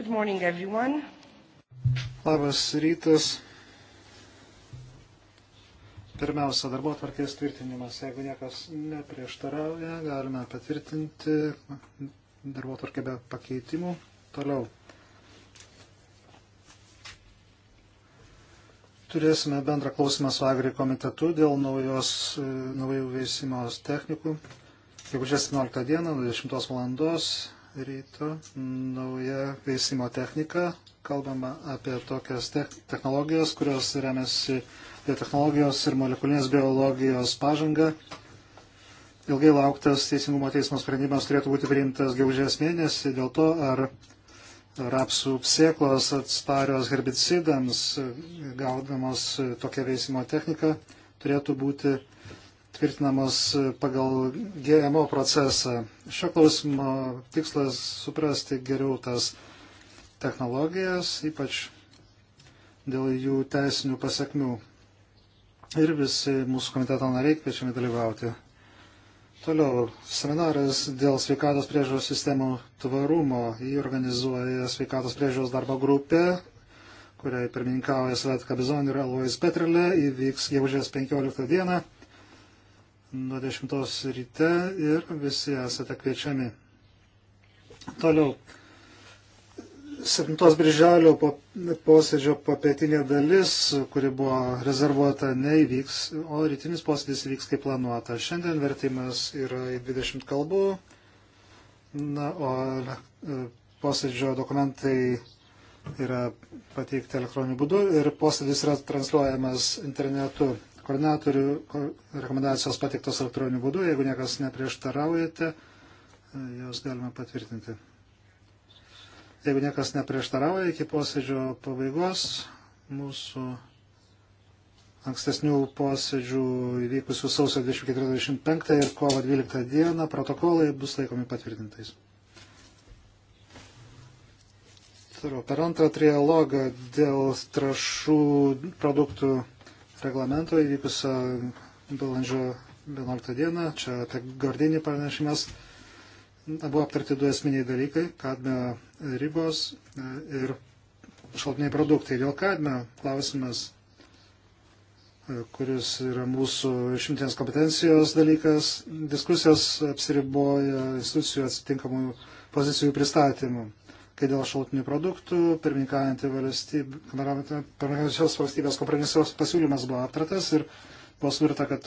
Good morning, everyone. Labas rytas. Pirmiausia, darbo tvarkės tvirtinimas. Jeigu niekas neprieštarauja, galime patvirtinti darbo tvarkę be pakeitimų. Toliau. Turėsime bendrą klausimą su Agri komitetu dėl naujos, e, naujų veisimos technikų. Jeigu 16 dieną, 20 valandos ryto nauja veisimo technika. Kalbama apie tokias te technologijas, kurios remiasi biotechnologijos ir molekulinės biologijos pažanga. Ilgai lauktas Teisingumo teismo sprendimas turėtų būti priimtas gegužės mėnesį dėl to, ar rapsų sėklos atsparios herbicidams gaudamos tokia veisimo technika turėtų būti tvirtinamos pagal GMO procesą. Šio klausimo tikslas suprasti geriau tas technologijas, ypač dėl jų teisinių pasiekmių. Ir visi mūsų komiteto nariai kviečiami dalyvauti. Toliau, seminaras dėl sveikatos priežiūros sistemų tvarumo. Jį organizuoja sveikatos priežiūros darbo grupė, kuriai pirmininkauja Svetka Bizon ir Alois Petrelė, įvyks gegužės 15 dieną nuo 10 ryte ir visi esate kviečiami. Toliau. 7 birželio po, posėdžio papietinė dalis, kuri buvo rezervuota, neįvyks, o rytinis posėdis vyks kaip planuota. Šiandien vertimas yra į 20 kalbų, na, o e, posėdžio dokumentai yra pateikti elektroniniu būdu ir posėdis yra transliuojamas internetu koordinatorių rekomendacijos pateiktos elektroniniu būdu. Jeigu niekas neprieštaraujate, jos galima patvirtinti. Jeigu niekas neprieštarauja iki posėdžio pabaigos, mūsų ankstesnių posėdžių įvykusių sausio 24-25 ir kovo 12 dieną protokolai bus laikomi patvirtintais. Per antrą trialogą dėl trašų produktų reglamento įvykusio balandžio 11 dieną. Čia apie gardinį pranešimas buvo aptarti du esminiai dalykai - kadmio ribos e, ir šaltiniai produktai. Dėl kadmio klausimas, e, kuris yra mūsų išimtinės kompetencijos dalykas, diskusijos apsiriboja institucijų atitinkamų pozicijų pristatymų. Kai dėl šaltinių produktų, pirmininkaujantį valstybės, valstybės kompromisos pasiūlymas buvo aptartas ir buvo suvirta, kad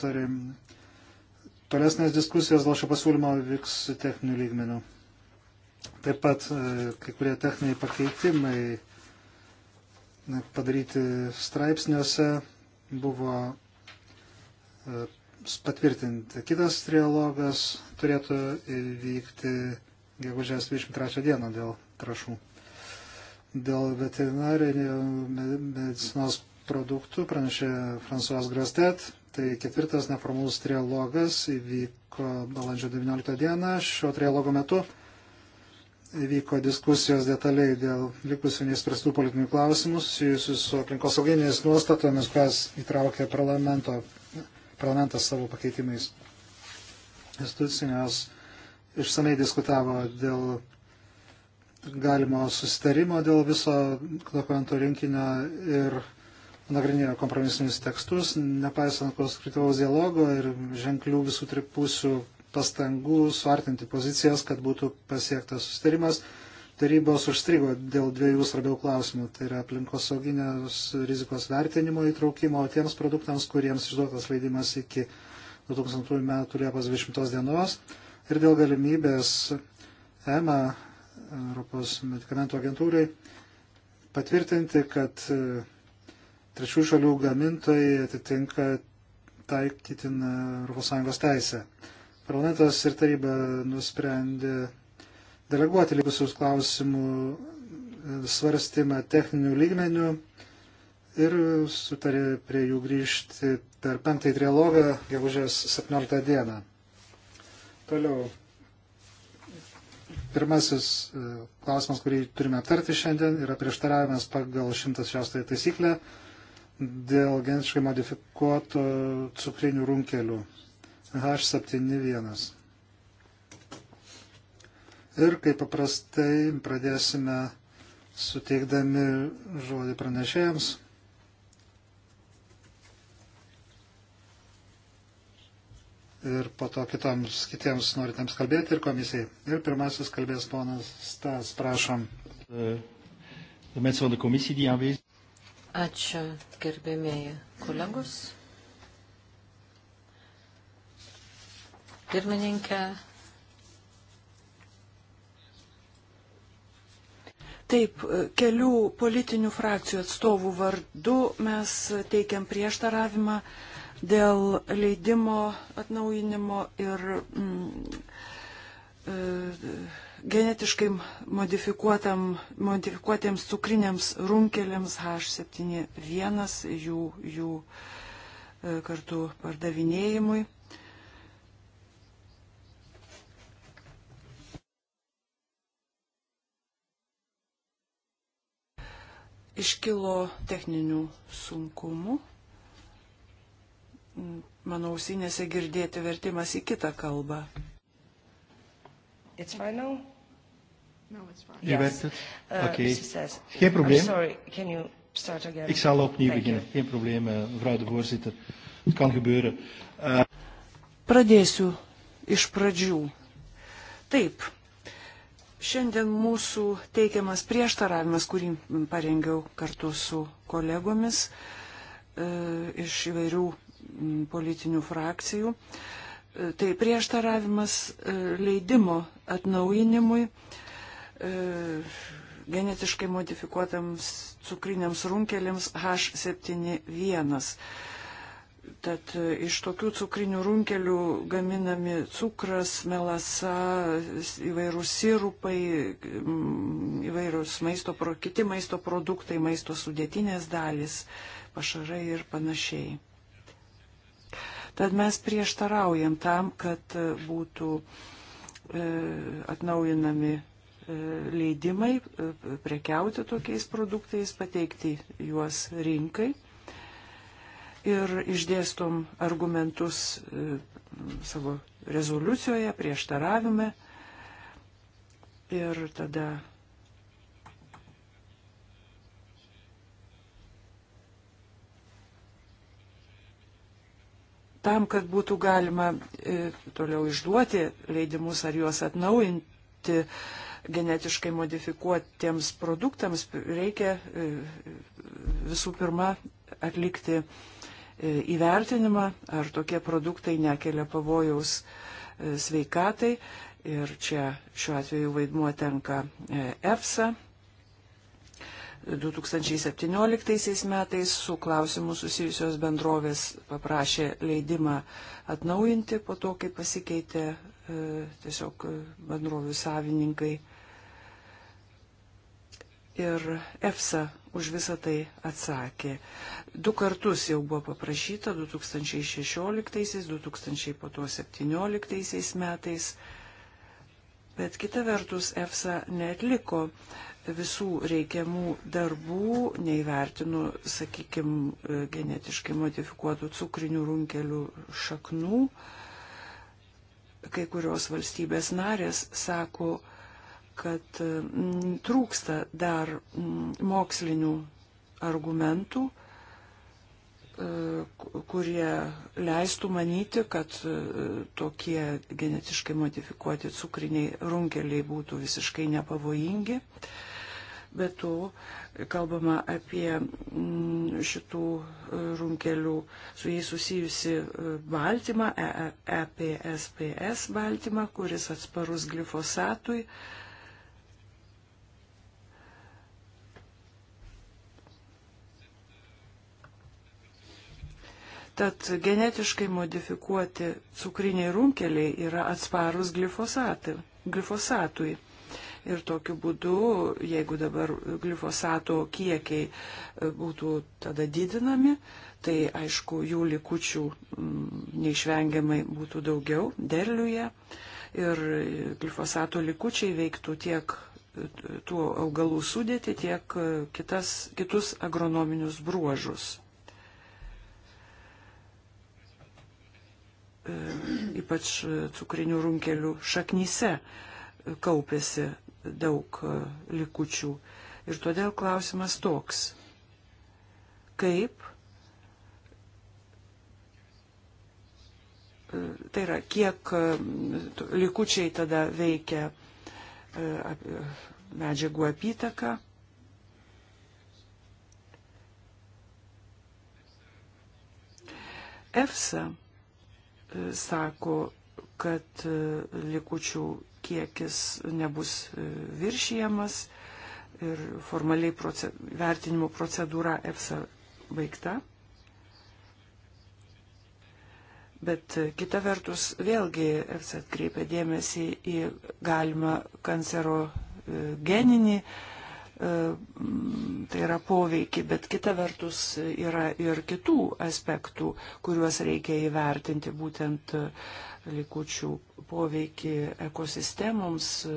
tolesnės diskusijos dėl šio pasiūlymo vyks techninių lygmenių. Taip pat e, kai kurie techniniai pakeitimai padaryti straipsniuose buvo e, patvirtinti. Kitas trialogas turėtų įvykti gegužės 23 dieną dėl trašų. Dėl veterinarinio medicinos produktų pranešė Fransuas Grastet. Tai ketvirtas neformalus trialogas įvyko balandžio 19 dieną. Šio trialogo metu vyko diskusijos detaliai dėl likusių neįspręstų politinių klausimų susijusių su aplinkosauginės nuostatomis, kurias įtraukė parlamentas savo pakeitimais. Institucinės išsamei diskutavo dėl galimo susitarimo dėl viso dokumento rinkinio ir nagrinėjo kompromisinius tekstus, nepaisant konstruktyvaus dialogo ir ženklių visų tripusių pastangų suartinti pozicijas, kad būtų pasiektas susitarimas. Tarybos užstrigo dėl dviejų svarbių klausimų, tai yra aplinkosauginės rizikos vertinimo įtraukimo tiems produktams, kuriems išduotas leidimas iki 2000 metų Liepos 20 dienos ir dėl galimybės EMA Europos medikamentų agentūrai patvirtinti, kad e, trečių šalių gamintojai atitinka taikytiną ES teisę. Parlamentas ir taryba nusprendė deleguoti likusius klausimų e, svarstymą techninių lygmenių ir sutarė prie jų grįžti per penktąjį trialogą gegužės 17 dieną. Toliau Pirmasis e, klausimas, kurį turime aptarti šiandien, yra prieštaravimas pagal 106 taisyklę dėl geniškai modifikuotų cukrinių runkelių H71. Ir kaip paprastai pradėsime suteikdami žodį pranešėjams. ir po to kitoms, kitiems norintiems kalbėti ir komisijai. Ir pirmasis kalbės ponas Stas, prašom. Ačiū, gerbėmėji kolegos. Pirmininkė. Taip, kelių politinių frakcijų atstovų vardu mes teikiam prieštaravimą dėl leidimo atnaujinimo ir mm, e, genetiškai modifikuotiems cukriniams runkeliams H71 jų, jų e, kartu pardavinėjimui. Iškilo techninių sunkumų mano ausinėse girdėti vertimas į kitą kalbą. It's fine now? No, it's fine. Yes. Yes. Uh, okay. Says, Geen probleem. I'm sorry, can you start again? Ik zal opnieuw Thank beginnen. You. Geen probleem, eh, mevrouw de voorzitter. Het kan gebeuren. Uh... Pradėsiu iš pradžių. Taip, Šiandien mūsų teikiamas prieštaravimas, kurį parengiau kartu su kolegomis e, iš įvairių Mm, politinių frakcijų. E, tai prieštaravimas e, leidimo atnaujinimui e, genetiškai modifikuotams cukriniams runkelėms H71. Tad iš tokių cukrinių runkelių gaminami cukras, melasa, įvairūs sirupai, įvairūs maisto, kiti maisto produktai, maisto sudėtinės dalis, pašarai ir panašiai. Tad mes prieštaraujam tam, kad būtų e, atnaujinami e, leidimai e, prekiauti tokiais produktais, pateikti juos rinkai. Ir išdėstom argumentus savo rezoliucijoje, prieštaravime. Ir tada tam, kad būtų galima e, toliau išduoti leidimus ar juos atnaujinti genetiškai modifikuotiems produktams, reikia e, visų pirma atlikti e, įvertinimą, ar tokie produktai nekelia pavojaus sveikatai. Ir čia šiuo atveju vaidmuo tenka EFSA 2017 metais su klausimu susijusios bendrovės paprašė leidimą atnaujinti po to, kai pasikeitė e, tiesiog bendrovių savininkai. Ir EFSA už visą tai atsakė. Du kartus jau buvo paprašyta 2016, 2017 metais, bet kita vertus EFSA netliko uh, visų reikiamų darbų, neįvertinu, sakykime, genetiškai modifikuotų cukrinių runkelių šaknų. Kai kurios valstybės narės sako, kad e, trūksta dar mokslinių argumentų, e, kurie leistų manyti, kad e, tokie genetiškai modifikuoti cukriniai runkeliai būtų visiškai nepavojingi. Uh, Bet to kalbama apie mm, šitų e, runkelių su jais susijusi e, baltymą, EPSPS e, baltymą, kuris atsparus glifosatui. Tad genetiškai modifikuoti cukriniai runkeliai yra atsparus glifosatui. glifosatui. Ir tokiu būdu, jeigu dabar glifosato kiekiai e, būtų tada didinami, tai aišku, jų likučių mm, neišvengiamai būtų daugiau derliuje. Ir glifosato likučiai veiktų tiek e, tų augalų sudėti, tiek e, kitas, kitus agronominius bruožus. ypač cukrinių runkelių šaknyse kaupėsi daug e, likučių. Ir todėl klausimas toks. Kaip e, tai yra, kiek e, likučiai tada veikia medžiagų apytaka. EFSA sako, kad likučių kiekis nebus e, viršijamas ir formaliai proce vertinimo procedūra EFSA baigta. Bet e, kita vertus, vėlgi EFSA atkreipia dėmesį į galimą kancerogeninį geninį E, tai yra poveikį, bet kita vertus yra ir kitų aspektų, kuriuos reikia įvertinti, būtent e, likučių poveikį ekosistemoms, e,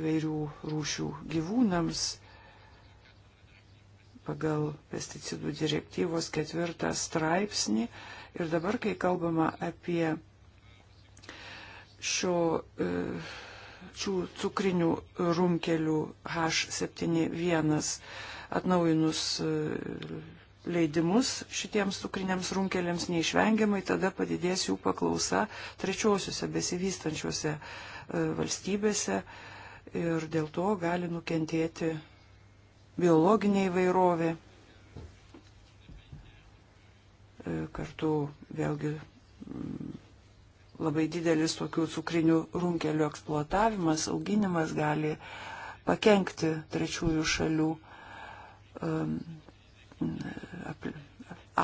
įvairių rūšių gyvūnams pagal pesticidų direktyvos ketvirtą straipsnį. Ir dabar, kai kalbama apie šio šių cukrinių rumkelių H71 atnaujinus e, leidimus šitiems cukriniams runkeliams neišvengiamai tada padidės jų paklausa trečiosiuose besivystančiuose e, valstybėse ir dėl to gali nukentėti biologinė įvairovė. E, kartu vėlgi labai didelis tokių cukrinių runkelių eksploatavimas, auginimas gali pakengti trečiųjų šalių um,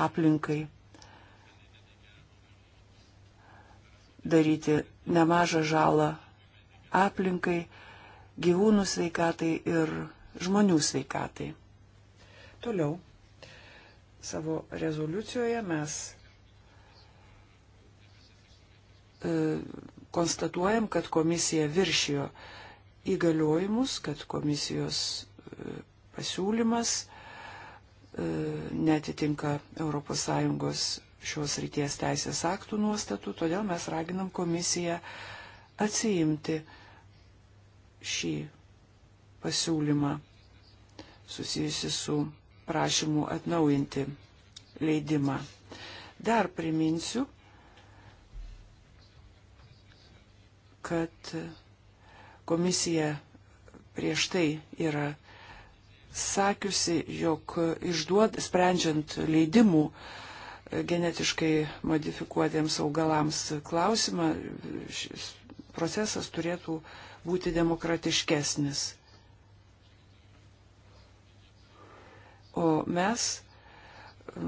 aplinkai. Daryti nemažą žalą aplinkai, gyvūnų sveikatai ir žmonių sveikatai. Toliau savo rezoliucijoje mes E, konstatuojam, kad komisija viršijo įgaliojimus, kad komisijos e, pasiūlymas e, netitinka ES šios ryties teisės aktų nuostatų, todėl mes raginam komisiją atsiimti šį pasiūlymą susijusi su prašymu atnaujinti leidimą. Dar priminsiu, kad komisija prieš tai yra sakiusi, jog išduod, sprendžiant leidimų e, genetiškai modifikuotiems augalams klausimą, šis procesas turėtų būti demokratiškesnis. O mes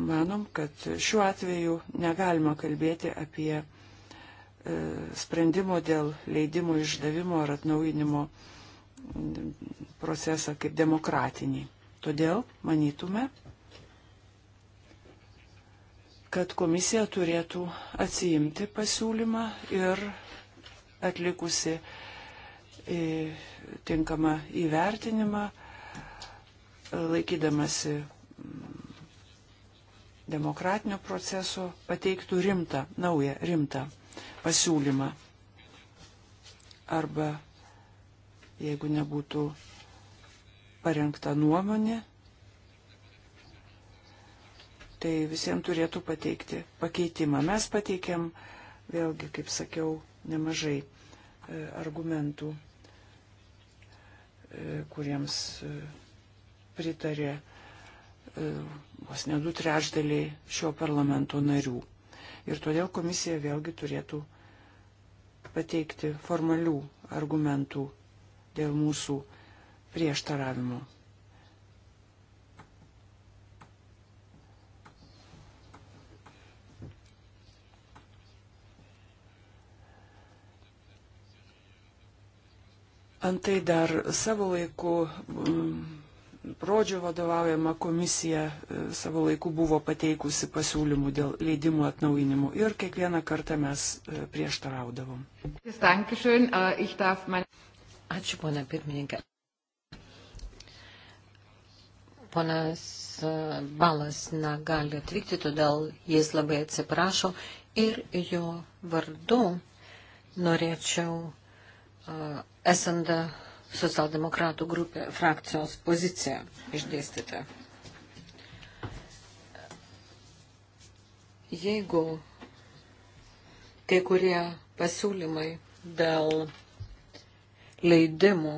manom, kad šiuo atveju negalima kalbėti apie E, sprendimo dėl leidimų išdavimo ar atnaujinimo procesą kaip demokratinį. Todėl manytume, kad komisija turėtų atsiimti pasiūlymą ir atlikusi e, tinkamą įvertinimą, laikydamasi mm, demokratinio proceso, pateiktų rimtą, naują rimtą pasiūlymą. Arba jeigu nebūtų parengta nuomonė, tai visiems turėtų pateikti pakeitimą. Mes pateikėm, vėlgi, kaip sakiau, nemažai e, argumentų, e, kuriems e, pritarė vos ne du trešdaliai šio parlamento narių. Ir todėl komisija vėlgi turėtų pateikti formalių argumentų dėl mūsų prieštaravimų. Antai dar savo laiku. Mm, Prodžio vadovaujama komisija e, savo laiku buvo pateikusi pasiūlymų dėl leidimų atnaujinimų ir kiekvieną kartą mes e, prieštaraudavom. Äh, Ačiū, ponia pirmininkė. Ponas e, Balas negali atvykti, todėl jis labai atsiprašo ir jo vardu norėčiau uh, esant socialdemokratų grupė, frakcijos pozicija išdėstyta. Jeigu kai kurie pasiūlymai dėl leidimų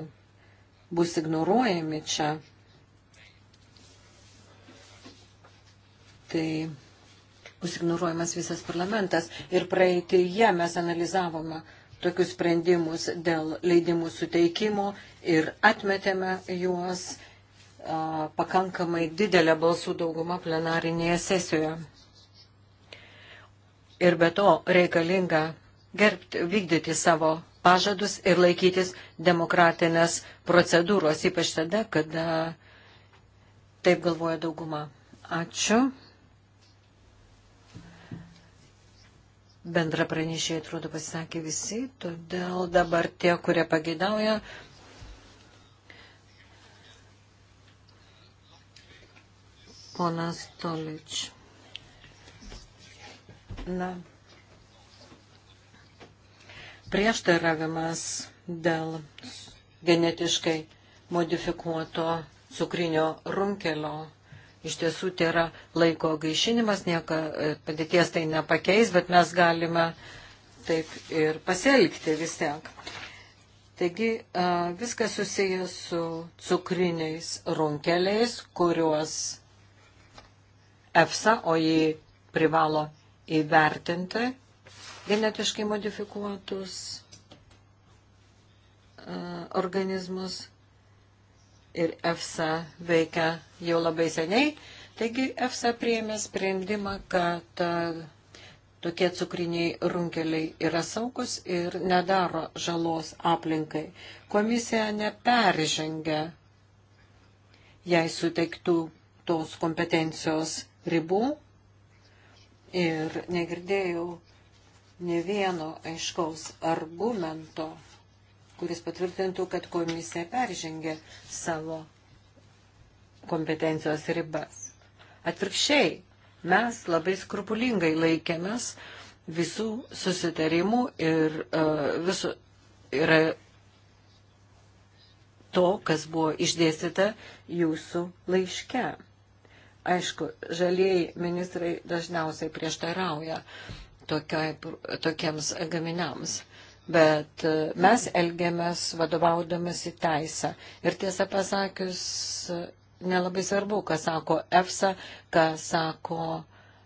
bus ignoruojami čia, tai bus ignoruojamas visas parlamentas. Ir praeitėje mes analizavome, tokius sprendimus dėl leidimų suteikimo ir atmetėme juos a, pakankamai didelę balsų daugumą plenarinėje sesijoje. Ir be to reikalinga gerbti, vykdyti savo pažadus ir laikytis demokratinės procedūros, ypač tada, kada taip galvoja dauguma. Ačiū. bendra pranešėjai, atrodo, pasisakė visi, todėl dabar tie, kurie pagėdauja, ponas Tolič. Na, prieštaravimas dėl genetiškai modifikuoto cukrinio runkelio Iš tiesų tai yra laiko gaišinimas, nieko e, padėties tai nepakeis, bet mes galime taip ir pasielgti vis tiek. Taigi e, viskas susijęs su cukriniais runkeliais, kuriuos EFSA, o jį privalo įvertinti genetiškai modifikuotus e, organizmus ir EFSA veikia jau labai seniai. Taigi EFSA priėmė sprendimą, kad e, tokie cukriniai runkeliai yra saugus ir nedaro žalos aplinkai. Komisija neperžengia jai suteiktų tos kompetencijos ribų ir negirdėjau ne vieno aiškaus argumento kuris patvirtintų, kad komisija peržengė savo kompetencijos ribas. Atvirkščiai, mes labai skrupulingai laikėmės visų susitarimų ir uh, visų yra e, to, kas buvo išdėstyta jūsų laiške. Aišku, žalieji ministrai dažniausiai prieštarauja tokiai, tokiems gaminiams. Uh, bet e, mes elgiamės vadovaudamas į teisę. Ir tiesą pasakius, e, nelabai svarbu, ką sako EFSA, ką sako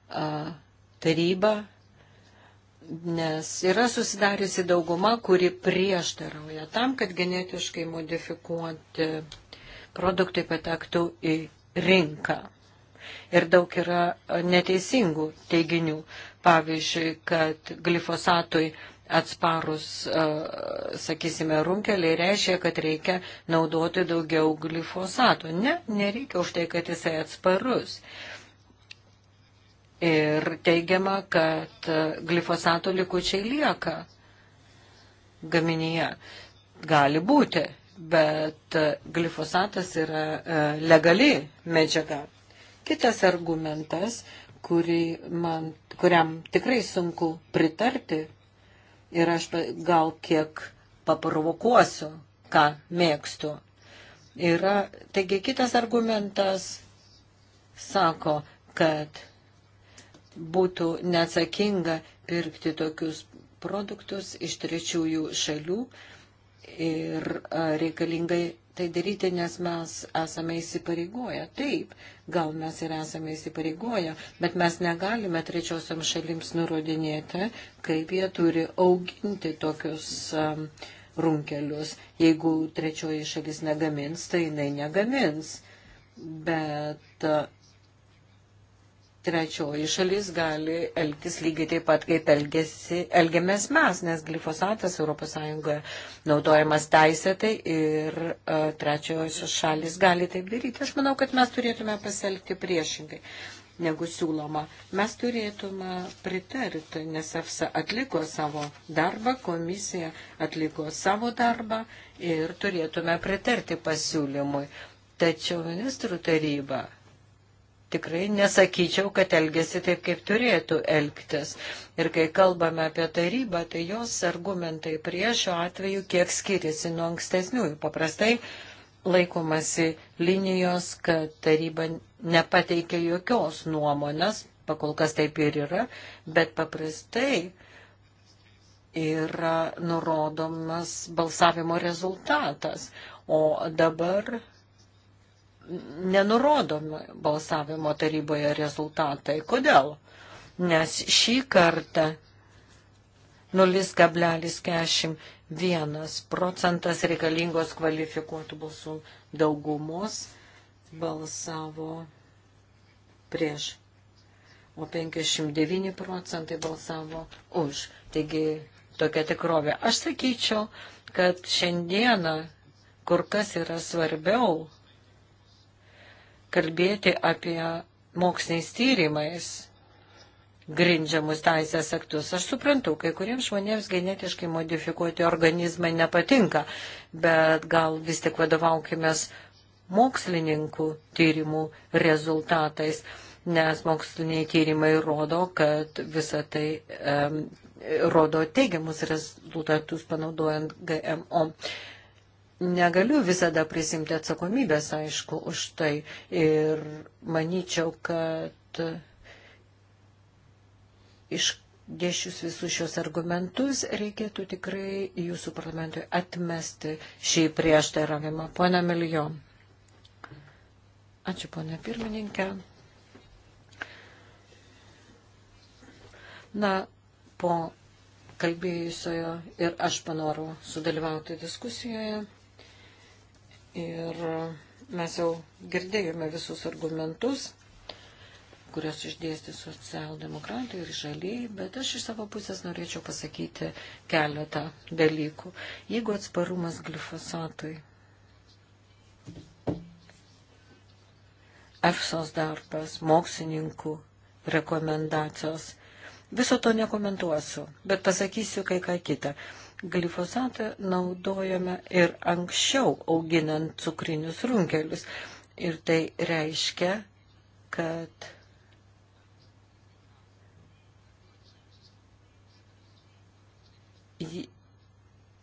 uh, taryba, nes yra susidariusi dauguma, kuri prieštarauja tam, kad genetiškai modifikuoti produktai patektų į rinką. Ir daug yra neteisingų teiginių. Pavyzdžiui, kad glifosatui atsparus, e, sakysime, runkeliai, reiškia, kad reikia naudoti daugiau glifosato. Ne, nereikia už tai, kad jisai atsparus. Ir teigiama, kad e, glifosato likučiai lieka gaminyje. Gali būti, bet e, glifosatas yra legali medžiaga. Kitas argumentas, kuri man, kuriam tikrai sunku pritarti, ir aš gal kiek paprovokuosiu, ką mėgstu. Yra, taigi kitas argumentas sako, kad būtų neatsakinga pirkti tokius produktus iš trečiųjų šalių ir reikalingai tai daryti, nes mes esame įsipareigoję. Taip, gal mes ir esame įsipareigoję, bet mes negalime trečiosiam šalims nurodinėti, kaip jie turi auginti tokius um, runkelius. Jeigu trečioji šalis negamins, tai jinai negamins. Bet uh, trečioji šalis gali elgtis lygiai taip pat, kaip elgesi, elgiamės mes, nes glifosatas ES naudojamas teisėtai ir uh, e, trečiojosios šalis gali taip daryti. Aš manau, kad mes turėtume pasielgti priešingai negu siūloma. Mes turėtume pritarti, nes EFSA atliko savo darbą, komisija atliko savo darbą ir turėtume pritarti pasiūlymui. Tačiau ministrų taryba tikrai nesakyčiau, kad elgesi taip, kaip turėtų elgtis. Ir kai kalbame apie tarybą, tai jos argumentai prieš šiuo atveju kiek skiriasi nuo ankstesniųjų. Paprastai laikomasi linijos, kad taryba nepateikia jokios nuomonės, pakol kas taip ir yra, bet paprastai yra nurodomas balsavimo rezultatas. O dabar nenurodomi balsavimo taryboje rezultatai. Kodėl? Nes šį kartą 0,41 procentas reikalingos kvalifikuotų balsų daugumos balsavo prieš, o 59 procentai balsavo už. Taigi tokia tikrovė. Aš sakyčiau, kad šiandieną kur kas yra svarbiau kalbėti apie moksliniais tyrimais grindžiamus teisės aktus. Aš suprantu, kai kuriems žmonėms genetiškai modifikuoti organizmai nepatinka, bet gal vis tik vadovaukimės mokslininkų tyrimų rezultatais, nes moksliniai tyrimai rodo, kad visa tai um, rodo teigiamus rezultatus panaudojant GMO negaliu visada prisimti atsakomybės, aišku, už tai. Ir manyčiau, kad iš dėšius visus šios argumentus reikėtų tikrai jūsų parlamentui atmesti šį prieštaravimą. Pone Milijon. Ačiū, pone pirmininkė. Na, po kalbėjusiojo ir aš panorau sudalyvauti diskusijoje. Ir mes jau girdėjome visus argumentus, kurios išdėsti socialdemokratai ir žaliai, bet aš iš savo pusės norėčiau pasakyti keletą dalykų. Jeigu atsparumas glifosatui, EFSOS darbas, mokslininkų rekomendacijos, viso to nekomentuosiu, bet pasakysiu kai ką kitą. Glifosatą naudojame ir anksčiau auginant cukrinius runkelius. Ir tai reiškia, kad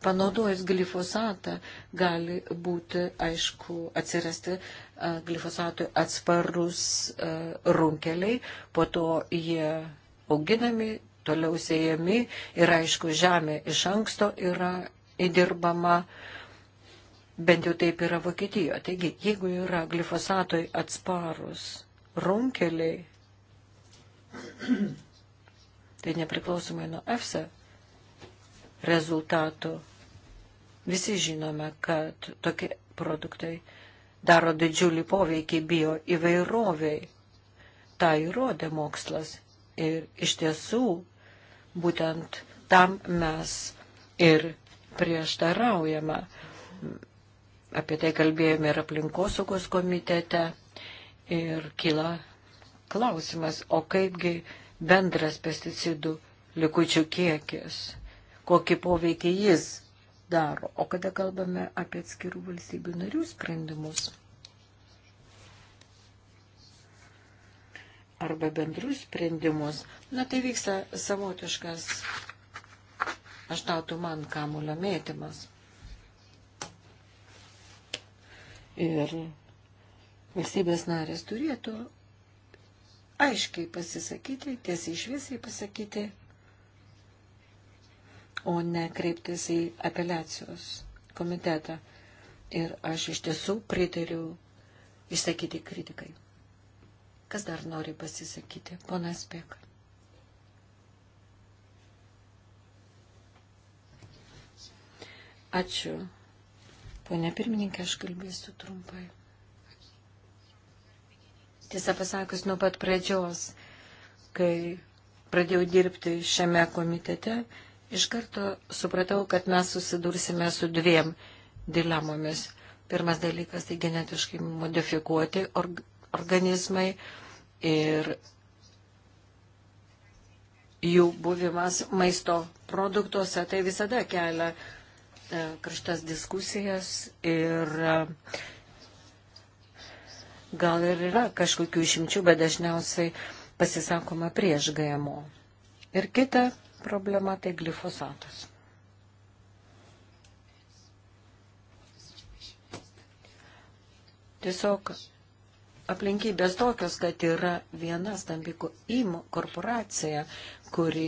panaudojus glifosatą gali būti, aišku, atsirasti glifosatui atsparus runkeliai, po to jie auginami, toliau siejami ir aišku, žemė iš anksto yra įdirbama, bent jau taip yra Vokietijoje. Taigi, jeigu yra glifosatoj atsparus runkeliai, tai nepriklausomai nuo EFSA rezultatų, visi žinome, kad tokie produktai daro didžiulį poveikį bio įvairoviai. Ta įrodė mokslas. Ir iš tiesų Būtent tam mes ir prieštaraujame. Apie tai kalbėjome ir aplinkosaugos komitete. Ir kyla klausimas, o kaipgi bendras pesticidų likučių kiekis, kokį poveikį jis daro, o kada kalbame apie atskirų valstybių narių sprendimus. arba bendrus sprendimus, na tai vyksta savotiškas aštautų man kamulio mėtymas. Ir valstybės narės turėtų aiškiai pasisakyti, tiesiai išviesiai pasakyti, o ne kreiptis į apeliacijos komitetą. Ir aš iš tiesų pritariu išsakyti kritikai. Kas dar nori pasisakyti? Ponas Pek. Ačiū. Pone pirmininkė, aš kalbėsiu trumpai. Tiesą pasakius, nuo pat pradžios, kai pradėjau dirbti šiame komitete, iš karto supratau, kad mes susidursime su dviem dilemomis. Pirmas dalykas tai genetiškai modifikuoti org organizmai ir jų buvimas maisto produktuose, tai visada kelia e, karštas diskusijas ir e, gal ir yra kažkokių išimčių, bet dažniausiai pasisakoma prieš GMO. Ir kita problema tai glifosatas. Tiesiog aplinkybės tokios, kad yra viena stambi korporacija, kuri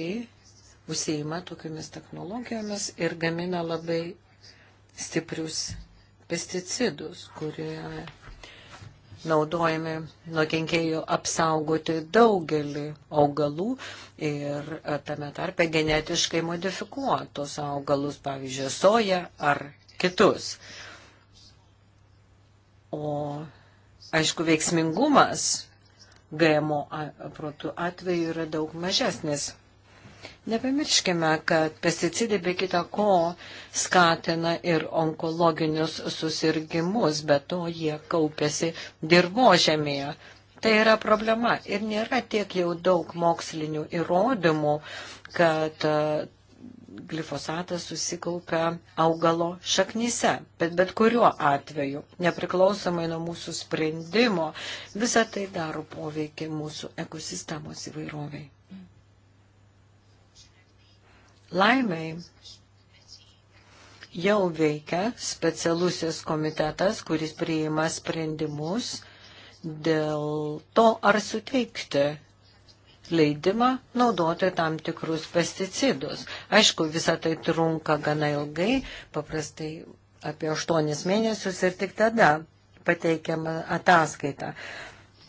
užsieima tokiamis technologijomis ir gamina labai stiprius pesticidus, kurie naudojami nuo kenkėjų apsaugoti daugelį augalų ir e, tame tarpe genetiškai modifikuotus augalus, pavyzdžiui, soją ar kitus. O Aišku, veiksmingumas GMO protų atveju yra daug mažesnis. Nepamirškime, kad pesticidai be kita ko skatina ir onkologinius susirgymus, bet to jie kaupėsi dirbožėmėje. Tai yra problema ir nėra tiek jau daug mokslinių įrodymų, kad glifosatas susikaupia augalo šaknyse, bet bet kuriuo atveju, nepriklausomai nuo mūsų sprendimo, visa tai daro poveikį mūsų ekosistemos įvairoviai. Laimiai jau veikia specialusis komitetas, kuris priima sprendimus dėl to, ar suteikti leidimą naudoti tam tikrus pesticidus. Aišku, visa tai trunka gana ilgai, paprastai apie 8 mėnesius ir tik tada pateikiama ataskaita.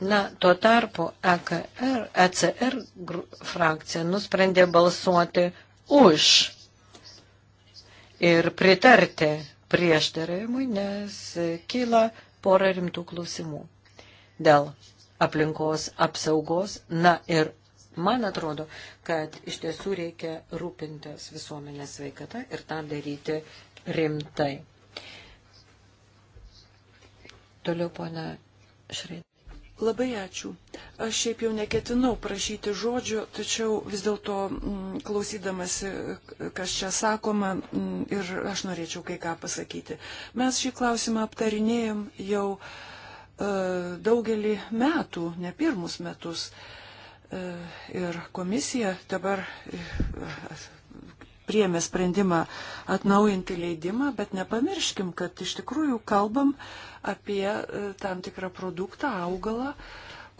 Na, tuo tarpu EKR, ECR frakcija nusprendė balsuoti už ir pritarti prieštaravimui, nes kyla pora rimtų klausimų dėl aplinkos apsaugos, na ir Man atrodo, kad iš tiesų reikia rūpintis visuomenės sveikata ir tą daryti rimtai. Toliau, ponia Šrein. Labai ačiū. Aš šiaip jau neketinau prašyti žodžio, tačiau vis dėlto mm, klausydamasi, kas čia sakoma, mm, ir aš norėčiau kai ką pasakyti. Mes šį klausimą aptarinėjom jau e, daugelį metų, ne pirmus metus. E, E, ir komisija dabar e, priemė sprendimą atnaujinti leidimą, bet nepamirškim, kad iš tikrųjų kalbam apie e, tam tikrą produktą, augalą,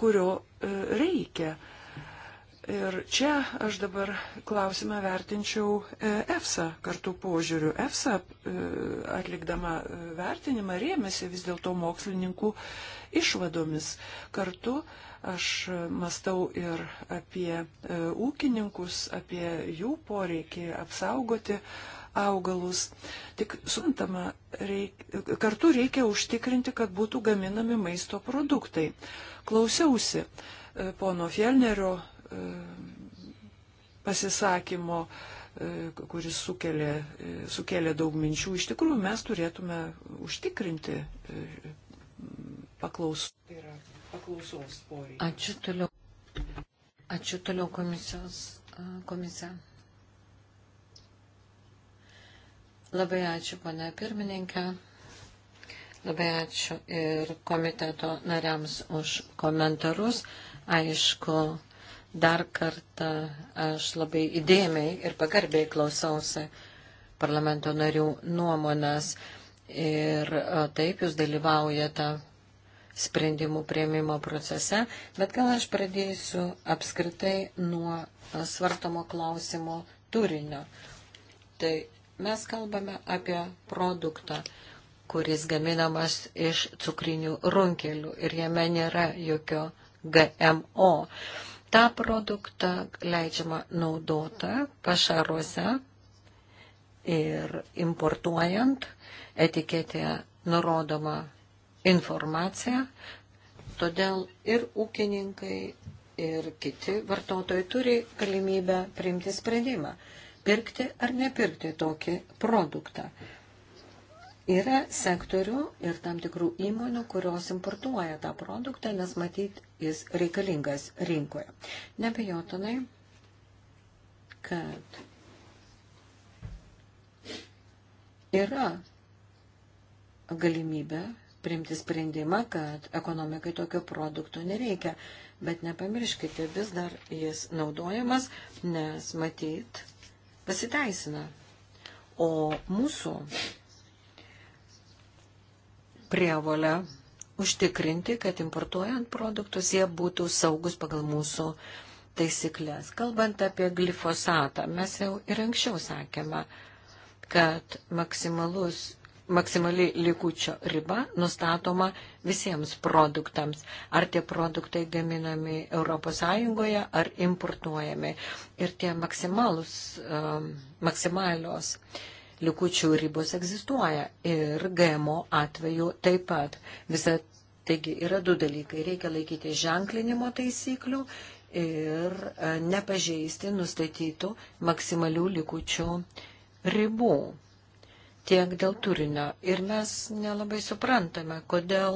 kurio reikia. Ir čia aš dabar klausimą vertinčiau EFSA kartu požiūriu. EFSA atlikdama vertinimą rėmėsi vis dėlto mokslininkų išvadomis. Kartu uh, Aš mastau ir apie e, ūkininkus, apie jų poreikį apsaugoti augalus. Tik suprantama, reik, kartu reikia užtikrinti, kad būtų gaminami maisto produktai. Klausiausi e, pono Fjellnerio e, pasisakymo, kuris sukelė, sukelė daug minčių. Iš tikrųjų, mes turėtume užtikrinti paklausų. Tai yra paklausos poreikį. Ačiū toliau. Ačiū toliau komisijos komisija. Labai ačiū, pana pirmininkė. Labai ačiū ir komiteto nariams už komentarus. Aišku, dar kartą aš labai įdėmiai ir pagarbiai klausiausi parlamento narių nuomonės. Ir taip jūs dalyvaujate sprendimų prieimimo procese, bet gal aš pradėsiu apskritai nuo e, svartomo klausimo turinio. Tai mes kalbame apie produktą, kuris gaminamas iš cukrinių runkelių ir jame nėra jokio GMO. Ta produktą leidžiama naudota pašaruose ir importuojant etiketėje nurodoma informaciją, todėl ir ūkininkai, ir kiti vartotojai turi galimybę priimti sprendimą, pirkti ar nepirkti tokį produktą. Yra sektorių ir tam tikrų įmonių, kurios importuoja tą produktą, nes matyt, jis reikalingas rinkoje. Nebejotinai, kad yra galimybė priimti sprendimą, kad ekonomikai tokio produkto nereikia. Bet nepamirškite, vis dar jis naudojamas, nes matyt pasiteisina. O mūsų prievolę užtikrinti, kad importuojant produktus jie būtų saugus pagal mūsų taisyklės. Kalbant apie glifosatą, mes jau ir anksčiau sakėme, kad maksimalus maksimali likučio riba nustatoma visiems produktams, ar tie produktai gaminami ES ar importuojami. Ir tie maksimalus, um, maksimalios likučių ribos egzistuoja ir GMO atveju taip pat. Visa, taigi yra du dalykai. Reikia laikyti ženklinimo taisyklių ir e, nepažeisti nustatytų maksimalių likučių ribų tiek dėl turinio. Ir mes nelabai suprantame, kodėl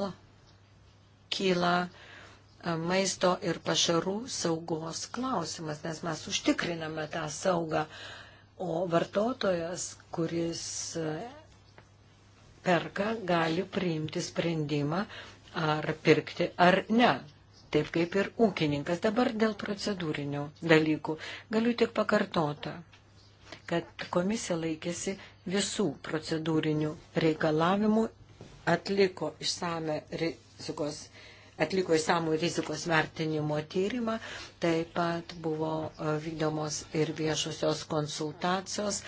kyla e, maisto ir pašarų saugos klausimas, nes mes užtikriname tą saugą, o vartotojas, kuris e, perka, gali priimti sprendimą ar pirkti ar ne. Taip kaip ir ūkininkas. Dabar dėl procedūrinių dalykų. Galiu tik pakartoti, kad komisija laikėsi visų procedūrinių reikalavimų, atliko išsame rizikos atliko įsamų rizikos vertinimo tyrimą, taip pat buvo e, vykdomos ir viešosios konsultacijos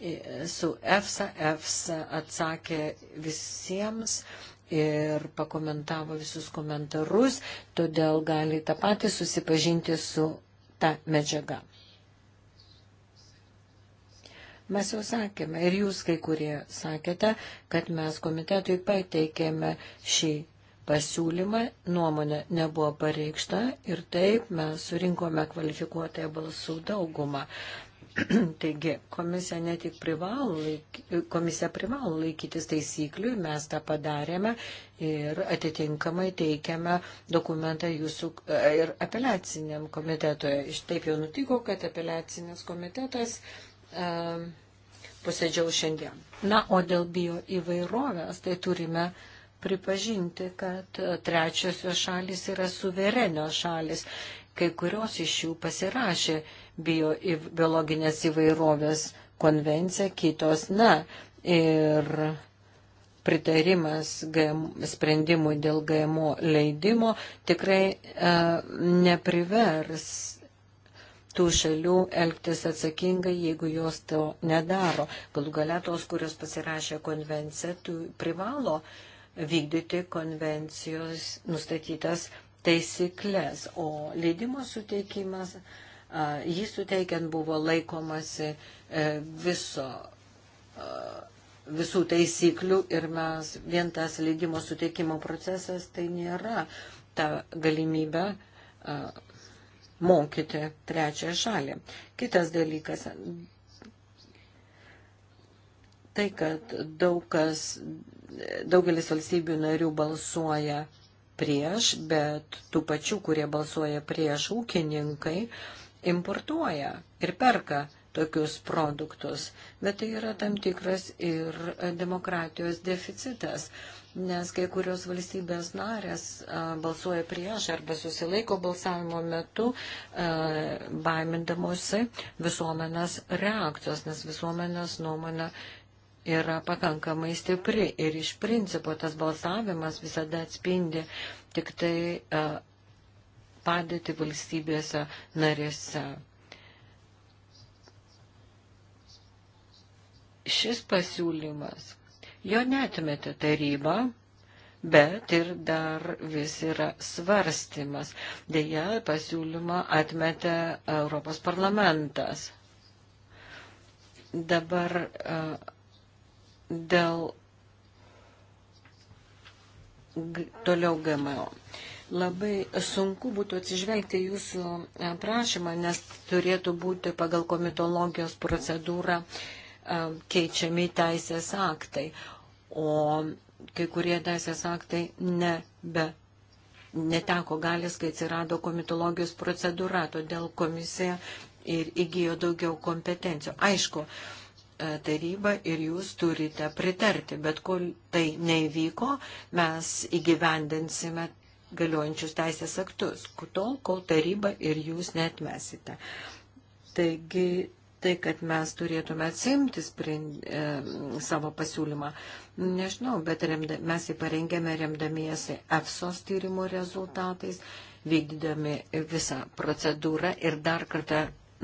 e, su EFSA. EFSA atsakė visiems ir pakomentavo visus komentarus, todėl gali tą patį susipažinti su ta medžiaga. Mes jau sakėme, ir jūs kai kurie sakėte, kad mes komitetui pateikėme šį pasiūlymą, nuomonė nebuvo pareikšta ir taip mes surinkome kvalifikuotąją balsų daugumą. Taigi, komisija ne tik privalo, laik, komisija privalo laikytis taisyklių, mes tą padarėme ir atitinkamai teikiame dokumentą jūsų e, ir apeliaciniam komitetui. Taip jau nutiko, kad apeliacinis komitetas uh, posėdžiau šiandien. Na, o dėl bio įvairovės, tai turime pripažinti, kad e, trečiosios šalis yra suverenios šalis. Kai kurios iš jų pasirašė bio, biologinės įvairovės konvenciją, kitos ne. Ir pritarimas GM, sprendimui dėl GMO leidimo tikrai e, neprivers tų šalių elgtis atsakingai, jeigu jos to nedaro. Galų galia tos, kurios pasirašė konvenciją, tu privalo vykdyti konvencijos nustatytas taisyklės, o leidimo suteikimas, jį suteikiant buvo laikomasi e, viso visų taisyklių ir mes vien tas leidimo suteikimo procesas tai nėra ta galimybė mokyti trečią šalį. Kitas dalykas, tai, kad daug kas, daugelis valstybių narių balsuoja prieš, bet tų pačių, kurie balsuoja prieš ūkininkai, importuoja ir perka tokius produktus. Bet tai yra tam tikras ir demokratijos deficitas nes kai kurios valstybės narės balsuoja prieš arba susilaiko balsavimo metu, baimindamosi visuomenės reakcijos, nes visuomenės nuomonė yra pakankamai stipri ir iš principo tas balsavimas visada atspindi tik tai padėti valstybėse narėse. Šis pasiūlymas Jo netmetė taryba, bet ir dar vis yra svarstymas. Deja, pasiūlymą atmetė Europos parlamentas. Dabar dėl toliau GMO. Labai sunku būtų atsižvelgti jūsų prašymą, nes turėtų būti pagal komitologijos procedūrą uh, Um, keičiami teisės aktai, o kai kurie teisės aktai nebe neteko galės, kai atsirado komitologijos procedūra, todėl komisija ir įgyjo daugiau kompetencijų. Aišku, e, taryba ir jūs turite pritarti, bet kol tai neįvyko, mes įgyvendinsime galiojančius teisės aktus, tol, kol taryba ir jūs netmesite. Taigi tai, kad mes turėtume atsimti sprind, e, savo pasiūlymą. Nežinau, bet remda, mes jį parengėme remdamiesi EFSOS tyrimų rezultatais, vykdydami visą procedūrą ir dar kartą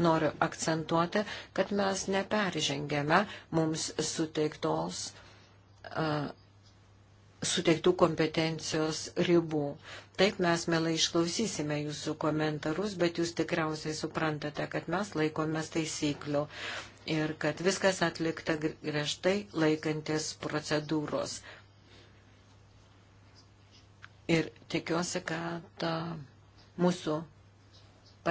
noriu akcentuoti, kad mes neperžengėme mums suteiktos. E, suteiktų kompetencijos ribų. Taip mes melai išklausysime jūsų komentarus, bet jūs tikriausiai suprantate, kad mes laikomės taisyklių ir kad viskas atlikta griežtai laikantis procedūros. Ir tikiuosi, kad mūsų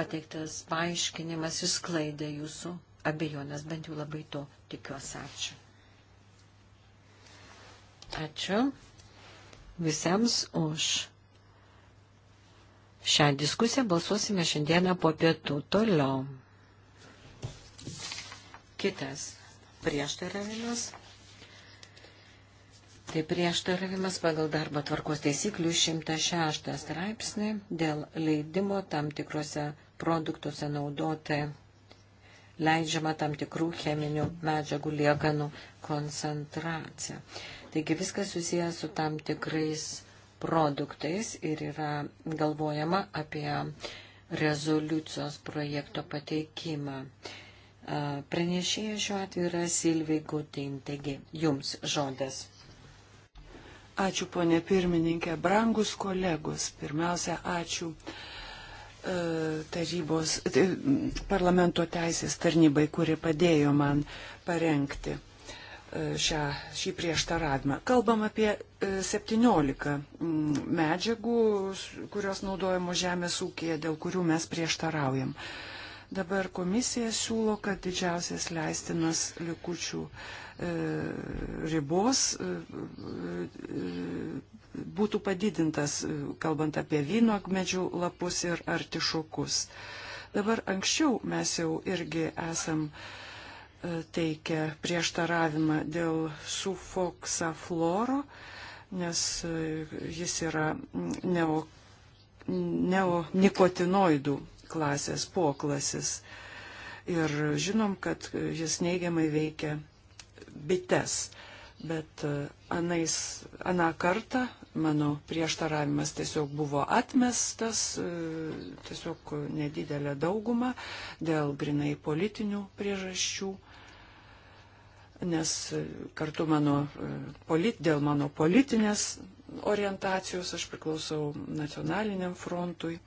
pateiktas paaiškinimas išsklaidė jūsų abejonės, bent jau labai to tikiuosi. Ačiū. Ačiū visiems už Šią diskusiją balsuosime šiandieną po pietų. Toliau. Kitas prieštaravimas. Tai prieštaravimas pagal darbo tvarkos taisyklių 106 straipsnį dėl leidimo tam tikrose produktuose naudoti leidžiama tam tikrų cheminių medžiagų liekanų koncentracija. Taigi viskas susijęs su tam tikrais produktais ir yra galvojama apie rezoliucijos projekto pateikimą. Pranešėja šiuo atveju yra Silvija Gutin, taigi jums žodis. Ačiū, ponė pirmininkė, brangus kolegos. Pirmiausia, ačiū e, tarybos, e, parlamento teisės tarnybai, kuri padėjo man parengti e, šią, šį prieštaravimą. Kalbam apie 17 mm, medžiagų, kurios naudojamos žemės ūkėje, dėl kurių mes prieštaraujam. Dabar komisija siūlo, kad didžiausias leistinas likučių e, ribos e, e būtų padidintas, e, kalbant apie vynogmedžių lapus ir artišokus. Dabar anksčiau mes jau irgi esam e, teikę prieštaravimą dėl sufoksafloro. floro nes e, jis yra neo, neonikotinoidų klasės poklasis. Ir žinom, kad e, jis neigiamai veikia bites. Bet e, anais, aną kartą mano prieštaravimas tiesiog buvo atmestas, tiesiog nedidelė dauguma dėl grinai politinių priežasčių nes e, kartu mano, e, polit, dėl mano politinės orientacijos aš priklausau nacionaliniam frontui.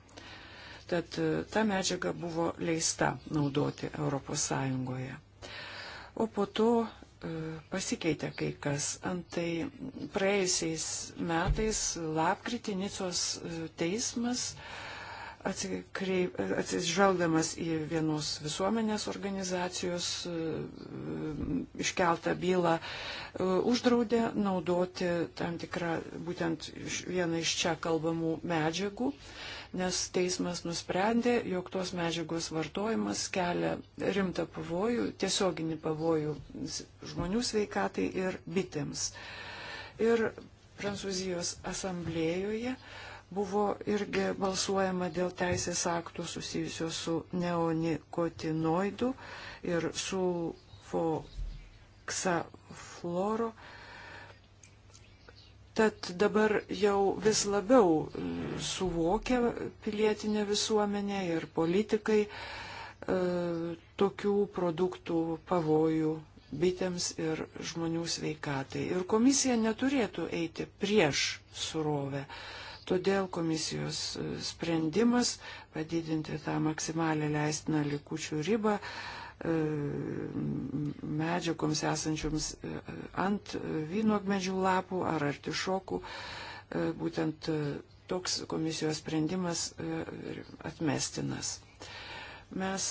Tad e, ta medžiaga buvo leista naudoti ES. O po to pasikeitė kai kas. Antai praėjusiais metais lapkritį Nicos teismas uh, atsižvelgdamas į vienos visuomenės organizacijos e, iškeltą bylą, e, uždraudė naudoti tam tikrą būtent vieną iš čia kalbamų medžiagų, nes teismas nusprendė, jog tos medžiagos vartojimas kelia rimtą pavojų, tiesioginį pavojų žmonių sveikatai ir bitėms. Ir Prancūzijos asamblėjoje uh, buvo irgi balsuojama dėl teisės aktų susijusio su neonikotinoidu ir sulfoksafloro. Tad dabar jau vis labiau e, suvokia pilietinė visuomenė ir politikai e, tokių produktų pavojų bitėms ir žmonių sveikatai. Ir komisija neturėtų eiti prieš surovę. E, Todėl komisijos e, sprendimas padidinti tą maksimalę leistiną likučių ribą e, medžiagoms esančioms e, ant vynogmedžių lapų ar artišokų, būtent toks komisijos sprendimas atmestinas. Mes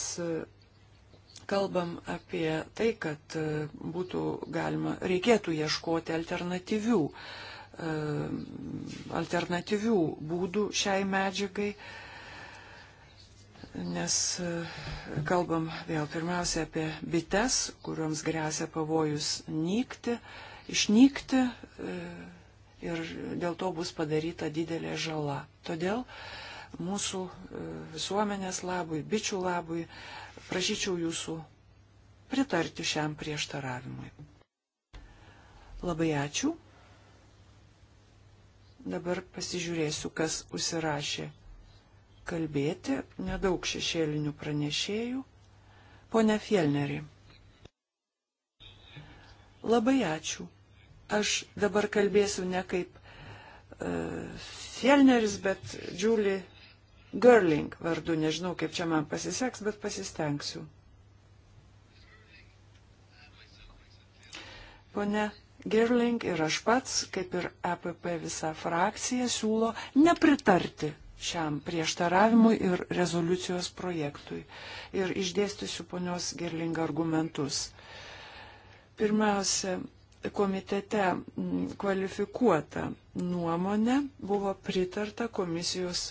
kalbam apie tai, kad būtų galima, reikėtų ieškoti alternatyvių uh, E, alternatyvių būdų šiai medžiagai, nes e, kalbam vėl pirmiausia apie bites, kuriuoms grėsia pavojus nykti, išnykti e, ir dėl to bus padaryta didelė žala. Todėl mūsų visuomenės labui, bičių labui, prašyčiau jūsų pritarti šiam prieštaravimui. Labai ačiū. Dabar pasižiūrėsiu, kas užsirašė kalbėti. Nedaug šešėlinių pranešėjų. Pone Fielneri. Labai ačiū. Aš dabar kalbėsiu ne kaip uh, e, Fielneris, bet Julie Gerling vardu. Nežinau, kaip čia man pasiseks, bet pasistengsiu. Pone Girling ir aš pats, kaip ir EPP visa frakcija, siūlo nepritarti šiam prieštaravimui ir rezoliucijos projektui. Ir išdėstysiu ponios Girling argumentus. Pirmiausia, komitete kvalifikuota nuomonė buvo pritarta komisijos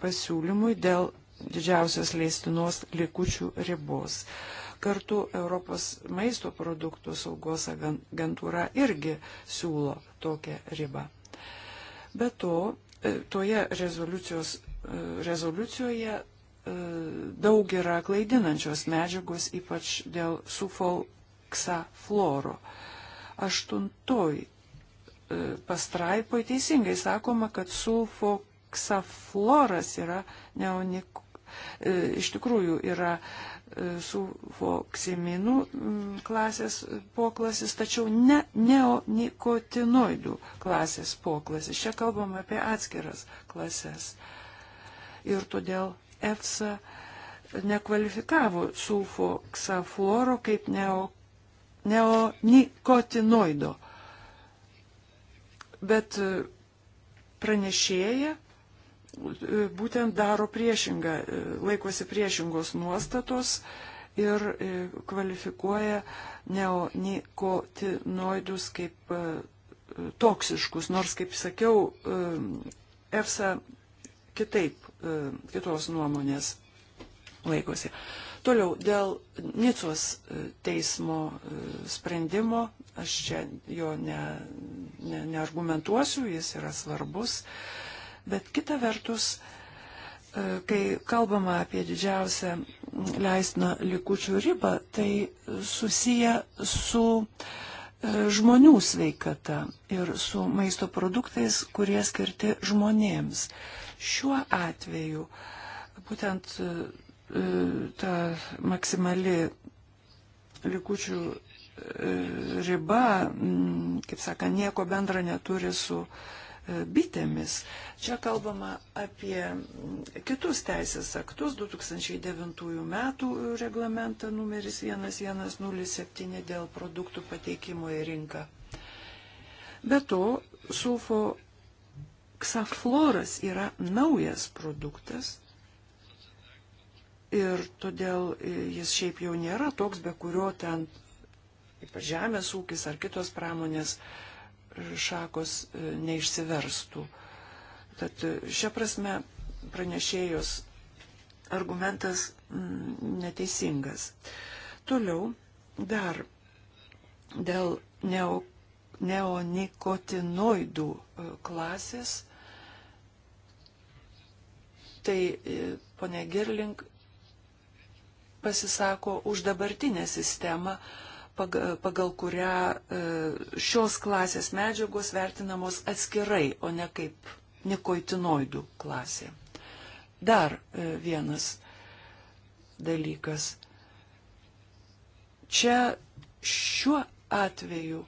pasiūlymui dėl didžiausios leistinos likučių ribos. Kartu Europos maisto produktų saugos agentūra irgi siūlo tokią ribą. Be to, e, toje e, rezoliucijoje e, daug yra klaidinančios medžiagos, ypač dėl sufolksa floro. Aštuntoj pastraipoj teisingai sakoma, kad sulfoksafloras yra neonik, iš tikrųjų yra E, sufoksiminu klasės poklasis, tačiau ne neonikotinoidų klasės poklasis. Čia kalbam apie atskiras klases. Ir todėl EFSA nekvalifikavo sulfoksafluoro kaip neo, neonikotinoido. Bet e, pranešėja būtent daro priešingą, laikosi priešingos nuostatos ir e, kvalifikuoja neonikotinoidus kaip e, toksiškus, nors, kaip sakiau, e, EFSA kitaip, kitos nuomonės laikosi. Toliau, dėl Nicos teismo sprendimo, aš čia jo ne, ne, neargumentuosiu, jis yra svarbus. E, bet kita vertus, e, kai kalbama apie didžiausią leistiną likučių ribą, tai susiję su e, žmonių sveikata ir su maisto produktais, kurie skirti žmonėms. Šiuo atveju būtent e, ta maksimali likučių riba, kaip saka, nieko bendra neturi su uh, bitėmis. Čia kalbama apie kitus teisės aktus, 2009 metų reglamentą numeris 1107 dėl produktų pateikimo į rinką. Be to, sulfo ksafloras yra naujas produktas, ir todėl jis šiaip jau nėra toks, be kurio ten, ypač žemės ūkis ar kitos pramonės, uh, šakos e, neišsiverstų. Tad e, šią prasme pranešėjos argumentas mm, neteisingas. Toliau dar dėl neo, neonikotinoidų e, klasės, tai ponė Girling pasisako už dabartinę sistemą, pagal kurią e, šios klasės medžiagos vertinamos atskirai, o ne kaip nikoitinoidų klasė. Dar e, vienas dalykas. Čia šiuo atveju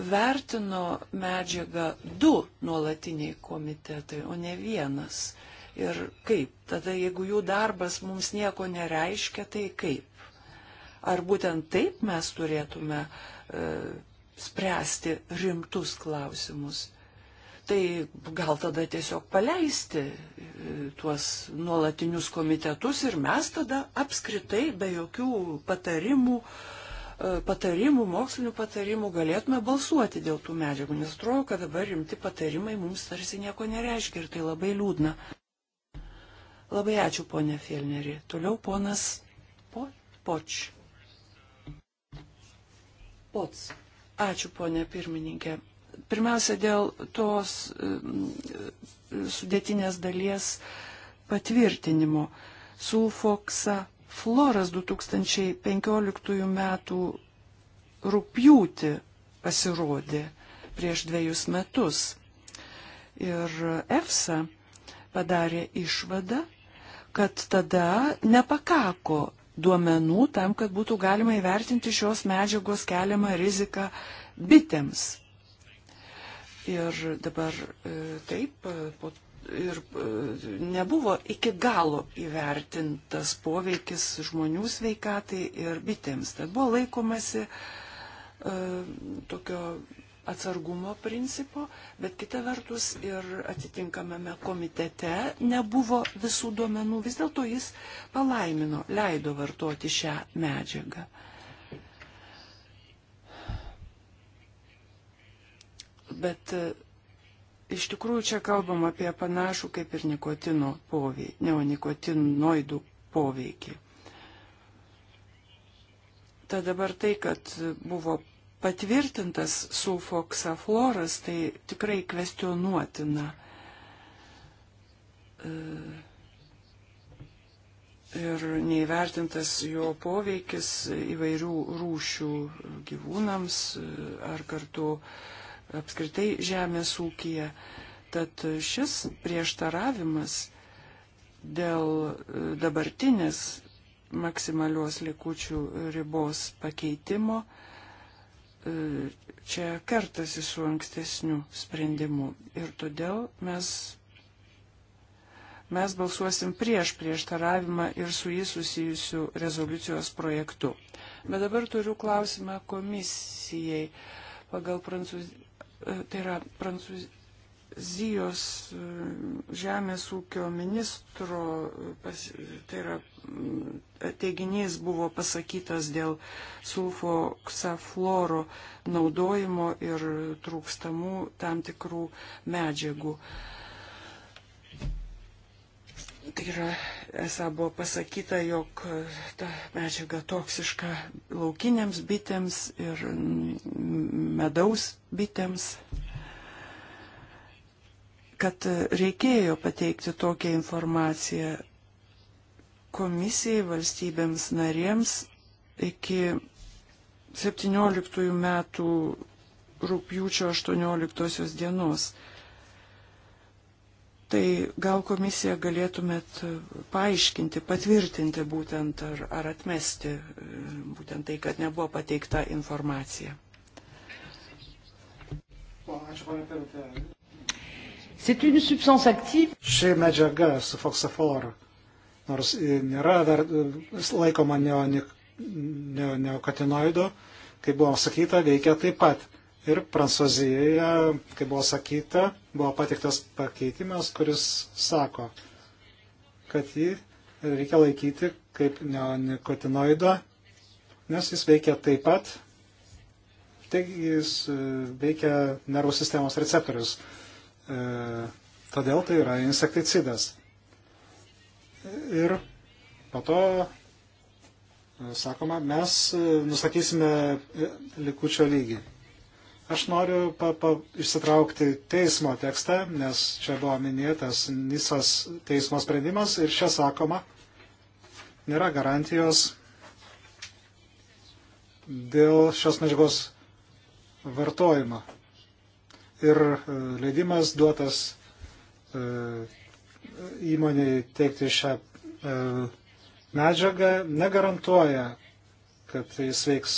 vertino medžiagą du nuolatiniai komitetai, o ne vienas. Ir kaip? Tada jeigu jų darbas mums nieko nereiškia, tai kaip? Ar būtent taip mes turėtume e, spręsti rimtus klausimus? Tai gal tada tiesiog paleisti e, tuos nuolatinius komitetus ir mes tada apskritai be jokių patarimų e, patarimų, mokslinių patarimų galėtume balsuoti dėl tų medžiagų, nes atrodo, kad dabar rimti patarimai mums tarsi nieko nereiškia ir tai labai liūdna. Labai ačiū, ponė Fielneri. Toliau ponas po, Poč. Pots. Ačiū, ponė pirmininkė. Pirmiausia, dėl tos e, sudėtinės dalies patvirtinimo. Sulfoksa floras 2015 m. rūpjūti pasirodė prieš dviejus metus. Ir EFSA padarė išvadą, kad tada nepakako duomenų tam, kad būtų galima įvertinti šios medžiagos keliamą riziką bitėms. Ir dabar e, taip, e, po ir e, nebuvo iki galo įvertintas poveikis žmonių sveikatai ir bitėms. Tad buvo laikomasi e, tokio atsargumo principo, bet kita vertus ir atitinkamame komitete nebuvo visų duomenų, vis dėlto jis palaimino, leido vartoti šią medžiagą. Bet e, iš tikrųjų čia kalbam apie panašų kaip ir nikotino poveikį, neonikotinoidų poveikį. Tad dabar tai, kad buvo patvirtintas sulfoksafloras, tai tikrai kvestionuotina. E, ir neįvertintas jo poveikis įvairių rūšių gyvūnams e, ar kartu apskritai žemės ūkija. Tad šis prieštaravimas dėl e, dabartinės maksimalios likučių ribos pakeitimo uh, E, čia kertasi su ankstesniu sprendimu. Ir todėl mes, mes balsuosim prieš prieštaravimą ir su jį susijusiu rezoliucijos projektu. Bet dabar turiu klausimą komisijai. Pagal prancūzijos, e, tai yra prancūzijos Azijos e, žemės ūkio ministro, tai yra teiginys buvo pasakytas dėl sulfoksafloro naudojimo ir trūkstamų tam tikrų medžiagų. Tai yra, esą buvo pasakyta, jog ta medžiaga toksiška laukinėms bitėms ir medaus bitėms kad reikėjo pateikti tokią informaciją komisijai, valstybėms narėms iki 17 metų rūpjūčio 18 dienos. Tai gal komisija galėtumėt paaiškinti, patvirtinti būtent ar, ar atmesti e, būtent tai, kad nebuvo pateikta informacija. O, aš, C'est une substance active. Ši medžiaga sufoksaflor, nors nėra dar e, laikoma neonik, ne, neokatinoido, kaip buvo sakyta, veikia taip pat. Ir Prancūzijoje, kaip buvo sakyta, buvo patiktas pakeitimas, kuris sako, kad jį reikia laikyti kaip neonikotinoido, nes jis veikia taip pat, taigi jis e, veikia nervų sistemos receptorius. E, todėl tai yra insekticidas. Ir po to, e, sakoma, mes e, nustatysime likučio lygį. Aš noriu pa, pa, išsitraukti teismo tekstą, nes čia buvo minėtas Nisas teismo sprendimas ir čia sakoma, nėra garantijos dėl šios medžiagos vartojimo ir e, leidimas duotas e, įmoniai teikti šią e, medžiagą negarantuoja, kad jis veiks,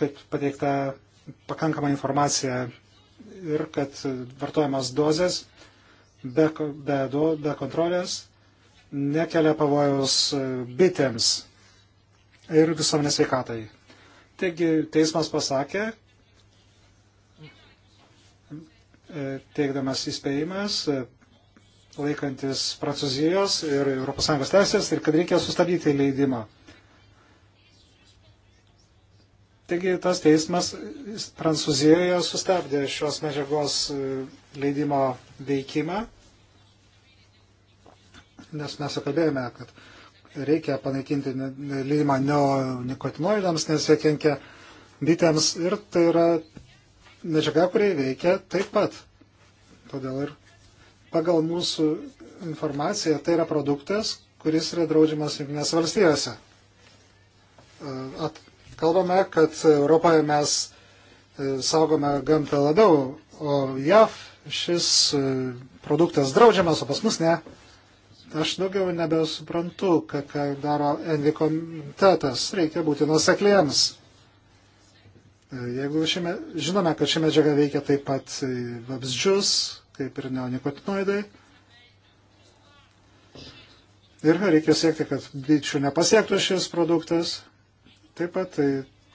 kad pateikta pakankama informacija ir kad vartojamas dozės be, be, be kontrolės nekelia pavojaus bitėms ir visuomenės veikatai. Taigi teismas pasakė, teikdamas įspėjimas, e, laikantis Prancūzijos ir ES teisės ir kad reikia sustabdyti leidimą. Taigi tas teismas Prancūzijoje sustabdė šios medžiagos e, leidimo veikimą, nes mes kalbėjome, kad reikia panaikinti leidimą neonikotinoidams, nes jie kenkia bitėms ir tai yra medžiaga, kuriai veikia taip pat. Todėl ir pagal mūsų informaciją tai yra produktas, kuris yra draudžiamas Junktinės valstijose. At, kalbame, kad Europoje mes e, saugome gamtą labiau, o JAV šis e, produktas draudžiamas, o pas mus ne. Aš daugiau nebesuprantu, ką daro Envi komitetas. Reikia būti nusekliems. Jeigu šiame, žinome, kad ši medžiaga veikia taip pat vabzdžius, kaip ir neonikotinoidai, ir reikia siekti, kad bičių nepasiektų šis produktas, taip pat tai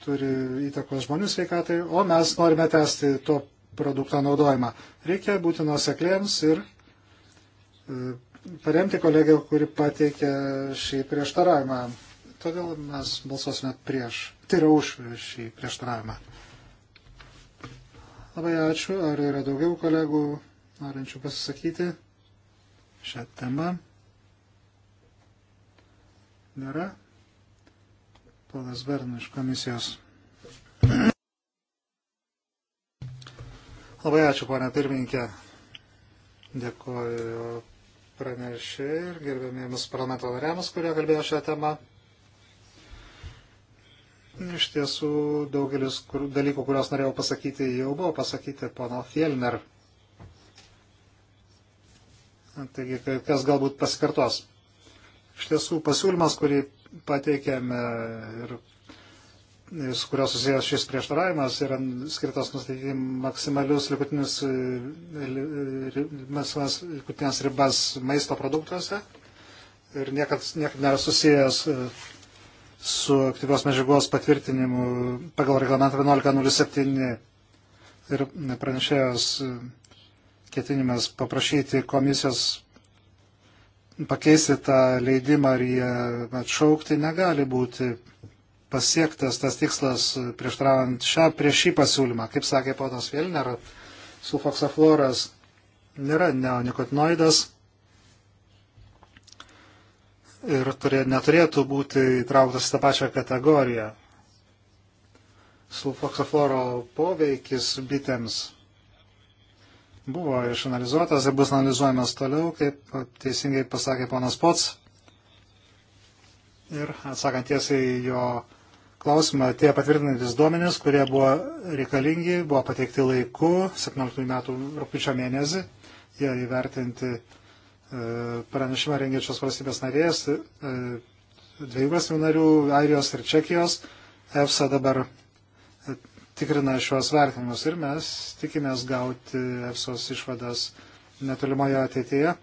turi įtakos žmonių sveikatai, o mes norime tęsti to produkto naudojimą. Reikia būti nuosekliems ir e, paremti kolegę, kuri pateikė šį prieštaravimą. Todėl mes balsuosime prieš, tai yra už šį prieštaravimą. Labai ačiū. Ar yra daugiau kolegų norinčių pasisakyti šią temą? Nėra. Ponas Bernų iš komisijos. Labai ačiū, ponia pirmininkė. Dėkuoju pranešėjai ir gerbėmiems parlamento nariams, kurie kalbėjo šią temą. Iš tiesų, daugelis kur, dalykų, kuriuos norėjau pasakyti, jau buvo pasakyti pono Fielner. Taigi, kas galbūt pasikartos. Iš tiesų, pasiūlymas, kurį pateikėme ir su kurios susijęs šis prieštaravimas yra skirtas nustatyti maksimalius likutinius, e, likutinės ribas maisto produktuose ir niekad, niekad nėra susijęs e, su aktyvios medžiagos patvirtinimu pagal reglamentą 1107 ir pranešėjos e, ketinimas paprašyti komisijos pakeisti tą leidimą ar jį atšaukti negali būti pasiektas tas tikslas prieštaravant šią prieš šį pasiūlymą. Kaip sakė ponas Vėlner, sulfoksafloras nėra neonikotinoidas ir turė, neturėtų būti įtrauktas į tą pačią kategoriją. Sulfoksofloro poveikis bitėms buvo išanalizuotas ir bus analizuojamas toliau, kaip teisingai pasakė ponas Pots. Ir atsakant tiesiai jo klausimą, tie patvirtinantis duomenys, kurie buvo reikalingi, buvo pateikti laiku, 17 metų rūpiučio mėnesį, jie įvertinti E, pranešimą rengiančios valstybės narės, e, dviejų valstybių narių, Airijos ir Čekijos. EFSA dabar e, tikrina šiuos vertinimus ir mes tikimės gauti EFSOS išvadas netolimoje ateityje.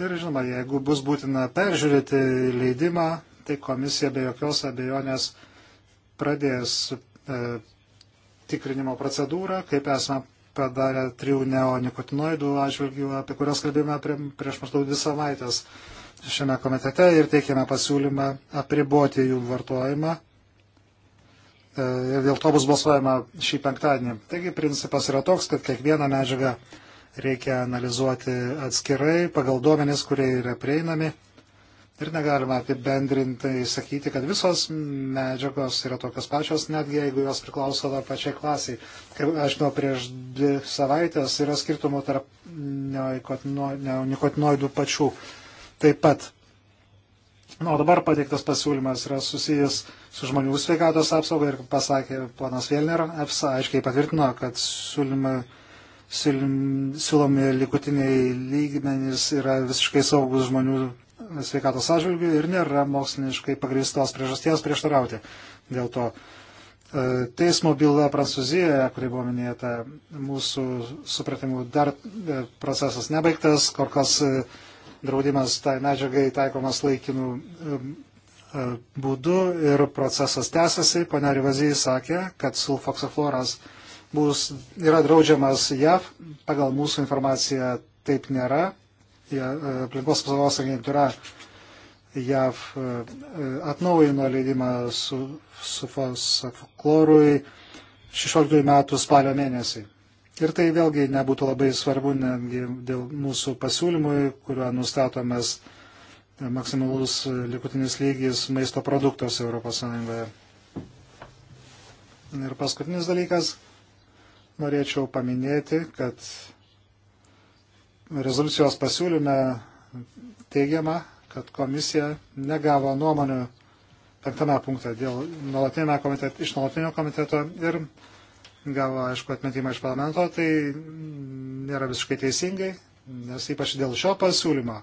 Ir žinoma, jeigu bus būtina peržiūrėti leidimą, tai komisija be jokios abejonės pradės e, tikrinimo procedūrą, kaip esame padarę trijų neonikotinoidų atžvilgių, apie kurias kalbėjome prie, prieš maždaug dvi savaitės šiame komitete ir teikėme pasiūlymą apriboti jų vartojimą. E, ir dėl to bus balsuojama šį penktadienį. Taigi principas yra toks, kad kiekvieną medžiagą reikia analizuoti atskirai pagal duomenis, kurie yra prieinami ir negalima apibendrintai sakyti, kad visos medžiagos yra tokios pačios, netgi jeigu jos priklauso dar pačiai klasiai. Kaip aš žinau, prieš dvi savaitės yra skirtumų tarp neonikotinoidų pačių. Taip pat. Na, o dabar pateiktas pasiūlymas yra susijęs su žmonių sveikatos apsauga ir pasakė ponas Vėlner, EFSA aiškiai patvirtino, kad siūlymai siūlomi likutiniai lygmenys yra visiškai saugus žmonių sveikatos atžvilgių ir nėra moksliniškai pagristos priežasties prieštarauti. Dėl to e, teismo byla Prancūzijoje, kuri buvo minėta, mūsų supratimu dar e, procesas nebaigtas, kol kas e, draudimas tai medžiagai taikomas laikinų būdu ir procesas tęsiasi. Pane Rivazijai sakė, kad sulfoksofloras bus, yra draudžiamas JAV, pagal mūsų informaciją taip nėra. E, aplinkos apsaugos agentūra JAV e, e, atnaujino leidimą su, su fosflorui 16 metų spalio mėnesį. Ir tai vėlgi nebūtų labai svarbu netgi dėl mūsų pasiūlymui, kuriuo nustatomas maksimalus likutinis lygis maisto produktuose ES. Ir paskutinis dalykas, norėčiau paminėti, kad rezoliucijos pasiūlyme teigiama, kad komisija negavo nuomonių penktame punkte dėl nuolatinio komiteto, iš nuolatinio komiteto ir gavo, aišku, atmetimą iš parlamento, tai nėra visiškai teisingai, nes ypač dėl šio pasiūlymo,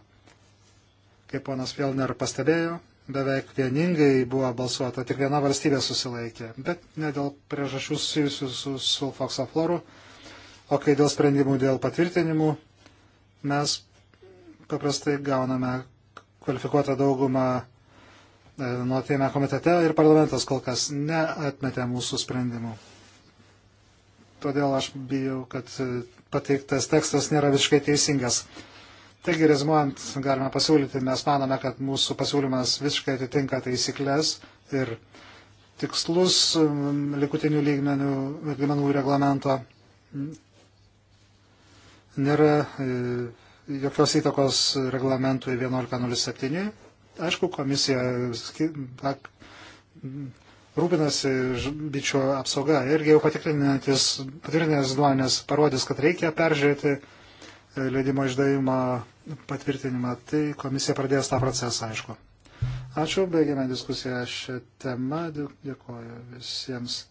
kaip ponas Fjellner pastebėjo, beveik vieningai buvo balsuota, tik viena valstybė susilaikė, bet ne dėl priežasčių susijusių su sulfoksafloru, o kai dėl sprendimų dėl patvirtinimų mes paprastai gauname kvalifikuotą daugumą e, nuotėme komitete ir parlamentas kol kas neatmetė mūsų sprendimų. Todėl aš bijau, kad e, pateiktas tekstas nėra visiškai teisingas. Taigi, rezumuojant, galime pasiūlyti, mes manome, kad mūsų pasiūlymas visiškai atitinka taisyklės ir tikslus likutinių lygmenių, lygmenų reglamento nėra e, jokios įtakos reglamentui 1107. Aišku, komisija rūpinasi bičių apsauga irgi jau patikrinęs duomenės parodys, kad reikia peržiūrėti e, leidimo išdavimą patvirtinimą. Tai komisija pradės tą procesą, aišku. Ačiū, baigėme diskusiją šią temą. Dėkuoju visiems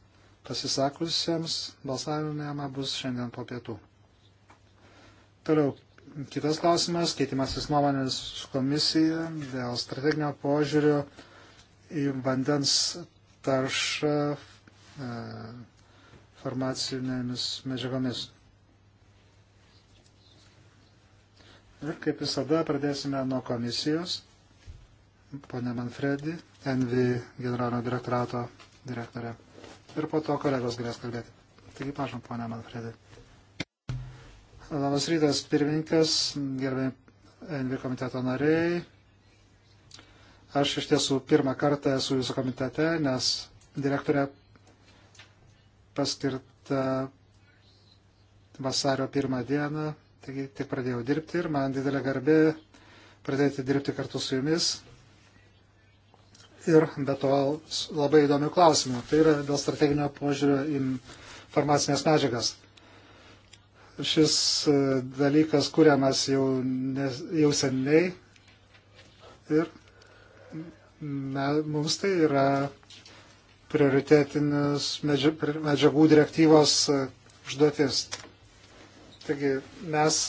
pasisakusiems. Balsavimėma bus šiandien po pietų. Toliau, kitas klausimas, keitimasis nuomonės su komisija dėl strateginio požiūrio į vandens taršą e, farmacinėmis medžiagomis. Ir kaip visada pradėsime nuo komisijos. Pone Manfredi, Envi generalinio direktorato direktorė. Ir po to kolegos galės kalbėti. Taigi, prašom, pone Manfredi. Labas rytas, pirmininkas, gerbėjai NV komiteto nariai. Aš iš tiesų pirmą kartą esu jūsų komitete, nes direktorė paskirta vasario pirmą dieną, taigi tik pradėjau dirbti ir man didelė garbė pradėti dirbti kartu su jumis. Ir be to labai įdomių klausimų. Tai yra dėl strateginio požiūrio į farmacinės medžiagas šis e, dalykas kuriamas jau, ne, jau seniai ir me, mums tai yra prioritėtinis medžiagų direktyvos e, užduotis. Taigi mes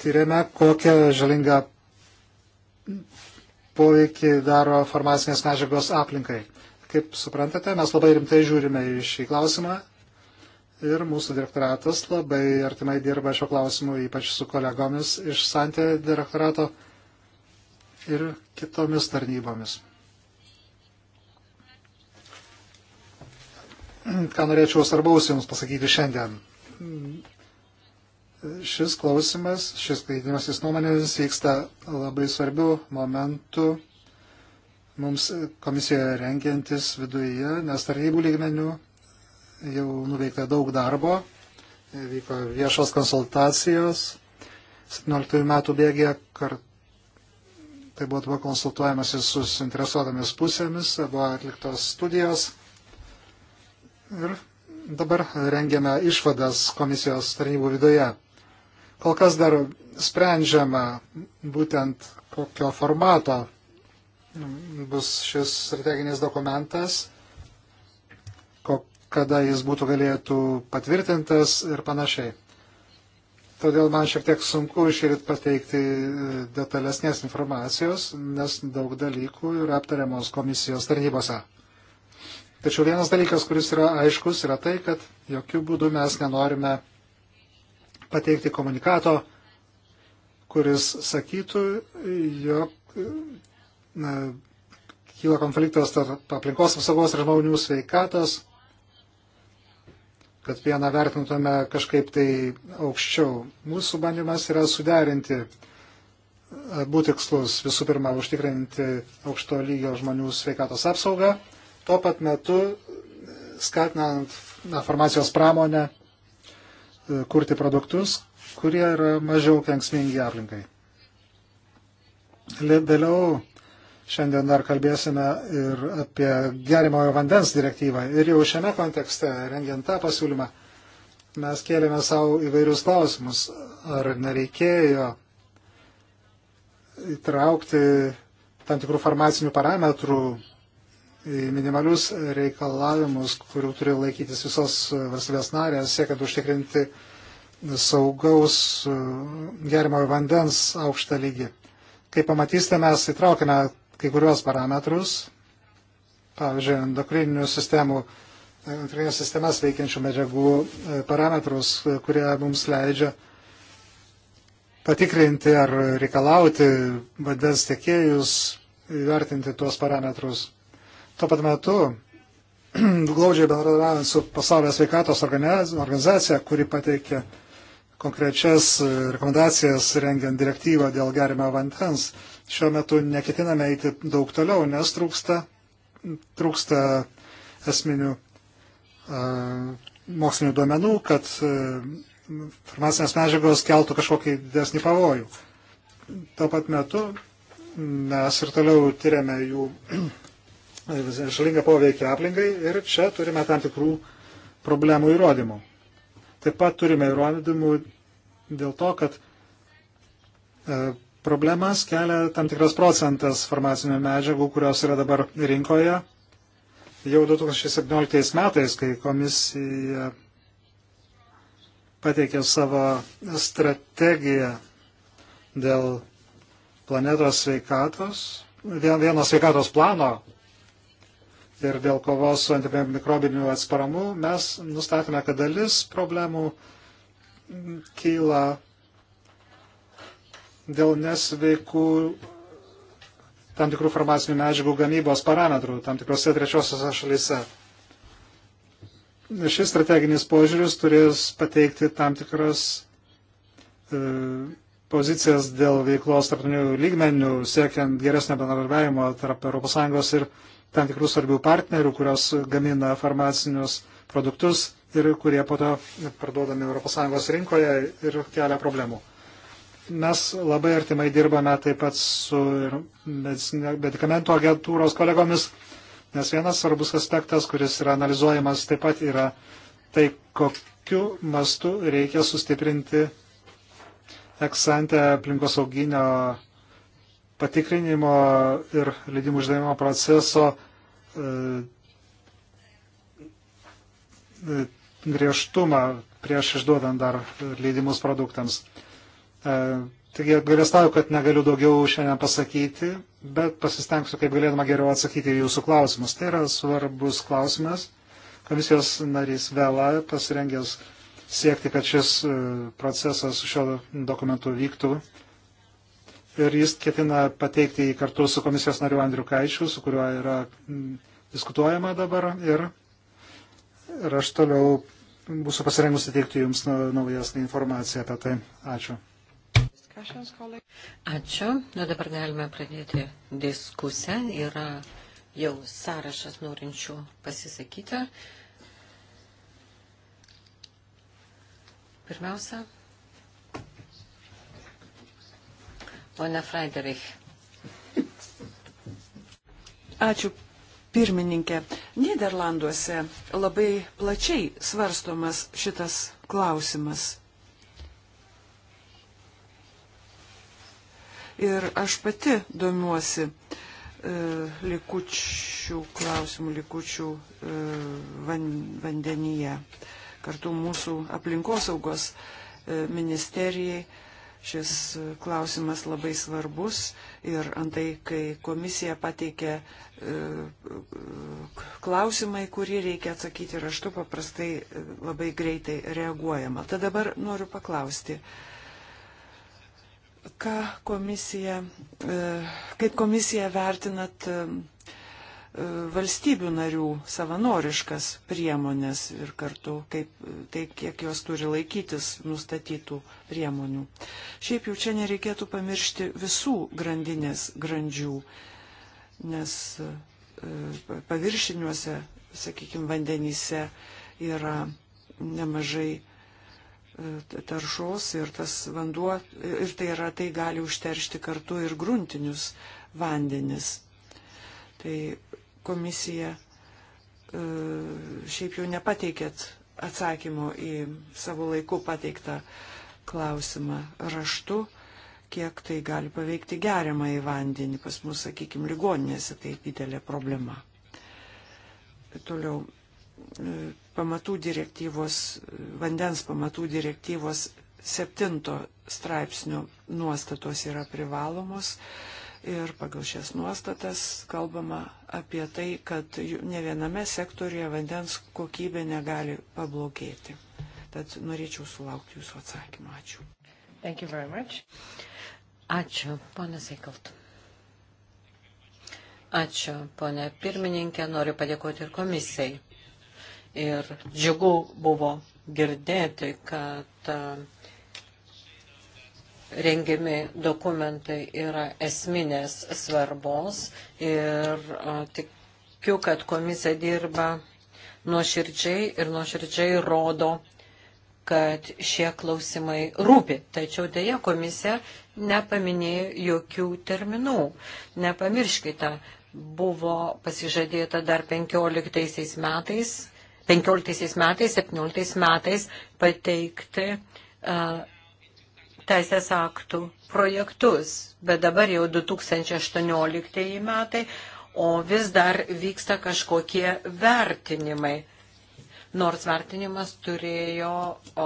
tyrėme, kokią žalingą poveikį daro farmacinės medžiagos aplinkai. Kaip suprantate, mes labai rimtai žiūrime į šį klausimą ir mūsų direktoratas labai artimai dirba šio klausimu, ypač su kolegomis iš Santė direktorato ir kitomis tarnybomis. Ką norėčiau svarbaus Jums pasakyti šiandien. Šis klausimas, šis skaidimasis nuomonės vyksta labai svarbių momentų mums komisijoje rengiantis viduje, nes tarnybų lygmenių jau nuveikta daug darbo, vyko viešos konsultacijos, 17 metų bėgė kartu. Tai buvo konsultuojamasi su suinteresuotomis pusėmis, buvo atliktos studijos ir dabar rengiame išvadas komisijos tarnybų viduje. Kol kas dar sprendžiama būtent kokio formato bus šis strateginis dokumentas, kada jis būtų galėtų patvirtintas ir panašiai. Todėl man šiek tiek sunku išėrit pateikti e, detalesnės informacijos, nes daug dalykų yra aptariamos komisijos tarnybose. Tačiau vienas dalykas, kuris yra aiškus, yra tai, kad jokių būdų mes nenorime pateikti komunikato, kuris sakytų, jog e, na, kyla konfliktas tarp aplinkos apsaugos ir žmonių sveikatos kad vieną vertintume kažkaip tai aukščiau. Mūsų bandymas yra suderinti abu e, tikslus. Visų pirma, užtikrinti aukšto lygio žmonių sveikatos apsaugą, tuo pat metu e, skatinant farmacijos pramonę e, kurti produktus, kurie yra mažiau kenksmingi aplinkai. Vėliau Šiandien dar kalbėsime ir apie gerimojo vandens direktyvą. Ir jau šiame kontekste, rengiant tą pasiūlymą, mes kėlėme savo įvairius klausimus. Ar nereikėjo įtraukti tam tikrų farmacinių parametrų į minimalius reikalavimus, kurių turi laikytis visos valstybės narės, siekiant užtikrinti saugaus gerimojo vandens aukštą lygį. Kaip pamatysite, mes įtraukime kai kuriuos parametrus, pavyzdžiui, endokrininių sistemų, endokrininių sistemas veikiančių medžiagų e, parametrus, e, kurie mums leidžia patikrinti ar reikalauti vandens tiekėjus, įvertinti tuos parametrus. Tuo pat metu, glaudžiai bendradarbiavant su pasaulio sveikatos organizacija, kuri pateikė konkrečias e, rekomendacijas rengiant direktyvą dėl gerimo vandens, šiuo metu neketiname eiti daug toliau, nes trūksta, trūksta esminių a, mokslinių duomenų, kad a, e, farmacinės medžiagos keltų kažkokį didesnį pavojų. Tuo pat metu mes ir toliau tyriame jų e, žalingą poveikį aplinkai ir čia turime tam tikrų problemų įrodymų. Taip pat turime įrodymų dėl to, kad e, Problemas kelia tam tikras procentas farmacinių medžiagų, kurios yra dabar rinkoje. Jau 2017 metais, kai komisija pateikė savo strategiją dėl planetos sveikatos, vieno sveikatos plano ir dėl kovos su antimikrobiniu atsparamu, mes nustatėme, kad dalis problemų kyla dėl nesveikų tam tikrų farmacinių medžiagų gamybos parametrų tam tikrose trečiosiose šalyse. Šis strateginis požiūris turės pateikti tam tikras e, pozicijas dėl veiklos tarptautinių lygmenių, siekiant geresnio bendradarbiavimo tarp ES ir tam tikrų svarbių partnerių, kurios gamina farmacinius produktus ir kurie po to parduodami ES rinkoje ir kelia problemų. Mes labai artimai dirbame taip pat su medikamentų agentūros kolegomis, nes vienas svarbus aspektas, kuris yra analizuojamas taip pat yra tai, kokiu mastu reikia sustiprinti eksantę aplinkosauginio patikrinimo ir leidimų uždavimo proceso e, e, griežtumą prieš išduodant dar leidimus produktams. E, taigi galėstauju, kad negaliu daugiau šiandien pasakyti, bet pasistengsiu, kaip galėdama geriau atsakyti į jūsų klausimus. Tai yra svarbus klausimas. Komisijos narys Vela pasirengęs siekti, kad šis e, procesas šio dokumentu vyktų. Ir jis ketina pateikti jį kartu su komisijos nariu Andriu Kaičiu, su kuriuo yra diskutuojama dabar. Ir, ir aš toliau būsiu pasirengusi teikti jums naujas informaciją apie tai. Ačiū. Ačiū. Na dabar galime pradėti diskusiją. Yra jau sąrašas norinčių pasisakyti. Pirmiausia, Pone Freiderich. Ačiū, pirmininkė. Niderlanduose labai plačiai svarstomas šitas klausimas. Ir aš pati domiuosi e, likučių klausimų, likučių e, van, vandenyje. Kartu mūsų aplinkosaugos e, ministerijai šis klausimas labai svarbus ir antai, kai komisija pateikė e, klausimai, kurį reikia atsakyti raštu, paprastai e, labai greitai reaguojama. Tad dabar noriu paklausti, ką komisija, e, kaip komisija vertinat e, e, valstybių narių savanoriškas priemonės ir kartu kaip, tai, kiek jos turi laikytis nustatytų priemonių. Šiaip jau čia nereikėtų pamiršti visų grandinės grandžių, nes paviršiniuose, sakykime, vandenyse yra nemažai taršos ir tas vanduo, ir tai yra, tai gali užteršti kartu ir gruntinius vandenis. Tai komisija e, šiaip jau nepateikėt atsakymo į savo laiku pateiktą klausimą raštu, kiek tai gali paveikti geriamą į vandenį. Pas mus, sakykime, ligoninėse tai didelė problema. Toliau pamatų direktyvos, vandens pamatų direktyvos septinto straipsnio nuostatos yra privalomos. Ir pagal šias nuostatas kalbama apie tai, kad ne viename sektorija vandens kokybė negali pablogėti. Tad norėčiau sulaukti jūsų atsakymą. Ačiū. Ačiū, ponas Eikalt. Ačiū, ponė pirmininkė. Noriu padėkoti ir komisijai Ir džiugu buvo girdėti, kad e, rengiami dokumentai yra esminės svarbos ir e, tikiu, kad komisija dirba nuoširdžiai ir nuoširdžiai rodo, kad šie klausimai rūpi. Tačiau dėja komisija nepaminėjo jokių terminų. Nepamirškite, buvo pasižadėta dar 15 metais 15 metais, 17 metais pateikti uh, teisės aktų projektus, bet dabar jau 2018 metai, o vis dar vyksta kažkokie vertinimai nors vertinimas turėjo,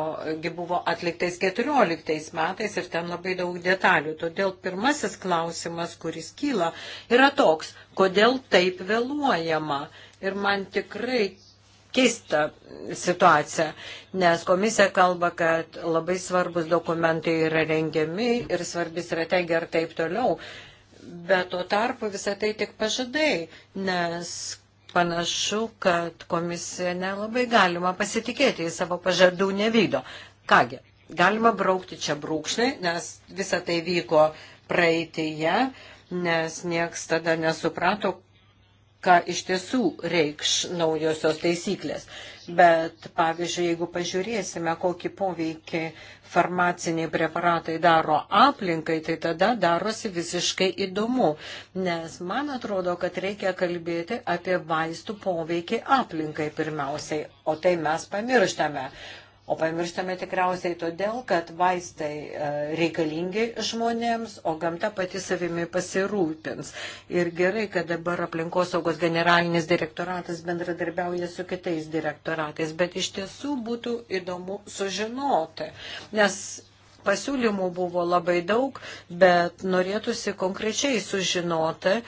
ogi buvo atliktais 14 metais ir ten labai daug detalių. Todėl pirmasis klausimas, kuris kyla, yra toks, kodėl taip vėluojama. Ir man tikrai keistą situaciją, nes komisija kalba, kad labai svarbus dokumentai yra rengiami ir svarbi strategija ir taip toliau. Bet tuo tarpu visą tai tik pažadai, nes panašu, kad komisija nelabai galima pasitikėti, jis savo pažadų nevydo. Kągi, galima braukti čia brūkšnį, nes visa tai vyko praeitėje, nes nieks tada nesuprato, ką iš tiesų reikš naujosios taisyklės. Bet, pavyzdžiui, jeigu pažiūrėsime, kokį poveikį farmaciniai preparatai daro aplinkai, tai tada darosi visiškai įdomu, nes man atrodo, kad reikia kalbėti apie vaistų poveikį aplinkai pirmiausiai, o tai mes pamirštame. O pamirštame tikriausiai todėl, kad vaistai e, reikalingi žmonėms, o gamta pati savimi pasirūpins. Ir gerai, kad dabar aplinkosaugos generalinis direktoratas bendradarbiauja su kitais direktoratais, bet iš tiesų būtų įdomu sužinoti. Nes pasiūlymų buvo labai daug, bet norėtųsi konkrečiai sužinoti,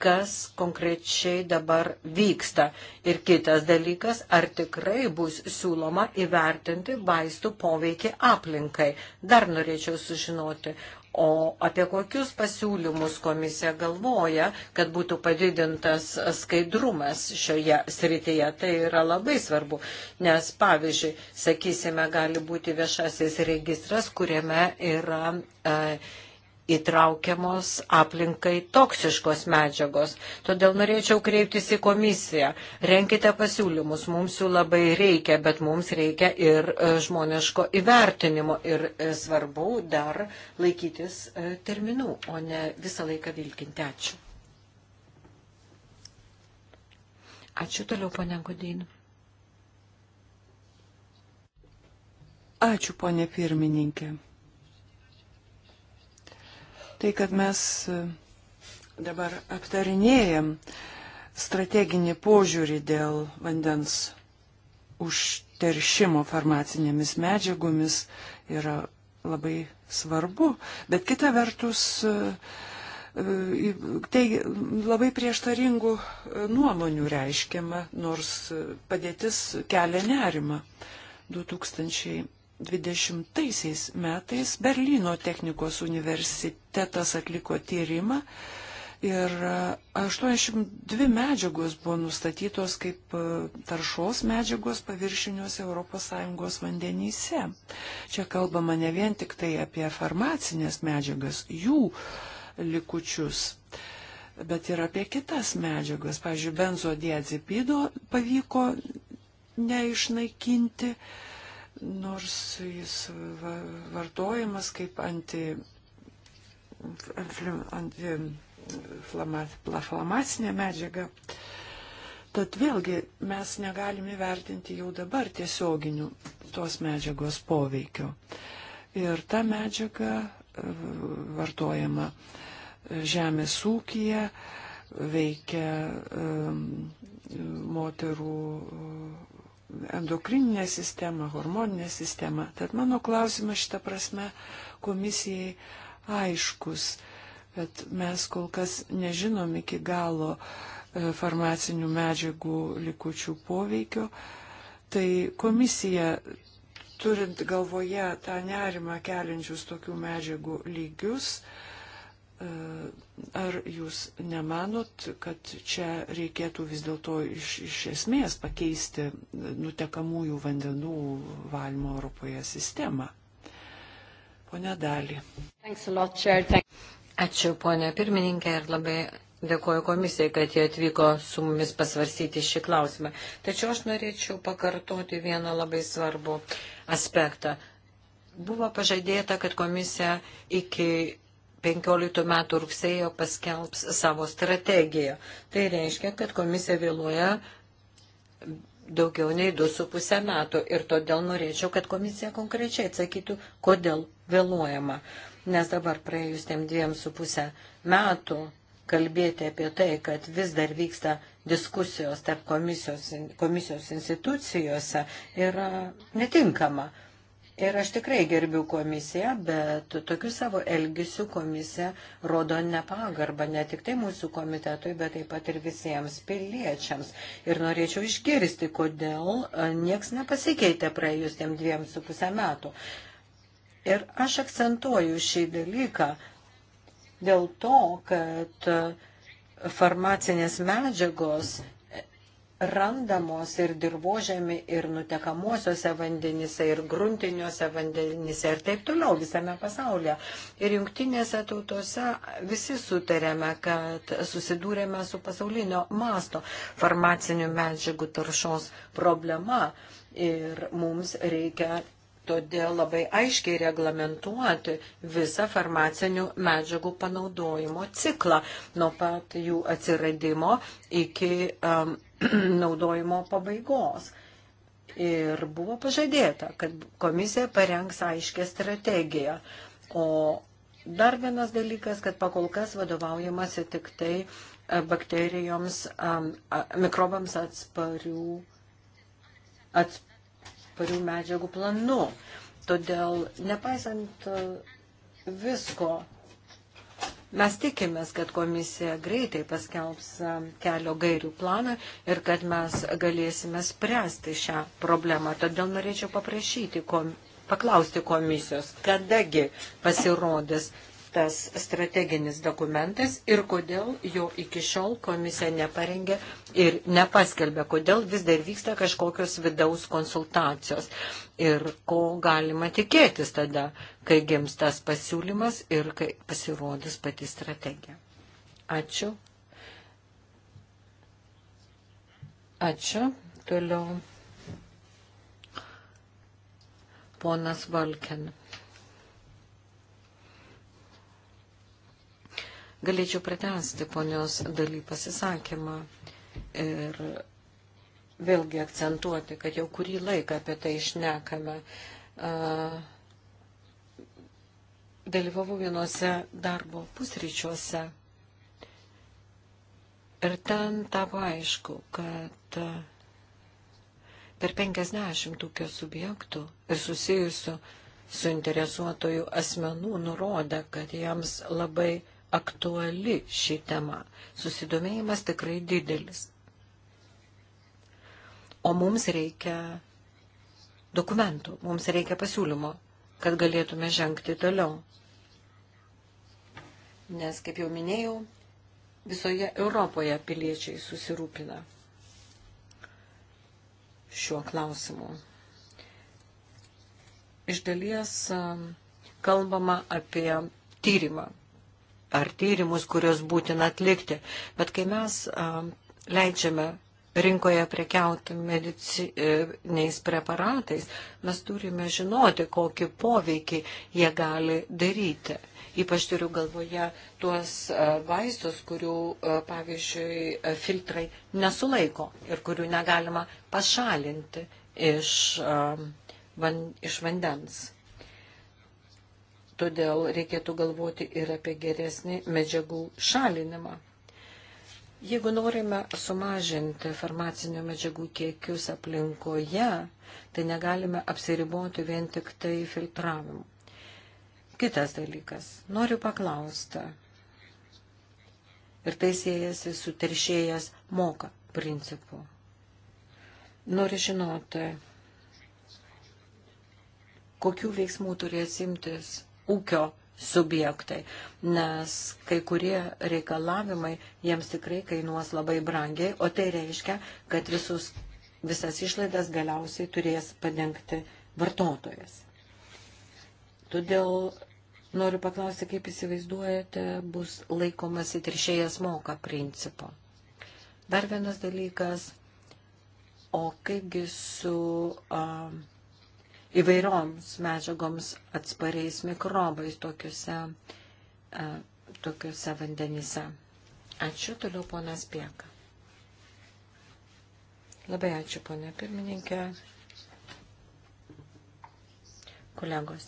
kas konkrečiai dabar vyksta. Ir kitas dalykas, ar tikrai bus siūloma įvertinti vaistų poveikį aplinkai. Dar norėčiau sužinoti. O apie kokius pasiūlymus komisija galvoja, kad būtų padidintas skaidrumas šioje srityje. Tai yra labai svarbu, nes pavyzdžiui, sakysime, gali būti viešasis registras, kuriame yra. E, įtraukiamos aplinkai toksiškos medžiagos. Todėl norėčiau kreiptis į komisiją. Renkite pasiūlymus, mums jų labai reikia, bet mums reikia ir e, žmoniško įvertinimo ir e, svarbu dar laikytis e, terminų, o ne visą laiką vilkinti. Ačiū. Ačiū toliau, ponia Godin. Ačiū, ponė pirmininkė tai, kad mes e, dabar aptarinėjam strateginį požiūrį dėl vandens užteršimo farmacinėmis medžiagomis yra labai svarbu, bet kita vertus e, e, tai labai prieštaringų nuomonių reiškiama, nors padėtis kelia nerima. 2000 20 metais Berlyno technikos universitetas atliko tyrimą ir 82 medžiagos buvo nustatytos kaip e, taršos medžiagos paviršiniuose ES vandenyse. Čia kalbama ne vien tik tai apie farmacinės medžiagas, jų likučius bet ir apie kitas medžiagas. Pavyzdžiui, benzodiazepido pavyko neišnaikinti, uh, nors jis vartojamas kaip anti antiinflamacinė medžiaga. Tad vėlgi mes negalime vertinti jau dabar tiesioginių tos medžiagos poveikio. Ir ta medžiaga e, vartojama žemės ūkija, veikia e, moterų endokrininę sistemą, hormoninę sistemą. Tad mano klausimas šitą prasme komisijai aiškus, bet mes kol kas nežinom iki galo e, farmacinių medžiagų likučių poveikio. Tai komisija, turint galvoje tą nerimą keliančius tokių medžiagų lygius, uh, ar jūs nemanot, kad čia reikėtų vis dėlto iš, iš esmės pakeisti nutekamųjų vandenų valymo Europoje sistemą? Pone Dali. Ačiū, ponė pirmininkė, ir labai dėkoju komisijai, kad jie atvyko su mumis pasvarsyti šį klausimą. Tačiau aš norėčiau pakartoti vieną labai svarbų aspektą. Buvo pažadėta, kad komisija iki 15 metų rugsėjo paskelbs savo strategiją. Tai reiškia, kad komisija vėluoja daugiau nei 2,5 metų ir todėl norėčiau, kad komisija konkrečiai atsakytų, kodėl vėluojama. Nes dabar praėjus tiem 2,5 metų kalbėti apie tai, kad vis dar vyksta diskusijos tarp komisijos, komisijos institucijose yra netinkama. Ir aš tikrai gerbiu komisiją, bet tokiu savo elgesiu komisija rodo nepagarbą ne tik tai mūsų komitetui, bet taip pat ir visiems piliečiams. Ir norėčiau išgirsti, kodėl e, nieks nepasikeitė praėjus tiem dviem su pusę metų. Ir aš akcentuoju šį dalyką dėl to, kad e, farmacinės medžiagos randamos ir dirbožėmi, ir nutekamuosiuose vandenyse, ir gruntiniuose vandenyse, ir taip toliau visame pasaulyje. Ir jungtinėse tautose visi sutarėme, kad susidūrėme su pasaulinio masto farmacinių medžiagų taršos problema. Ir mums reikia todėl labai aiškiai reglamentuoti visą farmacinių medžiagų panaudojimo ciklą nuo pat jų atsiradimo iki um, naudojimo pabaigos. Ir buvo pažadėta, kad komisija parengs aiškę strategiją. O dar vienas dalykas, kad pakol kas vadovaujamasi tik tai e, bakterijoms, mikrobams atsparių, atsparių medžiagų planu. Todėl, nepaisant e, visko, Mes tikimės, kad komisija greitai paskelbs kelio gairių planą ir kad mes galėsime spręsti šią problemą. Todėl norėčiau paprašyti, kom, paklausti komisijos, kadagi pasirodys tas strateginis dokumentas ir kodėl jo iki šiol komisija neparengė ir nepaskelbė, kodėl vis dar vyksta kažkokios vidaus konsultacijos ir ko galima tikėtis tada, kai gims tas pasiūlymas ir kai pasirodys pati strategija. Ačiū. Ačiū. Toliau. Ponas Valken. Galėčiau pritesti ponios daly pasisakymą ir vėlgi akcentuoti, kad jau kurį laiką apie tai išnekame. Dalyvavau vienose darbo pusryčiuose ir ten tapo aišku, kad per 50 tūkio subjektų ir susijusių suinteresuotojų asmenų nurodė, kad jiems labai aktuali ši tema. Susidomėjimas tikrai didelis. O mums reikia dokumentų, mums reikia pasiūlymo, kad galėtume žengti toliau. Nes, kaip jau minėjau, visoje Europoje piliečiai susirūpina šiuo klausimu. Iš dalies kalbama apie tyrimą, ar tyrimus, kuriuos būtina atlikti. Bet kai mes leidžiame rinkoje prekiauti mediciniais e, preparatais, mes turime žinoti, kokį poveikį jie gali daryti. Ypač turiu galvoje tuos vaistus, kurių, pavyzdžiui, filtrai nesulaiko ir kurių negalima pašalinti iš, van, iš vandens. Todėl reikėtų galvoti ir apie geresnį medžiagų šalinimą. Jeigu norime sumažinti farmacinių medžiagų kiekius aplinkoje, tai negalime apsiriboti vien tik tai filtravimu. Kitas dalykas. Noriu paklausti. Ir tai siejasi su teršėjas moka principu. Noriu žinoti, kokių veiksmų turės imtis ūkio subjektai, nes kai kurie reikalavimai jiems tikrai kainuos labai brangiai, o tai reiškia, kad visus, visas išlaidas galiausiai turės padengti vartotojas. Todėl noriu paklausti, kaip įsivaizduojate, bus laikomas įtrišėjas moka principo. Dar vienas dalykas, o kaipgi su. Uh, įvairioms medžiagoms atspariais mikrobais tokiuose, e, tokiuose vandenyse. Ačiū toliau ponas Pieka. Labai ačiū ponė pirmininkė. Kolegos.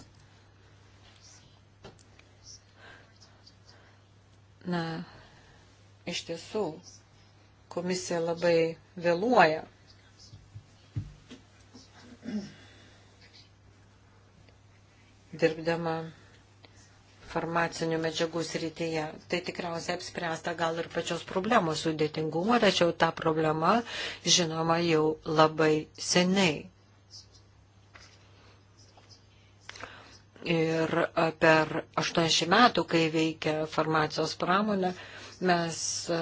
Na, iš tiesų, komisija labai vėluoja. Mm dirbdama farmacinių medžiagų srityje. Tai tikriausiai apspręsta gal ir pačios problemos sudėtingumo, tačiau ta problema žinoma jau labai seniai. Ir per 80 metų, kai veikia farmacijos pramonė, mes e,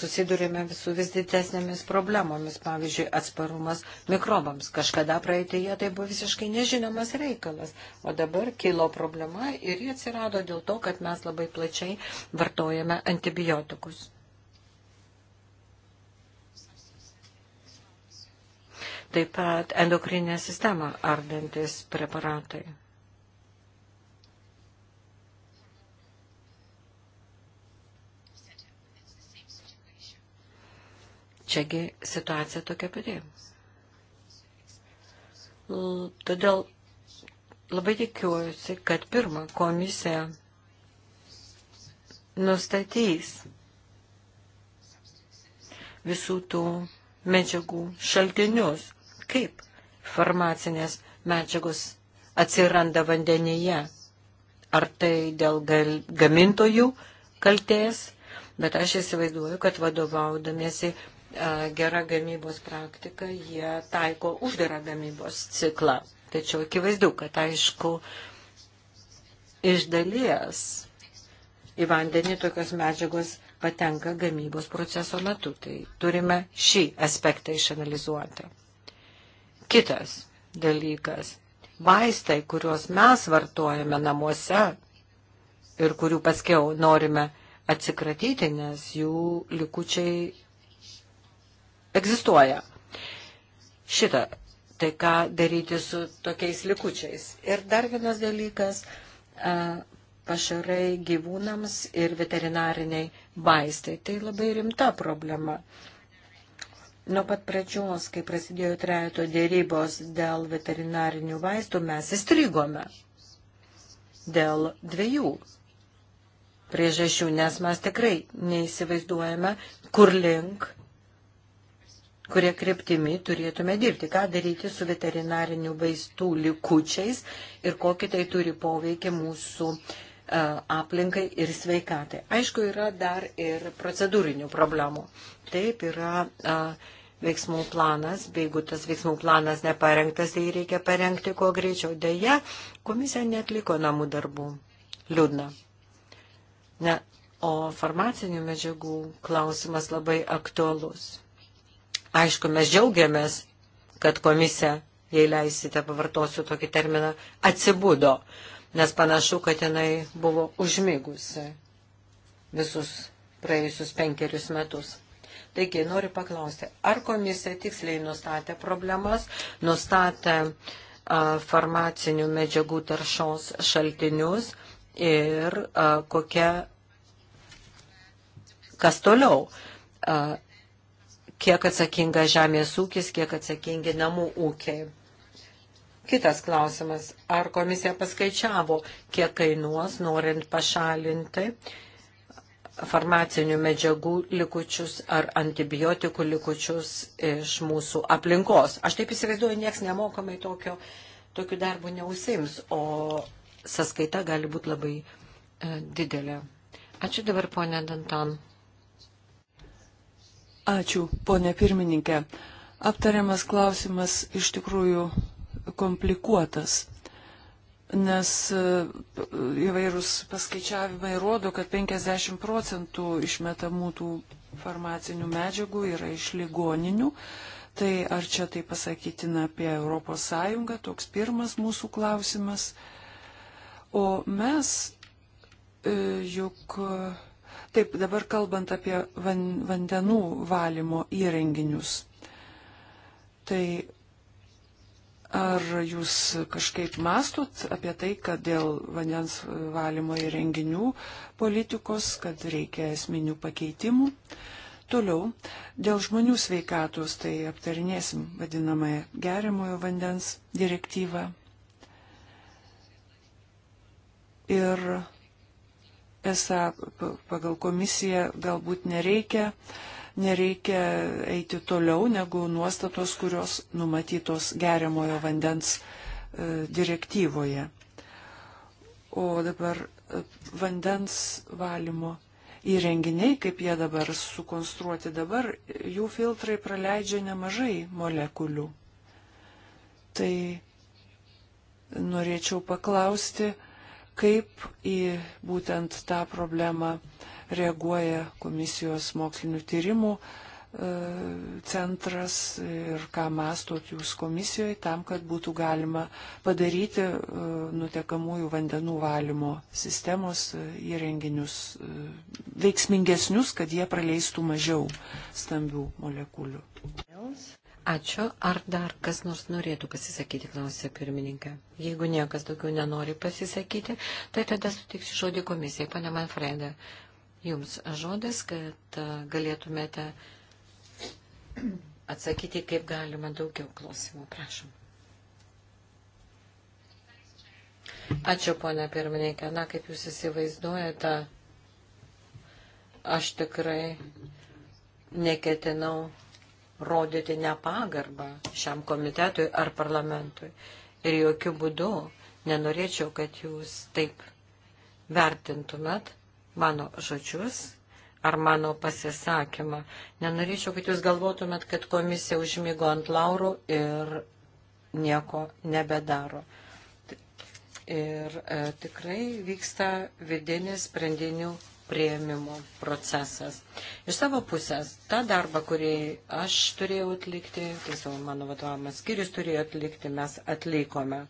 susidurime visų vis didesnėmis problemomis, pavyzdžiui, atsparumas mikrobams. Kažkada praeitėje tai buvo visiškai nežinomas reikalas, o dabar kilo problema ir jie atsirado dėl to, kad mes labai plačiai vartojame antibiotikus. Taip pat endokrinę sistemą ardantis preparatai. Čiagi situacija tokia pati. Todėl labai tikiuosi, kad pirmą komisija nustatys visų tų medžiagų šaltinius, kaip farmacinės medžiagos atsiranda vandenyje. Ar tai dėl gal, gamintojų kalties, bet aš įsivaizduoju, kad vadovaudamiesi gerą gamybos praktiką, jie taiko uždarą gamybos ciklą. Tačiau akivaizdu, kad aišku, iš dalies į vandenį tokios medžiagos patenka gamybos proceso metu. Tai turime šį aspektą išanalizuoti. Kitas dalykas. Vaistai, kuriuos mes vartojame namuose ir kurių paskiau norime atsikratyti, nes jų likučiai egzistuoja. Šitą, tai ką daryti su tokiais likučiais. Ir dar vienas dalykas, pašarai gyvūnams ir veterinariniai vaistai. Tai labai rimta problema. Nuo pat pradžios, kai prasidėjo trejato dėrybos dėl veterinarinių vaistų, mes įstrigome dėl dviejų priežasčių, nes mes tikrai neįsivaizduojame, kur link kurie kryptimi turėtume dirbti, ką daryti su veterinarinių vaistų likučiais ir kokį tai turi poveikį mūsų e, aplinkai ir sveikatai. Aišku, yra dar ir procedūrinių problemų. Taip yra a, e, veiksmų planas, bei jeigu tas veiksmų planas neparengtas, tai reikia parengti kuo greičiau. Deja, komisija netliko namų darbų. Liūdna. Ne, o farmacinių medžiagų klausimas labai aktualus. Aišku, mes džiaugiamės, kad komisija, jei leisite, pavartosiu tokį terminą, atsibudo, nes panašu, kad jinai buvo užmigusi visus praėjusius penkerius metus. Taigi, noriu paklausti, ar komisija tiksliai nustatė problemas, nustatė a, farmacinių medžiagų taršos šaltinius ir a, kokia, kas toliau. A, kiek atsakinga žemės ūkis, kiek atsakingi namų ūkiai. Kitas klausimas, ar komisija paskaičiavo, kiek kainuos, norint pašalinti farmacinių medžiagų likučius ar antibiotikų likučius iš mūsų aplinkos. Aš taip įsivaizduoju, nieks nemokamai tokio, tokiu darbu neusims, o sąskaita gali būti labai e, didelė. Ačiū dabar, ponė Dantan. Ačiū, ponė pirmininkė. Aptariamas klausimas iš tikrųjų komplikuotas, nes e, įvairūs paskaičiavimai rodo, kad 50 procentų išmetamų tų farmacinių medžiagų yra iš ligoninių. Tai ar čia tai pasakytina apie Europos Sąjungą, toks pirmas mūsų klausimas. O mes e, juk Taip, dabar kalbant apie van, vandenų valymo įrenginius. Tai ar jūs kažkaip mastot apie tai, kad dėl vandens valymo įrenginių politikos, kad reikia esminių pakeitimų? Toliau, dėl žmonių sveikatos, tai aptarinėsim vadinamąją geriamojo vandens direktyvą. Ir esą pagal komisiją galbūt nereikia, nereikia eiti toliau negu nuostatos, kurios numatytos geriamojo vandens e, direktyvoje. O dabar e, vandens valymo įrenginiai, kaip jie dabar sukonstruoti dabar, jų filtrai praleidžia nemažai molekulių. Tai norėčiau paklausti, kaip į būtent tą problemą reaguoja komisijos mokslinių tyrimų e, centras ir ką mastot jūs komisijoje tam, kad būtų galima padaryti e, nutekamųjų vandenų valymo sistemos e, įrenginius veiksmingesnius, kad jie praleistų mažiau stambių molekulių. Else? Ačiū. Ar dar kas nors norėtų pasisakyti, klausė pirmininkė. Jeigu niekas daugiau nenori pasisakyti, tai tada sutiksiu žodį komisijai. Pane Manfredė, jums žodis, kad uh, galėtumėte atsakyti kaip galima daugiau klausimų. Prašom. Ačiū, ponia pirmininkė. Na, kaip jūs įsivaizduojate, aš tikrai neketinau rodyti nepagarbą šiam komitetui ar parlamentui. Ir jokių būdų nenorėčiau, kad jūs taip vertintumėt mano žodžius ar mano pasisakymą. Nenorėčiau, kad jūs galvotumėt, kad komisija užmygo ant laurų ir nieko nebedaro. Ir e, tikrai vyksta vidinis sprendinių prieimimo procesas. Iš savo pusės, tą darbą, kurį aš turėjau atlikti, tiesiog mano vadovavimas skyrius turėjo atlikti, mes atlikome.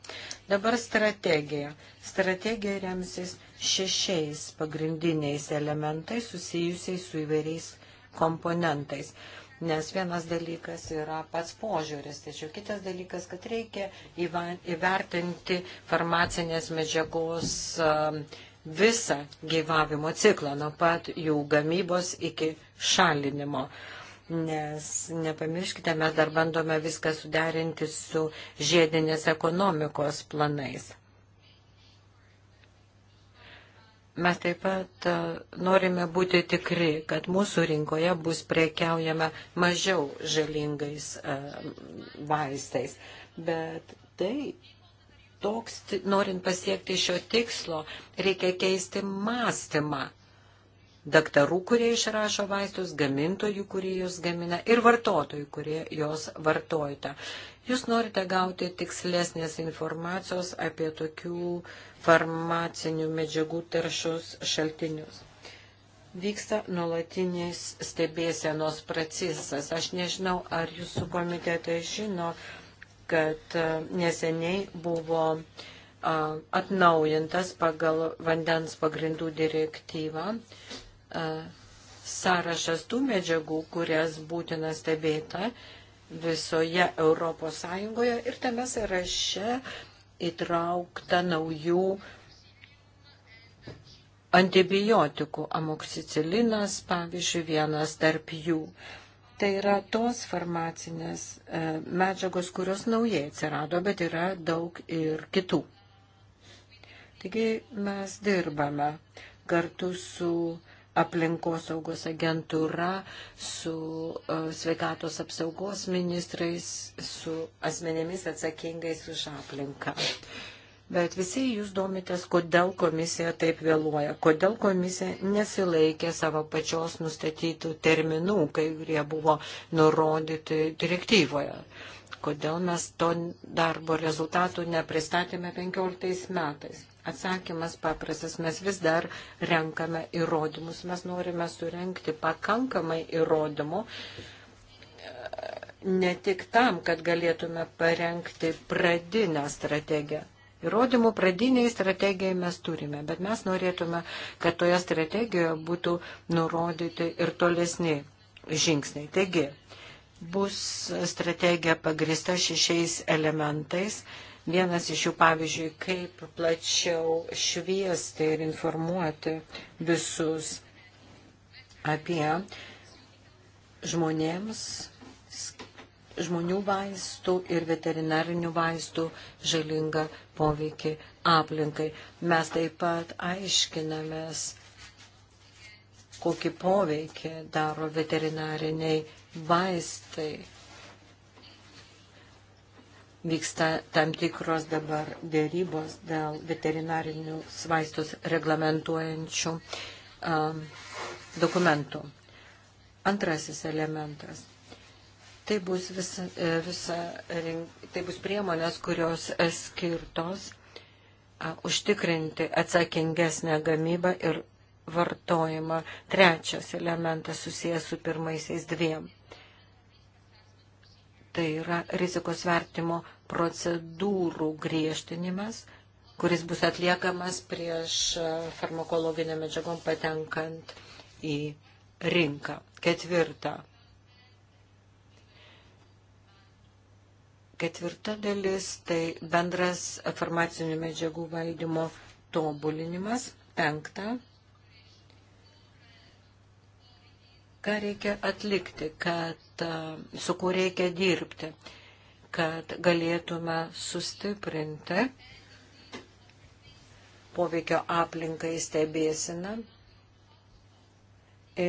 Dabar strategija. Strategija remsis šešiais pagrindiniais elementais susijusiais su įvairiais komponentais. Nes vienas dalykas yra pats požiūris, tačiau kitas dalykas, kad reikia įvertinti farmacinės medžiagos um, visą gyvavimo ciklą nuo pat jų gamybos iki šalinimo. Nes nepamirškite, mes dar bandome viską suderinti su žiedinės ekonomikos planais. Mes taip pat e, norime būti tikri, kad mūsų rinkoje bus priekiaujama mažiau žalingais e, vaistais. Bet tai toks, norint pasiekti šio tikslo, reikia keisti mąstymą. Daktarų, kurie išrašo vaistus, gamintojų, kurie juos gamina ir vartotojų, kurie juos vartojate. Jūs norite gauti tikslesnės informacijos apie tokių farmacinių medžiagų taršus šaltinius. Vyksta nuolatinis stebėsenos procesas. Aš nežinau, ar jūsų komitetai žino, kad e, neseniai buvo e, atnaujintas pagal vandens pagrindų direktyvą e, sąrašas tų medžiagų, kurias būtina stebėta visoje Europos Sąjungoje ir tame sąraše įtraukta naujų antibiotikų, amoksicilinas, pavyzdžiui, vienas tarp jų tai yra tos farmacinės e, medžiagos, kurios naujai atsirado, bet yra daug ir kitų. Taigi mes dirbame kartu su aplinkosaugos agentūra, su e, sveikatos apsaugos ministrais, su asmenėmis atsakingais už aplinką. Bet visi jūs domitės, kodėl komisija taip vėluoja, kodėl komisija nesilaikė savo pačios nustatytų terminų, kai kurie buvo nurodyti direktyvoje. Kodėl mes to darbo rezultatų nepristatėme 15 metais? Atsakymas paprastas, mes vis dar renkame įrodymus, mes norime surenkti pakankamai įrodymų, ne tik tam, kad galėtume parengti pradinę strategiją, įrodymų, pradiniai strategijai mes turime, bet mes norėtume, kad toje strategijoje būtų nurodyti ir tolesni žingsniai. Taigi, bus strategija pagrista šešiais elementais. Vienas iš jų, pavyzdžiui, kaip plačiau šviesti ir informuoti visus apie žmonėms žmonių vaistų ir veterinarinių vaistų žalingą poveikį aplinkai. Mes taip pat aiškinamės, kokį poveikį daro veterinariniai vaistai. Vyksta tam tikros dabar dėrybos dėl veterinarinių vaistus reglamentuojančių um, dokumentų. Antrasis elementas Tai bus, visa, e, visa, tai bus priemonės, kurios e, skirtos užtikrinti atsakingesnę gamybą ir vartojimą. Trečias elementas susijęs su pirmaisiais dviem. Tai yra rizikos vertimo procedūrų griežtinimas, kuris bus atliekamas prieš e, farmakologinę medžiagom patenkant į rinką. Ketvirta Ketvirta dalis tai bendras farmacinių medžiagų valdymo tobulinimas. Penkta. Ką reikia atlikti, kad, su kuo reikia dirbti, kad galėtume sustiprinti poveikio aplinkai stebėsiną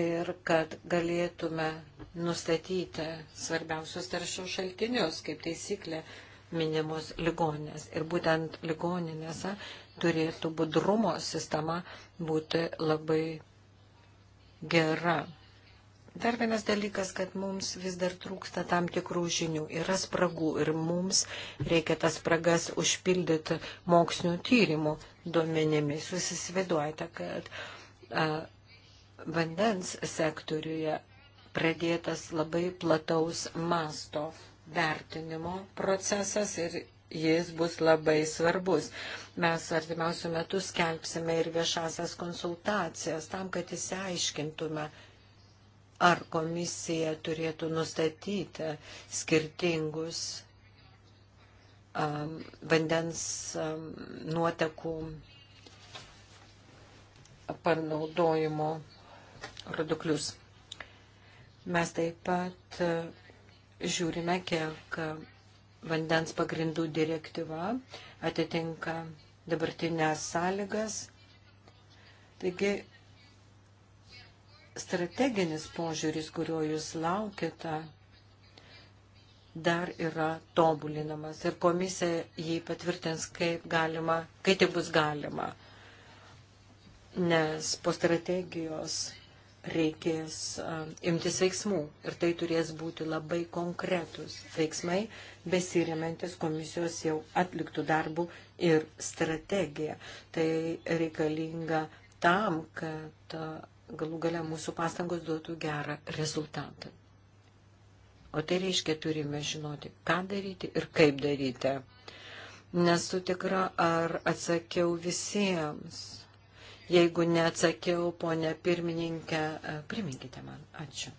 ir kad galėtume nustatyti svarbiausius taršos šaltinius, kaip taisyklė minimos ligoninės. Ir būtent ligoninėse turėtų budrumo sistema būti labai gera. Dar vienas dalykas, kad mums vis dar trūksta tam tikrų žinių, yra spragų ir mums reikia tas spragas užpildyti mokslinių tyrimų duomenimis. Jūs įsivaizduojate, kad a, vandens sektoriuje pradėtas labai plataus masto vertinimo procesas ir jis bus labai svarbus. Mes artimiausių metų skelbsime ir viešasias konsultacijas tam, kad įsiaiškintume, ar komisija turėtų nustatyti skirtingus um, vandens um, nuotekų panaudojimo rodiklius. Mes taip pat e, žiūrime, kiek vandens pagrindų direktyva atitinka dabartinės sąlygas. Taigi, strateginis požiūris, kurio jūs laukite, dar yra tobulinamas ir komisija jį patvirtins, kaip galima, kai tai bus galima. Nes po strategijos reikės imtis veiksmų ir tai turės būti labai konkretus veiksmai, besiriamentis komisijos jau atliktų darbų ir strategiją. Tai reikalinga tam, kad galų gale mūsų pastangos duotų gerą rezultatą. O tai reiškia, turime žinoti, ką daryti ir kaip daryti. Nesu tikra, ar atsakiau visiems Jeigu neatsakiau, ponė pirmininkė, e, priminkite man. Ačiū.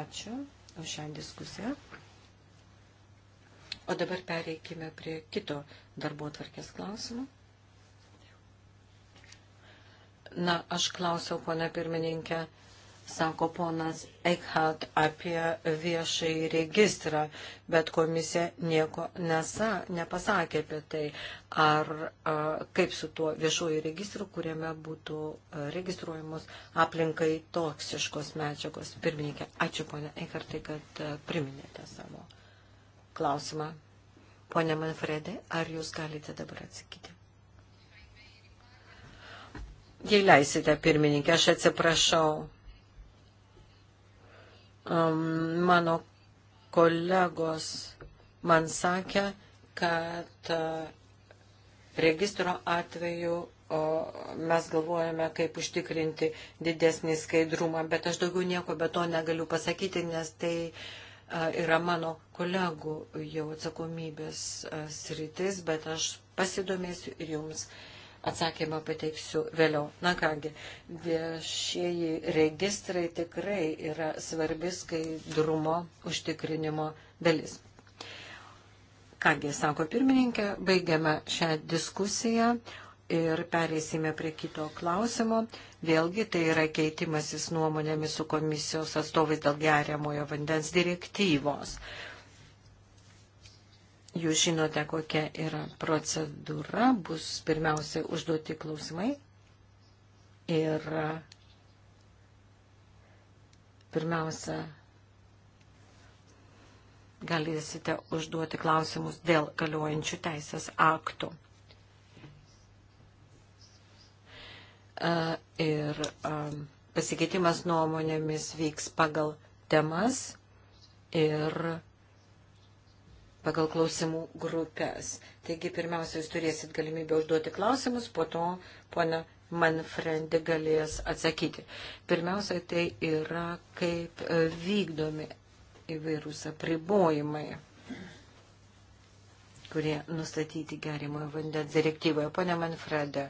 Ačiū už šią diskusiją. O dabar pereikime prie kito darbo tvarkės klausimų. Na, aš klausiau, ponė pirmininkė, sako ponas Eichhout, apie viešai registrą, bet komisija nieko nesa, nepasakė apie tai, ar a, kaip su tuo viešuoju registru, kuriame būtų a, registruojamos aplinkai toksiškos medžiagos. Pirmininkė, ačiū ponė Eichhartai, kad a, priminėte savo klausimą. Pone Manfredė, ar jūs galite dabar atsakyti? Jei leisite, pirmininkė, aš atsiprašau um, mano kolegos man sakė, kad uh, registro atveju o mes galvojame, kaip užtikrinti didesnį skaidrumą, bet aš daugiau nieko be to negaliu pasakyti, nes tai a, yra mano kolegų jau atsakomybės a, sritis, bet aš pasidomėsiu ir jums atsakymą pateiksiu vėliau. Na kągi, viešieji registrai tikrai yra svarbi skaidrumo užtikrinimo dalis. Kągi, sako pirmininkė, baigiame šią diskusiją ir pereisime prie kito klausimo. Vėlgi tai yra keitimasis nuomonėmis su komisijos atstovais dėl geriamojo vandens direktyvos. Jūs žinote, kokia yra procedūra, bus pirmiausia užduoti klausimai ir pirmiausia galėsite užduoti klausimus dėl galiojančių teisės aktų. Ir pasikeitimas nuomonėmis vyks pagal temas ir pagal klausimų grupės. Taigi, pirmiausia, jūs turėsit galimybę užduoti klausimus, po to pona Manfrendi galės atsakyti. Pirmiausia, tai yra kaip e, vykdomi įvairūs apribojimai kurie nustatyti gerimojo vandens direktyvoje. Pone Manfredė,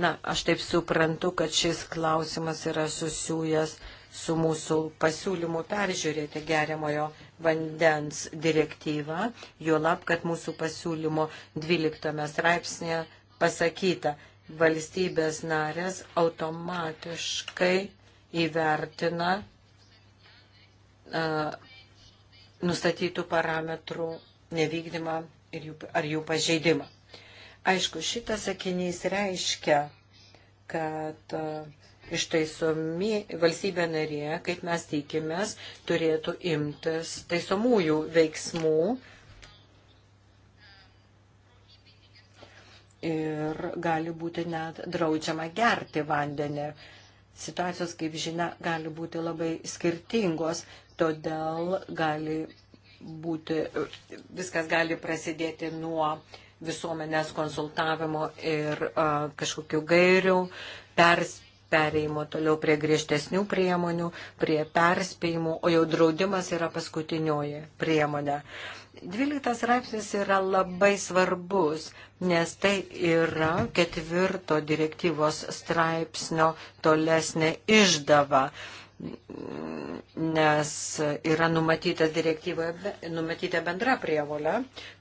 na, aš taip suprantu, kad šis klausimas yra susijęs su mūsų pasiūlymu peržiūrėti gerimojo vandens direktyvą, jo lab, kad mūsų pasiūlymo 12 straipsnėje pasakyta, valstybės narės automatiškai įvertina uh, nustatytų parametrų nevykdymą ir jų, ar jų pažeidimą. Aišku, šitas sakinys reiškia, kad uh, ištaisomi valstybė narė, kaip mes tikimės, turėtų imtis taisomųjų veiksmų ir gali būti net draudžiama gerti vandenį. Situacijos, kaip žinia, gali būti labai skirtingos, todėl gali būti, viskas gali prasidėti nuo visuomenės konsultavimo ir a, kažkokių gairių, perspėjimų pereimo toliau prie griežtesnių priemonių, prie perspėjimų, o jau draudimas yra paskutinioji priemonė. 12 straipsnis yra labai svarbus, nes tai yra ketvirto direktyvos straipsnio tolesnė išdava nes yra numatytas direktyvoje, numatyta bendra prievolė,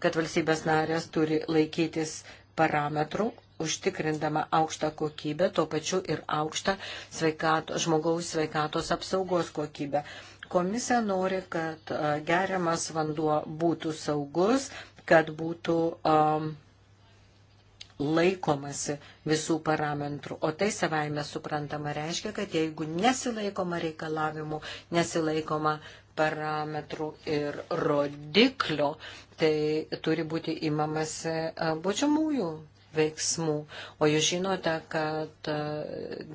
kad valstybės narės turi laikytis parametrų, užtikrindama aukštą kokybę, tuo pačiu ir aukštą sveikato, žmogaus sveikatos apsaugos kokybę. Komisija nori, kad geriamas vanduo būtų saugus, kad būtų um, laikomasi visų parametrų. O tai savaime suprantama reiškia, kad jeigu nesilaikoma reikalavimų, nesilaikoma parametrų ir rodiklio, tai turi būti imamasi baudžiamųjų veiksmų. O jūs žinote, kad e,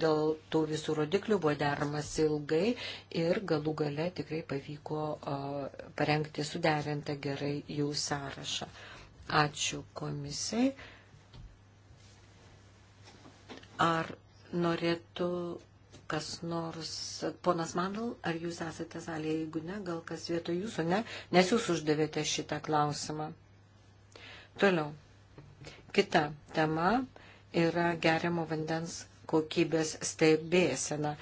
dėl tų visų rodiklių buvo deramas ilgai ir galų gale tikrai pavyko e, parengti suderintą gerai jų sąrašą. Ačiū komisijai. Ar norėtų kas nors, ponas Mandl, ar jūs esate salėje, jeigu ne, gal kas vietoj jūsų, ne, nes jūs uždavėte šitą klausimą. Toliau. Kita tema yra geriamo vandens kokybės stebėsena.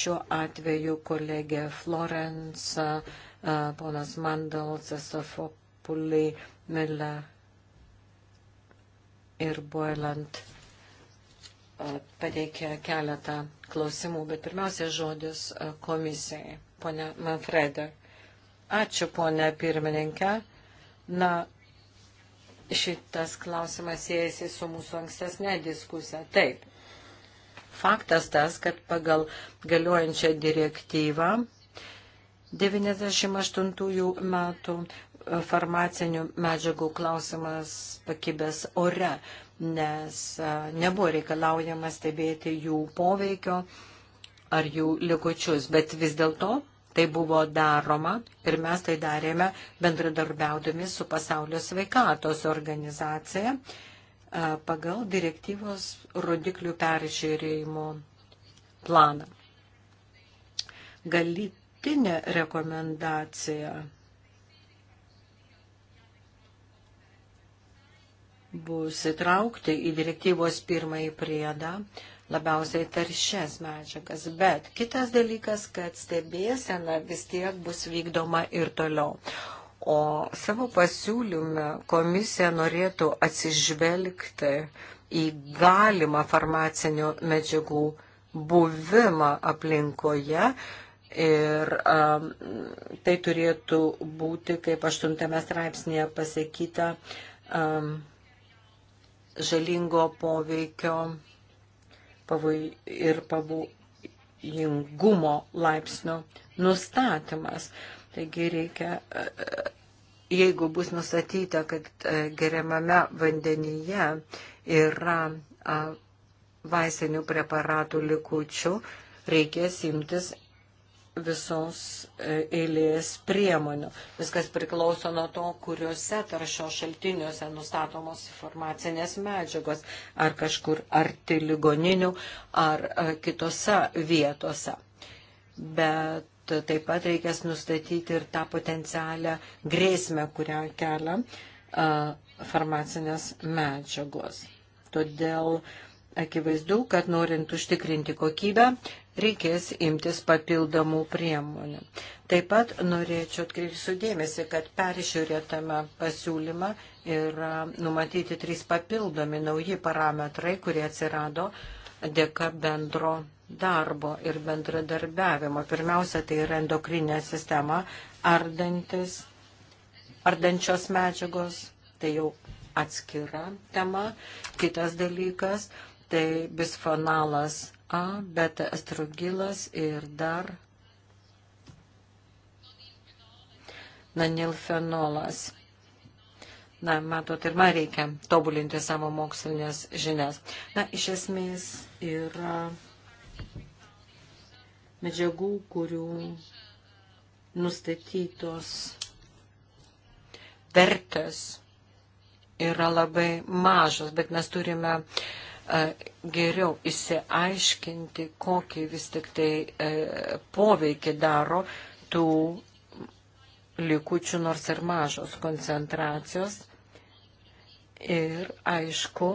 Šiuo atveju kolegė Florence, ponas Mandal, Cesafopuliai, Miller ir Boiland pateikė keletą klausimų, bet pirmiausia žodis komisijai, ponia Manfreda. Ačiū, ponia pirmininkė. Na, šitas klausimas siejasi su mūsų ankstesnė diskusija. Taip. Faktas tas, kad pagal galiojančią direktyvą 98 metų e, farmacinių medžiagų klausimas pakibęs ore, nes e, nebuvo reikalaujama stebėti jų poveikio ar jų likučius, bet vis dėlto Tai buvo daroma ir mes tai darėme bendradarbiaudami su pasaulio sveikatos organizacija pagal direktyvos rodiklių peržiūrėjimo planą. Galitinė rekomendacija bus įtraukti į direktyvos pirmąjį priedą labiausiai taršias medžiagas. Bet kitas dalykas, kad stebėsena vis tiek bus vykdoma ir toliau. O savo pasiūlyme komisija norėtų atsižvelgti į galimą farmacinių medžiagų buvimą aplinkoje, Ir um, tai turėtų būti, kaip aštuntame straipsnėje pasakyta, um, žalingo poveikio pavoj, ir pavojingumo laipsnio nustatymas. Taigi reikia, e, e, jeigu bus nustatyta, kad e, geriamame vandenyje yra vaistinių preparatų likučių, reikės imtis visos e, eilės priemonių. Viskas priklauso nuo to, kuriuose taršio šaltiniuose nustatomos informacinės medžiagos, ar kažkur arti ligoninių, ar e, kitose vietose. Bet taip pat reikės nustatyti ir tą potencialią grėsmę, kurią kelia e, farmacinės medžiagos. Todėl akivaizdu, kad norint užtikrinti kokybę, reikės imtis papildomų priemonių. Taip pat norėčiau atkreipti sudėmėsi, kad peržiūrėtame pasiūlymą yra numatyti trys papildomi nauji parametrai, kurie atsirado dėka bendro darbo ir bendradarbiavimo. Pirmiausia, tai yra endokrinė sistema ardantis, ardančios medžiagos, tai jau atskira tema. Kitas dalykas, tai bisfonalas A, beta astrogilas ir dar nanilfenolas. Na, matot, ir man reikia tobulinti savo mokslinės žinias. Na, iš esmės yra medžiagų, kurių nustatytos vertės yra labai mažos, bet mes turime uh, geriau įsiaiškinti, kokį vis tik tai e, poveikį daro tų likučių, nors ir mažos koncentracijos. Ir aišku,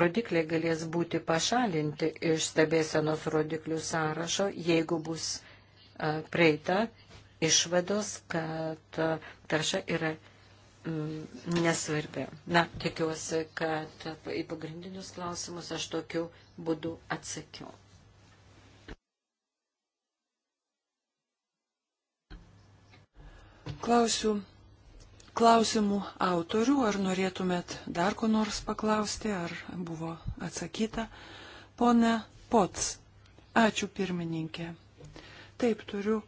rodikliai galės būti pašalinti iš stebėsenos rodiklių sąrašo, jeigu bus prieita išvados, kad tarša yra Mm, nesvarbi. Na, tikiuosi, kad į pagrindinius klausimus aš tokiu būdu atsakiau. Klausiu klausimų autorių, ar norėtumėt dar ko nors paklausti, ar buvo atsakyta. Pone Pots, ačiū pirmininkė. Taip, turiu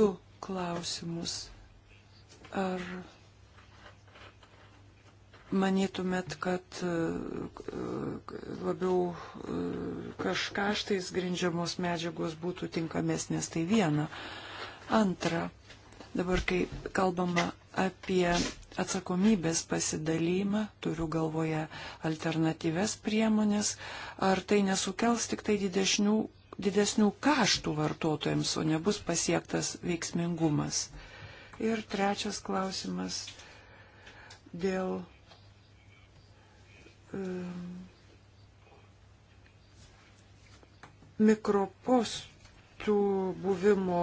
du klausimus. Ar manytumėt, kad e, e, labiau e, kažkaštais grindžiamos medžiagos būtų tinkamesnės, tai viena. Antra, dabar kai kalbama apie atsakomybės pasidalymą, turiu galvoje alternatyves priemonės, ar tai nesukels tik tai didesnių, didesnių kaštų vartotojams, o nebus pasiektas veiksmingumas. Ir trečias klausimas dėl mikropostų buvimo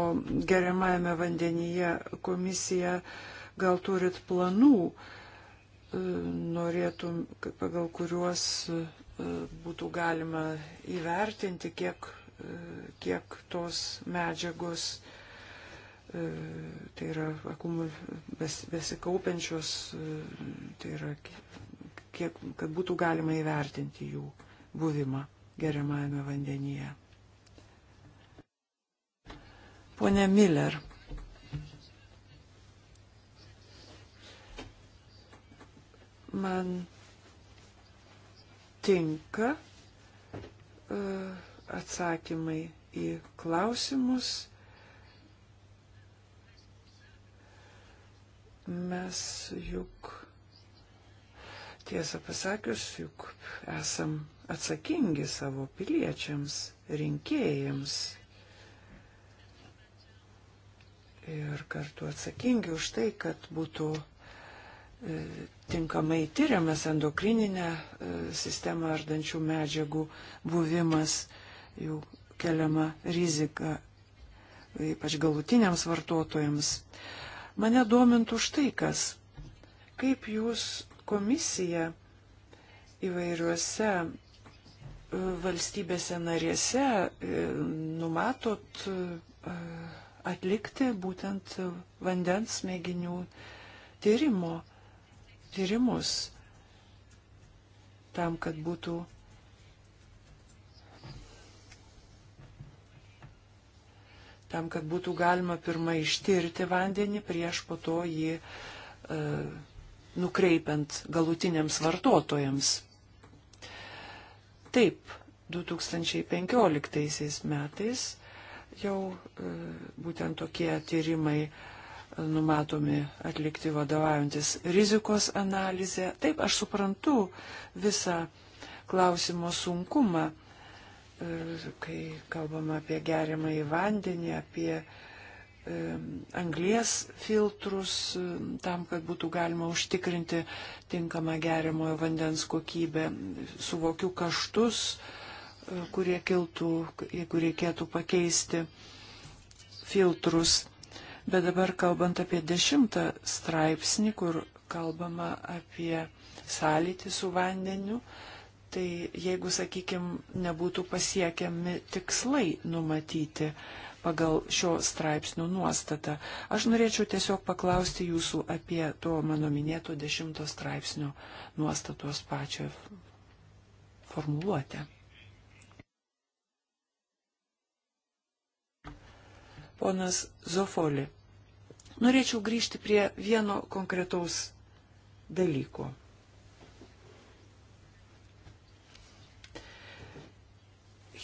geriamajame vandenyje komisija gal turit planų, norėtum, pagal kuriuos e, būtų galima įvertinti, kiek, e, kiek tos medžiagos, e, tai yra besikaupiančios, tai yra kiek, kad būtų galima įvertinti jų buvimą geriamajame vandenyje. Pone Miller. Man tinka e, atsakymai į klausimus. Mes juk Tiesą pasakius, juk esam atsakingi savo piliečiams, rinkėjams. Ir kartu atsakingi už tai, kad būtų e, tinkamai tyriamas endokrininę e, sistemą ardančių medžiagų buvimas, jų keliama rizika, ypač galutiniams vartotojams. Mane duomintų štai kas. Kaip jūs Komisija įvairiuose e, valstybėse narėse e, numatot e, atlikti būtent vandens mėginių tyrimo, tyrimus tam, kad būtų tam, kad būtų galima pirmą ištirti vandenį prieš po to jį uh, nukreipiant galutiniams vartotojams. Taip, 2015 metais jau e, būtent tokie tyrimai e, numatomi atlikti vadovaujantis rizikos analizė. Taip, aš suprantu visą klausimo sunkumą, e, kai kalbama apie geriamą į vandenį, apie uh, anglės filtrus tam, kad būtų galima užtikrinti tinkamą geriamojo vandens kokybę. Suvokiu kaštus, e, kurie kiltų, jeigu reikėtų pakeisti filtrus. Bet dabar kalbant apie dešimtą straipsnį, kur kalbama apie sąlytį su vandeniu, tai jeigu, sakykime, nebūtų pasiekiami tikslai numatyti, pagal šio straipsnio nuostatą. Aš norėčiau tiesiog paklausti jūsų apie to mano minėto dešimto straipsnio nuostatos pačią formuluotę. Ponas Zofoli, norėčiau grįžti prie vieno konkretaus dalyko.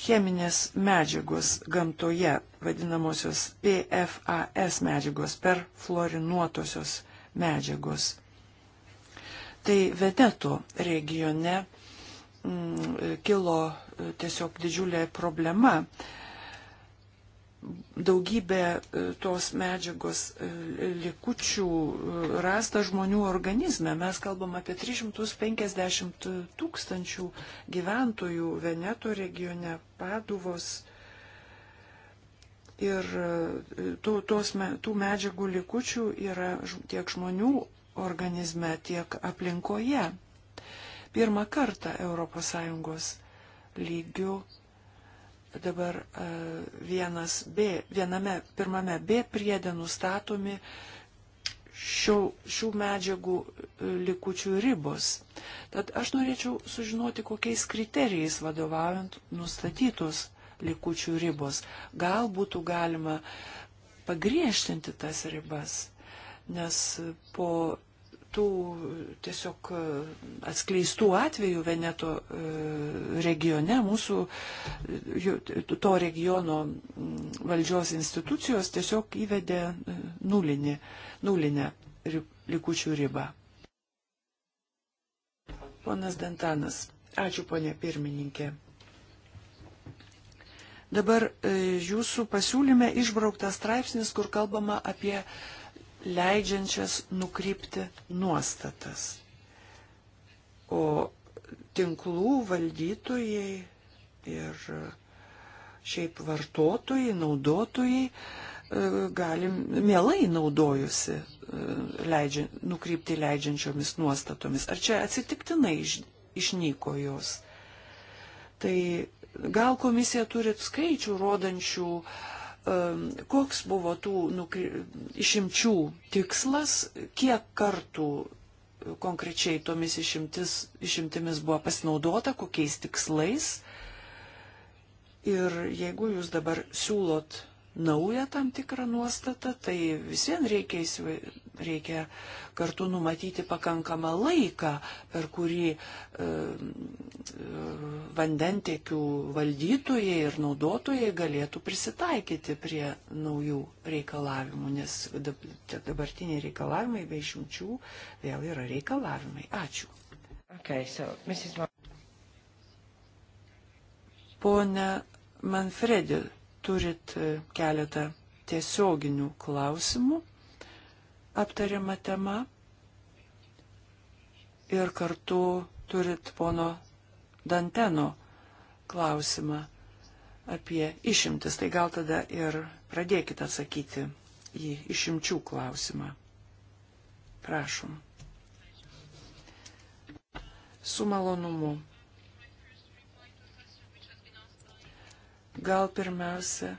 cheminės medžiagos gamtoje, vadinamosios PFAS medžiagos, perfluorinuotosios medžiagos. Tai Veneto regione m, mm, kilo tiesiog didžiulė problema, daugybė e, tos medžiagos e, likučių e, rasta žmonių organizme. Mes kalbam apie 350 tūkstančių gyventojų Veneto regione, Paduvos. Ir tų, tos, tų medžiagų likučių yra tiek žmonių organizme, tiek aplinkoje. Pirmą kartą ES lygių dabar e, vienas B, viename pirmame B priedė nustatomi šių, šių medžiagų e, likučių ribos. Tad aš norėčiau sužinoti, kokiais kriterijais vadovaujant nustatytos likučių ribos. Gal būtų galima pagriežtinti tas ribas, nes po tų tiesiog e, atskleistų atvejų Veneto e, regione, mūsų e, to regiono valdžios institucijos tiesiog įvedė nulinį, nulinę likučių ribą. Ponas Dantanas, ačiū ponė pirmininkė. Dabar jūsų pasiūlyme išbrauktas straipsnis, kur kalbama apie uh, leidžiančias nukrypti nuostatas. O tinklų valdytojai ir šiaip vartotojai, naudotojai e, galim mielai naudojusi e, leidžia, nukrypti leidžiančiomis nuostatomis. Ar čia atsitiktinai iš, išnyko jos? Tai gal komisija turit skaičių rodančių uh, koks buvo tų nukri... išimčių tikslas, kiek kartų konkrečiai tomis išimtis, išimtimis buvo pasinaudota, kokiais tikslais. Ir jeigu jūs dabar siūlot naują tam tikrą nuostatą, tai vis vien reikia, reikia kartu numatyti pakankamą laiką, per kurį e, vandentiekių valdytojai ir naudotojai galėtų prisitaikyti prie naujų reikalavimų, nes dabartiniai reikalavimai be išimčių vėl yra reikalavimai. Ačiū. Okay, so, Mrs. Pone Manfredi, turit e, keletą tiesioginių klausimų aptariamą temą ir kartu turit pono Danteno klausimą apie išimtis. Tai gal tada ir pradėkite atsakyti į išimčių klausimą. Prašom. Su malonumu. Gal pirmiausia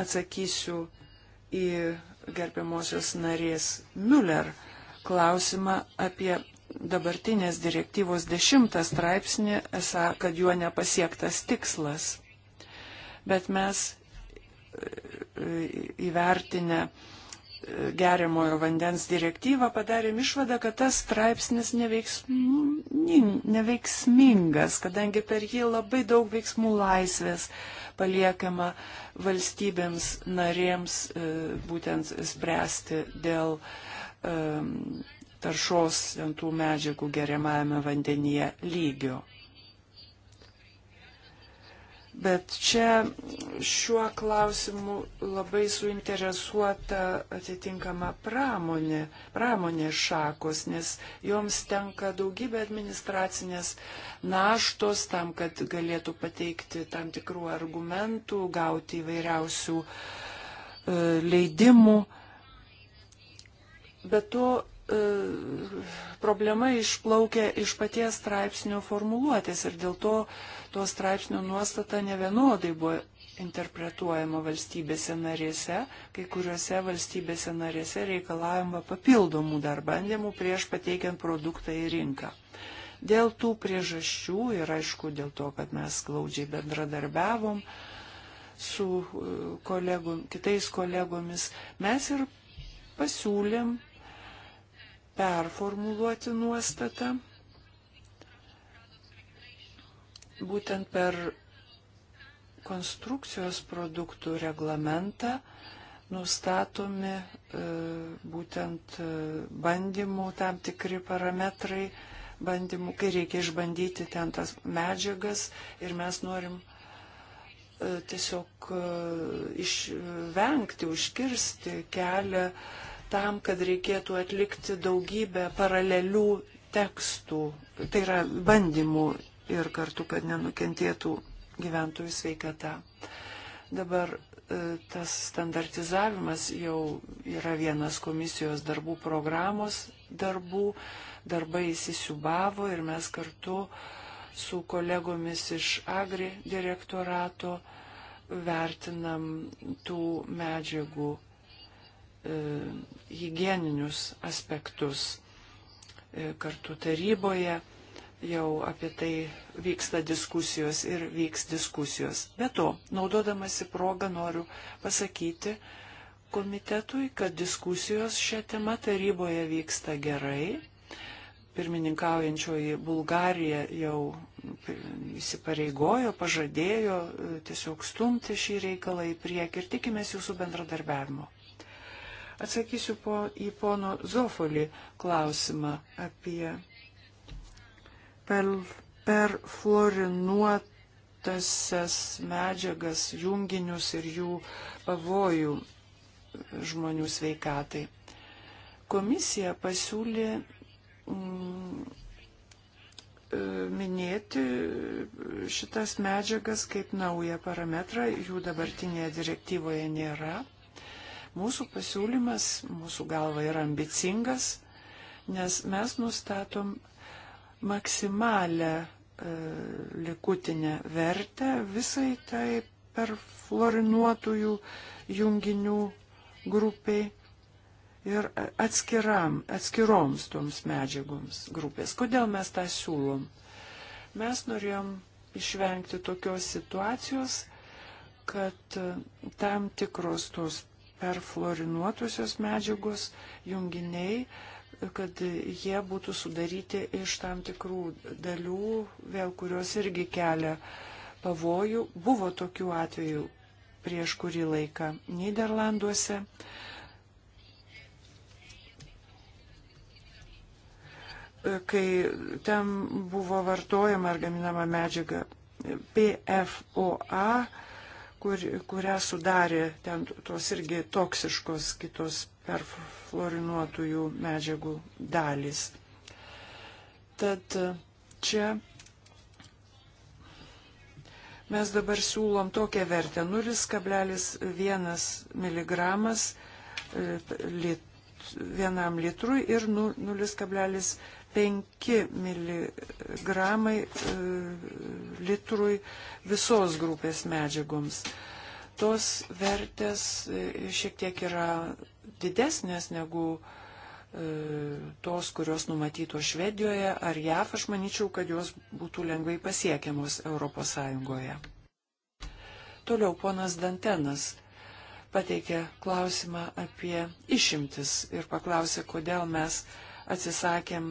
atsakysiu į gerbiamosios narės Müller klausimą apie dabartinės direktyvos dešimtą straipsnį, esą, kad juo nepasiektas tikslas. Bet mes e, e, įvertinę e, geriamojo vandens direktyvą padarėm išvadą, kad tas straipsnis neveiksmingas, kadangi per jį labai daug veiksmų laisvės paliekama valstybėms narėms e, būtent spręsti dėl e, taršos tų medžiagų geriamajame vandenyje lygio. Bet čia šiuo klausimu labai suinteresuota atitinkama pramonė, pramonės šakos, nes joms tenka daugybė administracinės naštos tam, kad galėtų pateikti tam tikrų argumentų, gauti įvairiausių e, leidimų. Bet to e, problema išplaukia iš paties straipsnio formuluotės ir dėl to to straipsnio nuostata nevienodai buvo interpretuojama valstybėse narėse, kai kuriuose valstybėse narėse reikalavimą papildomų dar bandymų prieš pateikiant produktą į rinką. Dėl tų priežasčių ir aišku dėl to, kad mes glaudžiai bendradarbiavom su e, kolegom, kitais kolegomis, mes ir pasiūlėm performuluoti nuostatą būtent per konstrukcijos produktų reglamentą nustatomi e, būtent e, bandymų tam tikri parametrai, bandymų, kai reikia išbandyti ten tas medžiagas ir mes norim e, tiesiog išvengti, užkirsti kelią tam, kad reikėtų atlikti daugybę paralelių tekstų, tai yra bandymų ir kartu, kad nenukentėtų gyventojų sveikata. Dabar e, tas standartizavimas jau yra vienas komisijos darbų programos darbų, darbai įsisiubavo ir mes kartu su kolegomis iš Agri direktorato vertinam tų medžiagų e, hygieninius aspektus. E, kartu taryboje jau apie tai vyksta diskusijos ir vyks diskusijos. Be to, naudodamasi progą noriu pasakyti komitetui, kad diskusijos šią temą taryboje vyksta gerai. Pirmininkaujančioji Bulgarija jau įsipareigojo, pažadėjo e, tiesiog stumti šį reikalą į priekį ir tikimės jūsų bendradarbiavimo. Atsakysiu po, į pono Zofolį klausimą apie per, per florinuotasias medžiagas, junginius ir jų pavojų žmonių sveikatai. Komisija pasiūlė mm, e, minėti šitas medžiagas kaip naują parametrą, jų dabartinėje direktyvoje nėra. Mūsų pasiūlymas, mūsų galva, yra ambicingas, nes mes nustatom maksimalę e, likutinę vertę visai tai perfluorinuotųjų junginių grupiai ir atskiram, atskiroms toms medžiagoms grupės. Kodėl mes tą siūlom? Mes norėjom išvengti tokios situacijos, kad e, tam tikros tos perfluorinuotusios medžiagos junginiai kad jie būtų sudaryti iš tam tikrų dalių, vėl kurios irgi kelia pavojų. Buvo tokių atvejų prieš kurį laiką Niderlanduose. Kai ten buvo vartojama ar gaminama medžiaga PFOA, kur, kurią sudarė ten tos irgi toksiškos kitos perfluorinuotųjų medžiagų dalys. Tad e, čia mes dabar siūlom tokią vertę 0,1 mg e, lit, vienam litrui ir 0,5 nu, mg e, litrui visos grupės medžiagoms. Tos vertės šiek tiek yra didesnės negu e, tos, kurios numatyto Švedijoje ar JAV, aš manyčiau, kad jos būtų lengvai pasiekiamos ES. Toliau ponas Dantenas pateikė klausimą apie išimtis ir paklausė, kodėl mes atsisakėm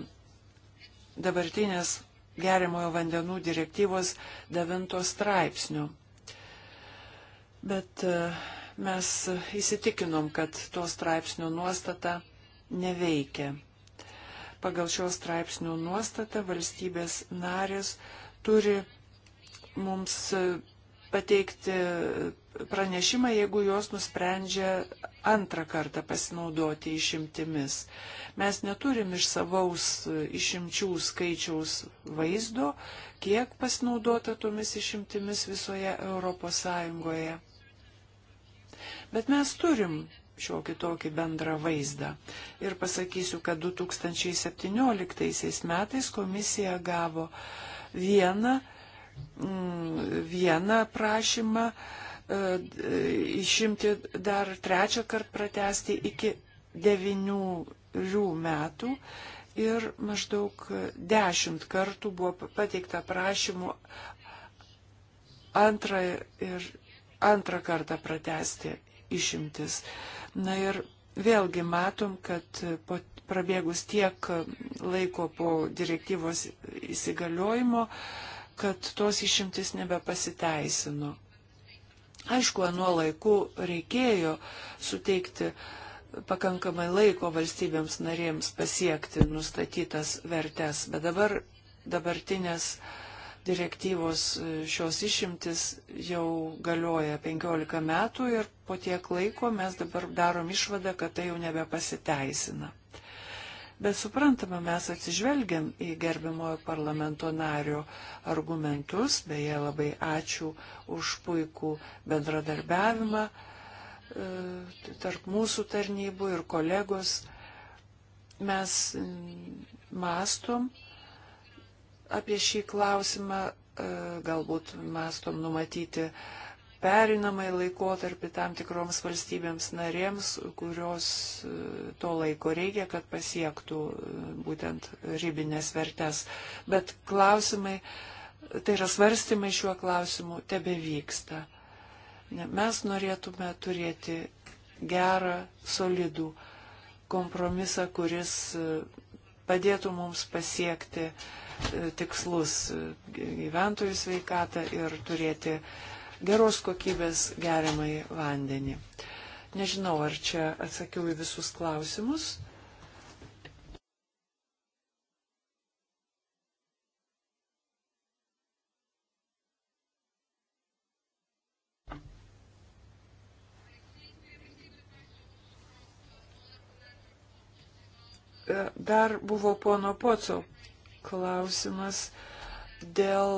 dabartinės geriamojo vandenų direktyvos devinto straipsnio. Bet uh, mes įsitikinom, kad to straipsnio nuostata neveikia. Pagal šio straipsnio nuostatą valstybės narės turi mums pateikti pranešimą, jeigu jos nusprendžia antrą kartą pasinaudoti išimtimis. Mes neturim iš savaus išimčių skaičiaus vaizdo, kiek pasinaudota tomis išimtimis visoje Europos Sąjungoje Bet mes turim šiokį tokį bendrą vaizdą. Ir pasakysiu, kad 2017 metais komisija gavo vieną, mm, vieną prašymą e, išimti dar trečią kartą pratesti iki devinių metų ir maždaug dešimt kartų buvo pateikta prašymų antrą ir antrą kartą pratesti išimtis. Na ir vėlgi matom, kad po, prabėgus tiek laiko po direktyvos įsigaliojimo, kad tos išimtis nebepasiteisino. Aišku, nuo laikų reikėjo suteikti pakankamai laiko valstybėms narėms pasiekti nustatytas vertes, bet dabar dabartinės uh, direktyvos e, šios išimtis jau galioja 15 metų ir po tiek laiko mes dabar darom išvadą, kad tai jau nebepasiteisina. Bet suprantama, mes atsižvelgiam į gerbimojo parlamento nario argumentus, beje, labai ačiū už puikų bendradarbiavimą e, tarp mūsų tarnybų ir kolegos. Mes mastom, apie šį klausimą, e, galbūt mastom numatyti perinamai laikotarpį tam tikroms valstybėms narėms, kurios e, to laiko reikia, kad pasiektų e, būtent ribinės vertes. Bet klausimai, tai yra svarstymai šiuo klausimu, tebe vyksta. Mes norėtume turėti gerą, solidų kompromisą, kuris padėtų mums pasiekti e, tikslus e, gyventojų sveikatą ir turėti geros kokybės geriamai vandenį. Nežinau, ar čia atsakiau į visus klausimus. Dar buvo pono Poco klausimas dėl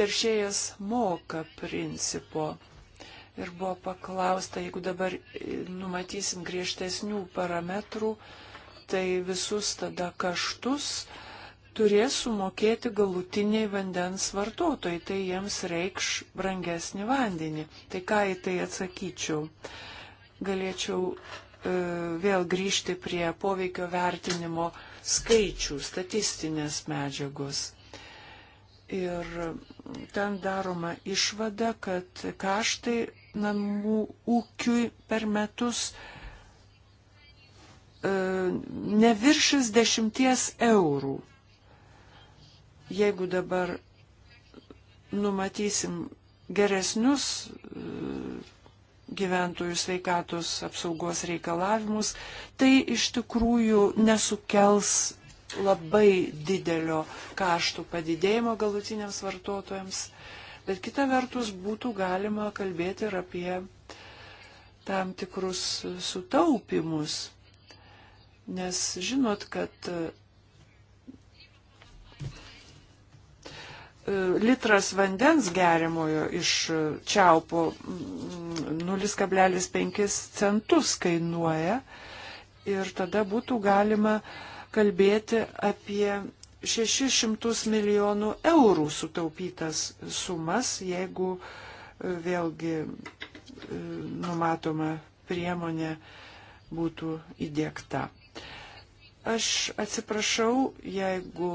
teršėjas moka principo. Ir buvo paklausta, jeigu dabar numatysim griežtesnių parametrų, tai visus tada kaštus turės sumokėti galutiniai vandens vartotojai, tai jiems reikš brangesnį vandenį. Tai ką į tai atsakyčiau? Galėčiau E, vėl grįžti prie poveikio vertinimo skaičių, statistinės medžiagos. Ir ten daroma išvada, kad kaštai namų ūkiui per metus e, neviršis dešimties eurų. Jeigu dabar numatysim geresnius gyventojų sveikatos apsaugos reikalavimus, tai iš tikrųjų nesukels labai didelio kaštų padidėjimo galutiniams vartotojams. Bet kita vertus būtų galima kalbėti ir apie tam tikrus sutaupimus. Nes žinot, kad litras vandens geriamojo iš čiaupo 0,5 mm, centus kainuoja. Ir tada būtų galima kalbėti apie 600 milijonų eurų sutaupytas sumas, jeigu e, vėlgi e, numatoma priemonė būtų įdėkta. Aš atsiprašau, jeigu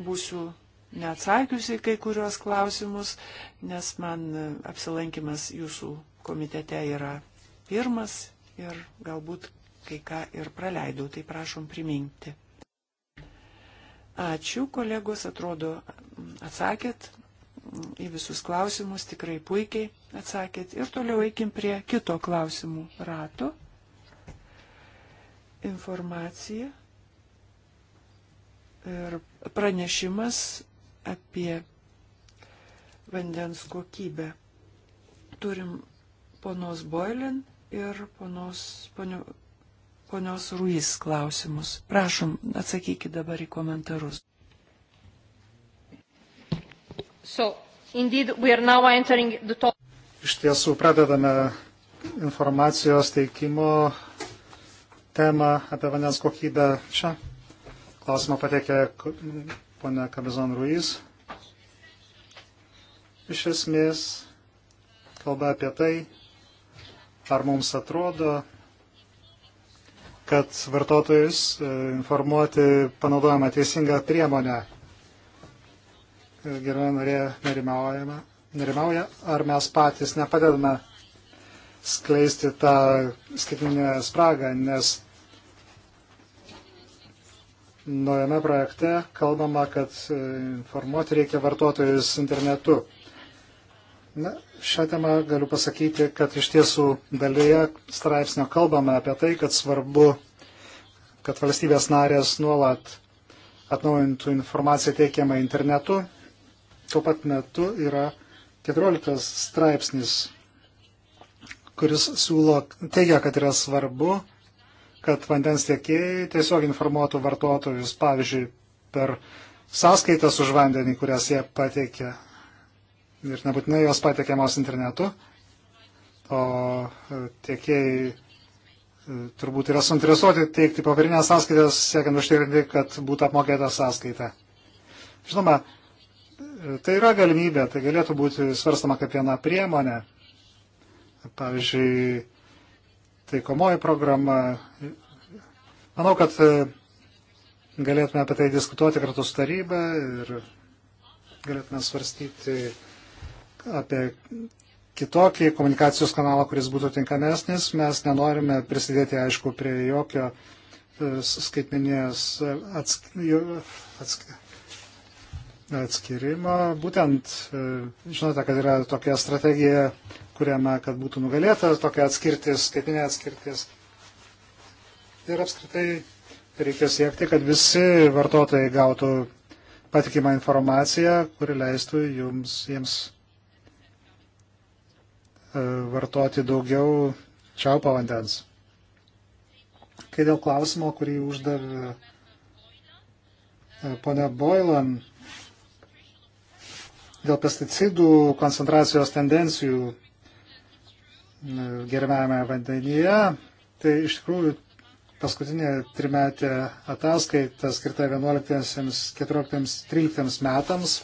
būsiu neatsakiusi kai kuriuos klausimus, nes man apsilankimas jūsų komitete yra pirmas ir galbūt kai ką ir praleidau, tai prašom priminti. Ačiū, kolegos, atrodo, atsakėt į visus klausimus, tikrai puikiai atsakėt. Ir toliau eikim prie kito klausimų rato. Informacija ir pranešimas apie vandens kokybę. Turim ponos Boilin ir ponos, ponio, ponios Ruiz klausimus. Prašom, atsakykit dabar į komentarus. So, indeed, the... Iš tiesų pradedame informacijos teikimo temą apie vandens kokybę čia. Klausimą patekė ponia Kabezon Ruiz iš esmės kalba apie tai, ar mums atrodo, kad vartotojus e, informuoti panaudojama teisinga priemonė. Gerai norė nerimauja, ar mes patys nepadedame skleisti tą skaitminę spragą, nes naujame projekte kalbama, kad e, informuoti reikia vartotojus internetu. Na, šią temą galiu pasakyti, kad iš tiesų dalyje straipsnio kalbame apie tai, kad svarbu, kad valstybės narės nuolat atnaujintų informaciją teikiamą internetu. Tuo pat metu yra 14 straipsnis, kuris siūlo, teigia, kad yra svarbu kad vandens tiekėjai tiesiog informuotų vartotojus, pavyzdžiui, per sąskaitas už vandenį, kurias jie pateikia. Ir nebūtinai jos pateikiamos internetu, o e, tiekėjai e, turbūt yra suinteresuoti teikti papirinės sąskaitas, siekiant užtikrinti, kad būtų apmokėta sąskaita. Žinoma, e, tai yra galimybė, tai galėtų būti svarstama kaip viena priemonė. Pavyzdžiui, taikomoji programa. Manau, kad e, galėtume apie tai diskutuoti kartu su taryba ir galėtume svarstyti apie kitokį komunikacijos kanalą, kuris būtų tinkamesnis. Mes nenorime prisidėti, aišku, prie jokio e, skaitmeninės e, atsk... atsk... atskirimo. Būtent, žinote, kad yra tokia strategija kuriame, kad būtų nugalėta tokia atskirtis, skaitinė atskirtis. Ir apskritai reikia siekti, kad visi vartotojai gautų patikimą informaciją, kuri leistų jums, jiems e, vartoti daugiau čiaupo vandens. Kai dėl klausimo, kurį uždavė e, ponia Boilan, dėl pesticidų koncentracijos tendencijų gerbiamame vandenyje. Tai iš tikrųjų paskutinė trimetė ataskaita skirta 11-14-13 metams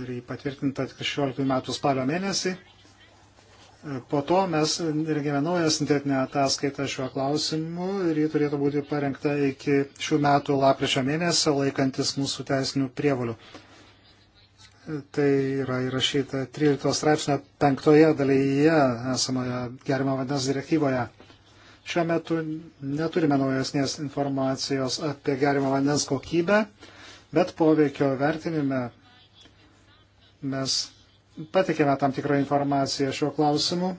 ir jį patvirtinta 16 metų spalio mėnesį. Po to mes rengėme naują sintetinę ataskaitą šiuo klausimu ir ji turėtų būti parengta iki šių metų lapkričio mėnesio laikantis mūsų teisinių prievalių. Tai yra įrašyta 13 straipsnio 5 dalyje esamoje gerimo vandens direktyvoje. Šiuo metu neturime naujasnės informacijos apie gerimo vandens kokybę, bet poveikio vertinime mes patikėme tam tikrą informaciją šiuo klausimu.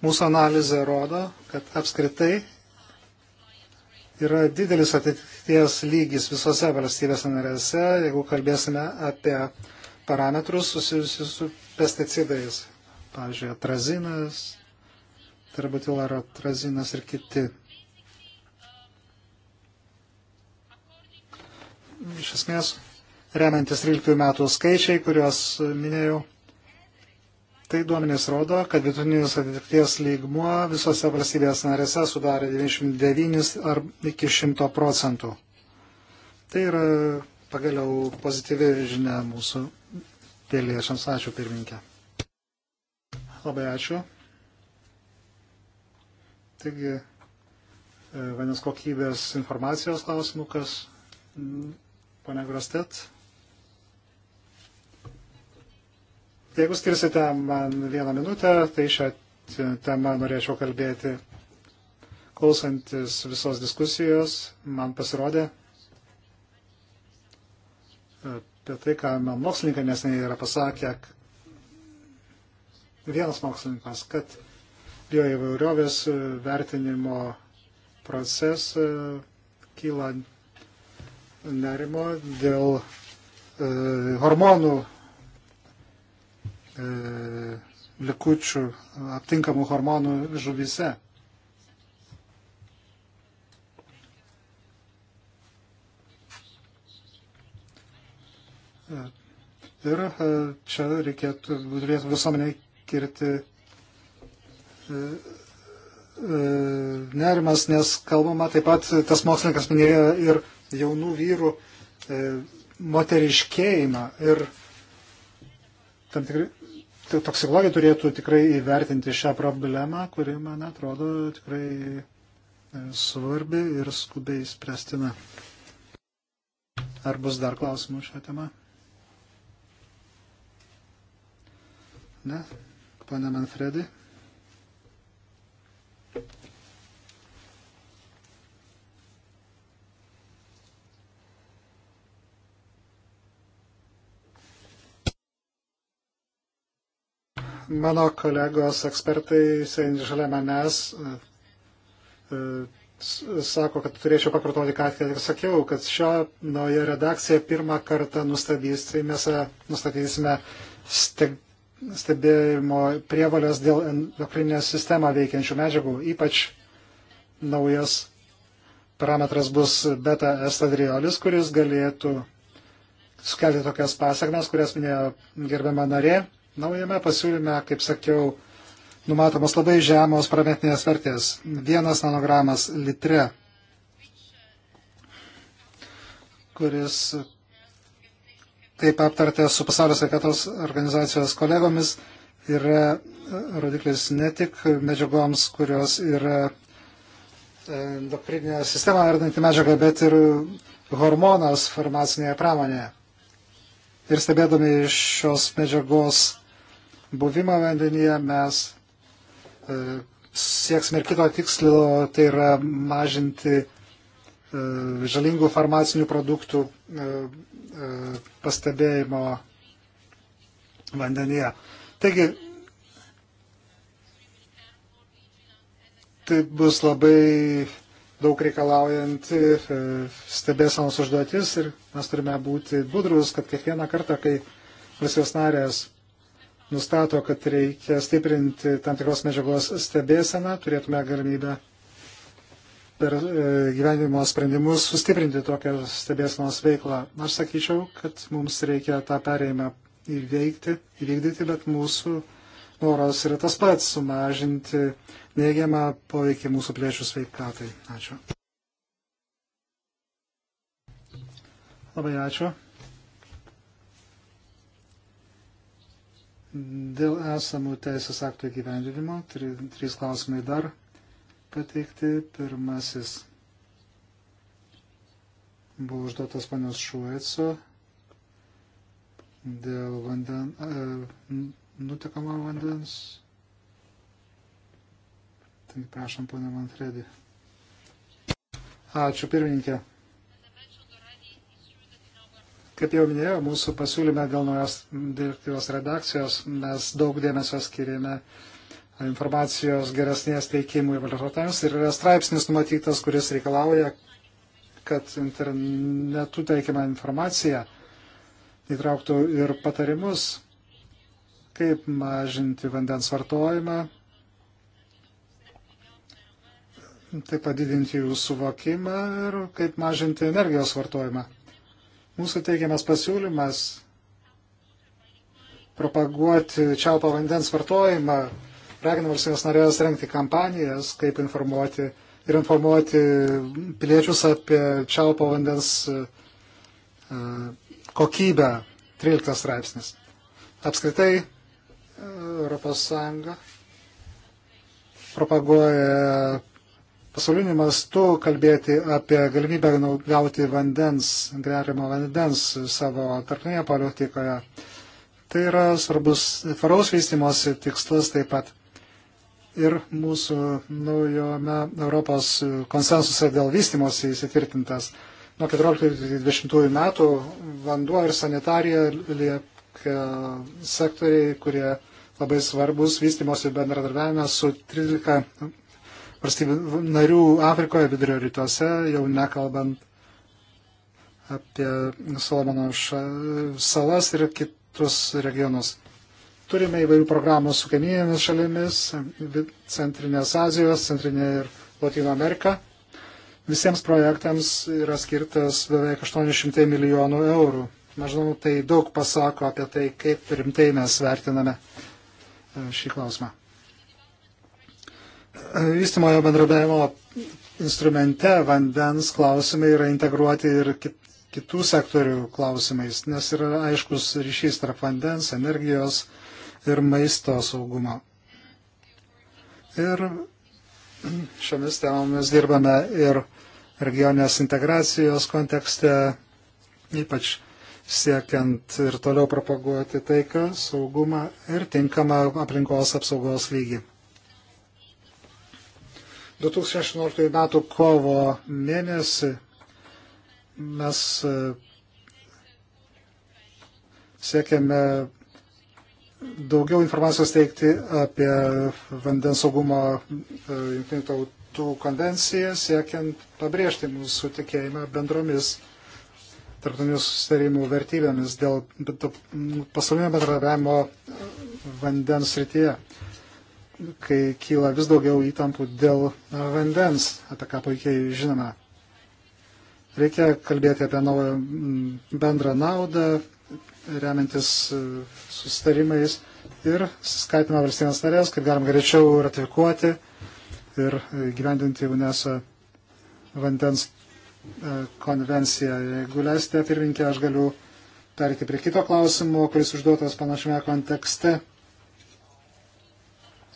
Mūsų analizė rodo, kad apskritai yra didelis atitiktis ties lygis visose valstybės narėse, jeigu kalbėsime apie parametrus susijusius su pesticidais, pavyzdžiui, atrazinas, tarbutilaro atrazinas ir kiti. Iš esmės, remiantis 13 metų skaičiai, kuriuos minėjau, Tai duomenys rodo, kad vidutinis atitikties lygmuo visose valstybės narėse sudarė 99 ar iki 100 procentų. Tai yra pagaliau pozityvi žinia mūsų piliečiams. Ačiū pirmininkė. Labai ačiū. Taigi, e, vandens kokybės informacijos klausimukas, ponia Grostet. Tai jeigu skirsite man vieną minutę, tai šią temą norėčiau kalbėti. Klausantis visos diskusijos, man pasirodė apie tai, ką man mokslininkai nesnei yra pasakę, vienas mokslininkas, kad bioįvairovės vertinimo proces kyla nerimo dėl e, hormonų E, likučių aptinkamų hormonų žuvyse. E, ir e, čia reikėtų, turėtų visuomeniai kirti nerimas, nes kalbama taip pat, tas mokslininkas minėjo ir jaunų vyrų moteriškėjimą ir tam tikri toksikologai turėtų tikrai įvertinti šią problemą, kuri, man atrodo, tikrai e, svarbi ir skubiai spręstina. Ar bus dar klausimų šią temą? Ne? Pane Manfredi? Mano kolegos ekspertai, sėdinti šalia manęs, e, e, sako, kad turėčiau pakartoti, ką tik sakiau, kad šią naują redakciją pirmą kartą nustatysime, nustatysime stebėjimo prievalės dėl endokrininę sistemą veikiančių medžiagų, ypač naujas parametras bus beta estadriolis, kuris galėtų sukelti tokias pasakmes, kurias minėjo gerbiama narė. Naujame pasiūlyme, kaip sakiau, numatomos labai žemos parametrinės vertės. Vienas nanogramas litre, kuris taip aptartė su pasaulio sveikatos organizacijos kolegomis, yra rodiklis ne tik medžiagoms, kurios yra e, endokrininę sistemą ardanti medžiaga, bet ir hormonas farmacinėje pramonėje. Ir stebėdami šios medžiagos buvimą vandenyje mes e, sieksime ir kito tikslo, tai yra mažinti e, žalingų farmacinių produktų e, pastebėjimo vandenyje. Taigi, tai bus labai daug reikalaujanti stebėsenos užduotis ir mes turime būti budrus, kad kiekvieną kartą, kai visas narės nustato, kad reikia stiprinti tam tikros medžiagos stebėseną, turėtume galimybę per e, gyvenimo sprendimus sustiprinti tokią stebėsenos veiklą. Aš sakyčiau, kad mums reikia tą perėjimą įveikti, įvykdyti, bet mūsų noras yra tas pats - sumažinti neigiamą poveikį mūsų plėšių sveikatai. Ačiū. Labai ačiū. Dėl esamų teisės aktų įgyvendinimo, tri, trys klausimai dar pateikti. Pirmasis buvo užduotas panios Šueco dėl vanden, e, nutekamo vandens. Tai prašom, ponia Manfredi. Ačiū pirmininkė. Kaip jau minėjau, mūsų pasiūlyme dėl naujos direktyvos redakcijos mes daug dėmesio skiriame informacijos geresnės teikimui vartotojams ir yra straipsnis numatytas, kuris reikalauja, kad internetu teikiama informacija įtrauktų ir patarimus, kaip mažinti vandens vartojimą, taip padidinti jų suvokimą ir kaip mažinti energijos vartojimą. Mūsų teikiamas pasiūlymas propaguoti čiaupo vandens vartojimą, ragina valstybės narės rengti kampanijas, kaip informuoti ir informuoti piliečius apie čiaupo vandens e, kokybę, 13 straipsnis. Apskritai, ES propaguoja pasauliniu mastu kalbėti apie galimybę gauti vandens, gerimo vandens savo tarptautinėje politikoje. Tai yra svarbus tvaraus vystimosi tikslas taip pat. Ir mūsų naujojame Europos konsensuse dėl vystimosi įsitvirtintas. Nuo 14-20 metų vanduo ir sanitarija lieka sektoriai, kurie labai svarbus vystimosi bendradarbiavime su 13 valstybių narių Afrikoje, vidurio rytuose, jau nekalbant apie Solomono salas ir kitus regionus. Turime įvairių programų su kaiminėmis šalimis, Centrinės Azijos, Centrinė ir Latino Amerika. Visiems projektams yra skirtas beveik 800 milijonų eurų. Nežinau, tai daug pasako apie tai, kaip rimtai mes vertiname e, šį klausimą vystimojo bendradarbiavimo instrumente vandens klausimai yra integruoti ir kitų sektorių klausimais, nes yra aiškus ryšys tarp vandens, energijos ir maisto saugumo. Ir šiomis temomis dirbame ir regionės integracijos kontekste, ypač siekiant ir toliau propaguoti taiką, saugumą ir tinkamą aplinkos apsaugos lygį. 2016 m. kovo mėnesį mes e, siekiame daugiau informacijos teikti apie vandens saugumo e, jungtinių tautų konvenciją, siekiant pabrėžti mūsų tikėjimą bendromis tarptautinių susitarimų vertybėmis dėl pasaulinio bendradarbiavimo vandens rytyje kai kyla vis daugiau įtampų dėl vandens, apie ką puikiai žinome. Reikia kalbėti apie naują mm, bendrą naudą, remiantis e, sustarimais ir skatina valstybės narės, kad galim greičiau ratifikuoti ir gyvendinti UNESCO vandens e, konvenciją. Jeigu leisite, pirminkė, aš galiu perėti prie kito klausimo, kuris užduotas panašiame kontekste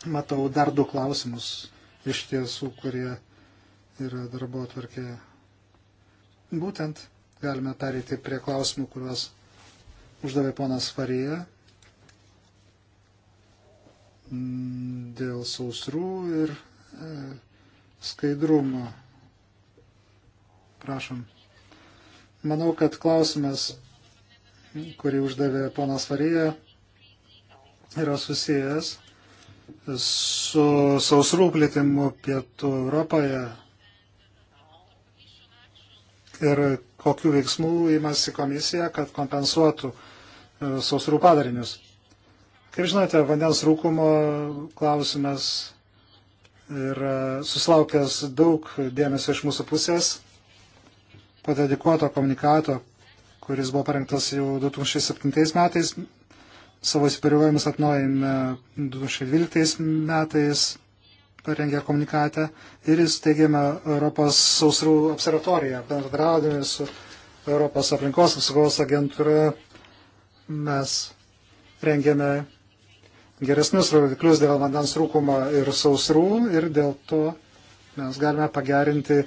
matau dar du klausimus iš tiesų, kurie yra darbo atvarkėje. Būtent galime pereiti prie klausimų, kuriuos uždavė ponas Farija mm, dėl sausrų ir e, skaidrumo. Prašom. Manau, kad klausimas, kurį uždavė ponas Farija, yra susijęs su sausrų plėtimu pietų Europoje ir kokiu veiksmu įmasi komisija, kad kompensuotų e, sausrų padarinius. Kaip žinote, vandens rūkumo klausimas yra susilaukęs daug dėmesio iš mūsų pusės, padedikuoto komunikato, kuris buvo parengtas jau 2007 metais, savo įsipareigojimus atnaujame 2012 metais, parengė komunikatę ir įsteigėme Europos sausrų observatoriją, bendradraudami su Europos aplinkos apsaugos agentūra. Mes rengėme geresnius rodiklius dėl vandens trūkumo ir sausrų ir dėl to mes galime pagerinti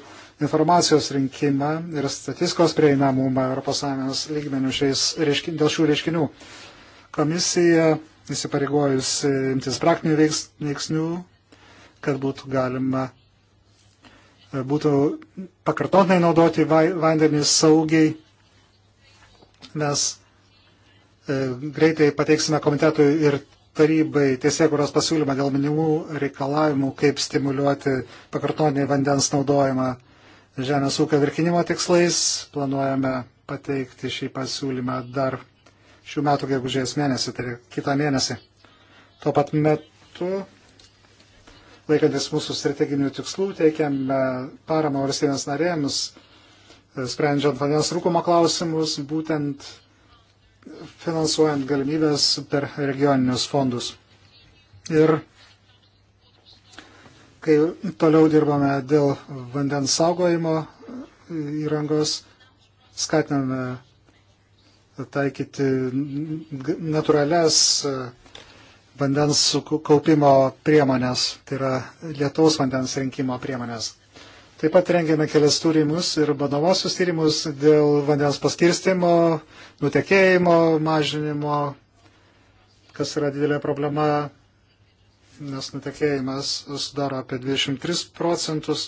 informacijos rinkimą ir statistikos prieinamumą ES lygmenių šiais, dėl šių reiškinių. Komisija įsipareigojus imtis praktinių veiksnių, kad būtų galima e, būtų pakartotinai naudoti vandenį saugiai. Mes e, greitai pateiksime komitetui ir tarybai tiesiekuros pasiūlymą dėl minimų reikalavimų, kaip stimuliuoti pakartotinį vandens naudojimą žemės ūkio virkinimo tikslais. Planuojame pateikti šį pasiūlymą dar šių metų gegužės mėnesį, tai kitą mėnesį. Tuo pat metu, laikantis mūsų strateginių tikslų, teikiame paramą valstybės narėms, e, sprendžiant vandens rūkumo klausimus, būtent finansuojant galimybės per regioninius fondus. Ir kai toliau dirbame dėl vandens saugojimo e, įrangos, skatiname taikyti natūrales e, vandens kaupimo priemonės, tai yra lietaus vandens rinkimo priemonės. Taip pat rengėme kelias tyrimus ir bandomosius tyrimus dėl vandens paskirstimo, nutekėjimo, mažinimo, kas yra didelė problema, nes nutekėjimas sudaro apie 23 procentus.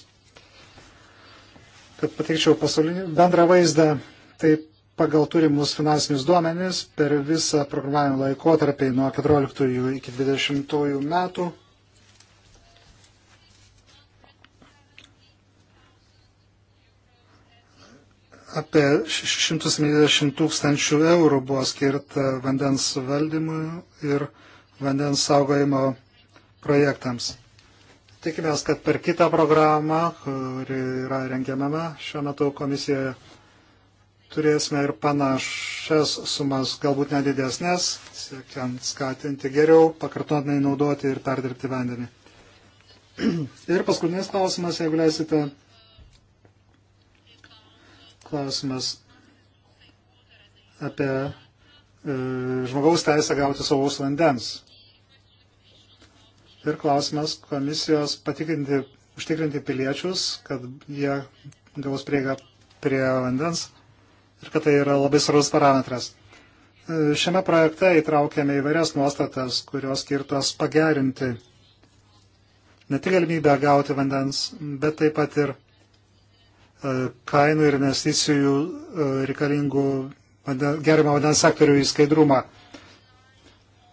Kad pateikčiau bendrą vaizdą, taip pagal turimus finansinius duomenis per visą programavimo laikotarpį nuo 14 iki 20 metų apie 670 tūkstančių eurų buvo skirta vandens valdymui ir vandens saugojimo projektams. Tikimės, kad per kitą programą, kuri yra rengiamama šiuo metu komisijoje, turėsime ir panašias sumas, galbūt nedidesnės, siekiant skatinti geriau, pakartotinai naudoti ir perdirbti vandenį. ir paskutinis klausimas, jeigu leisite. Klausimas apie e, žmogaus teisę gauti saugaus vandens. Ir klausimas komisijos patikrinti, užtikrinti piliečius, kad jie gaus prieigą prie vandens ir kad tai yra labai svarbus parametras. E, šiame projekte įtraukėme įvairias nuostatas, kurios skirtos pagerinti ne tik galimybę gauti vandens, bet taip pat ir e, kainų ir investicijų e, reikalingų gerimo vandens sektorių į skaidrumą.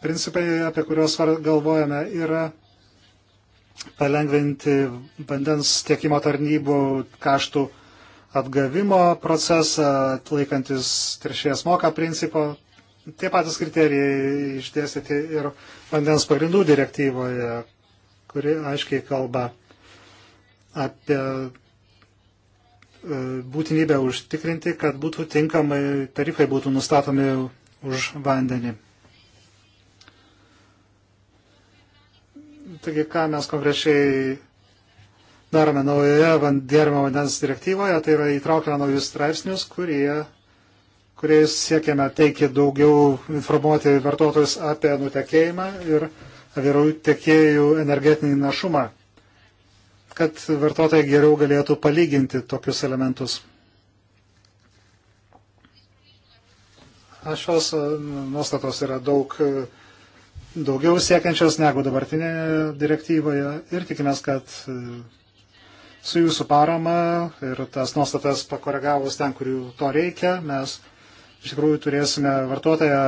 Principai, apie kuriuos galvojame, yra palengventi vandens tiekimo tarnybų kaštų atgavimo procesą, laikantis teršėjas moka principo. Tie patys kriterijai išdėstyti ir vandens pagrindų direktyvoje, kuri aiškiai kalba apie e, būtinybę užtikrinti, kad būtų tinkamai tarifai būtų nustatomi už vandenį. Taigi, ką mes konkrečiai darome naujoje gėrimo vandens direktyvoje, tai yra įtraukiame naujus straipsnius, kurie, kuriais siekiame teikti daugiau informuoti vartotojus apie nutekėjimą ir vyrų tiekėjų energetinį našumą, kad vartotojai geriau galėtų palyginti tokius elementus. Šios e, nuostatos yra daug e, daugiau siekiančios negu dabartinėje direktyvoje ir tikimės, kad e, Su jūsų parama ir tas nuostatas pakoregavus ten, kur to reikia, mes iš tikrųjų turėsime vartotoją,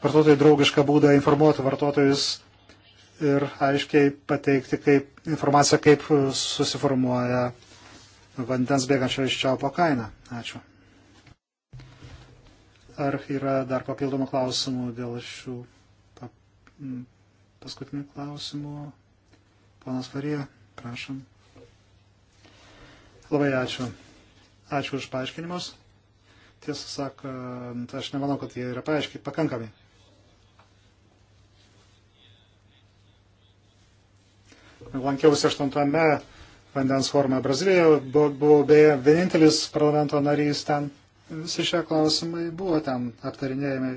vartotojų draugišką būdą informuoti vartotojus ir aiškiai pateikti kaip, informaciją, kaip susiformuoja vandens bėgančio iš čiaupo kaina. Ačiū. Ar yra dar papildomų klausimų dėl šių paskutinių klausimų? Ponas Varija, prašom. Labai ačiū. Ačiū už paaiškinimus. Tiesą sakant, aš nemanau, kad jie yra paaiškiai pakankami. Lankiausi 8-ame vandens forume Brazilijoje, buvau beje vienintelis parlamento narys ten. Visi šie klausimai buvo ten aptarinėjami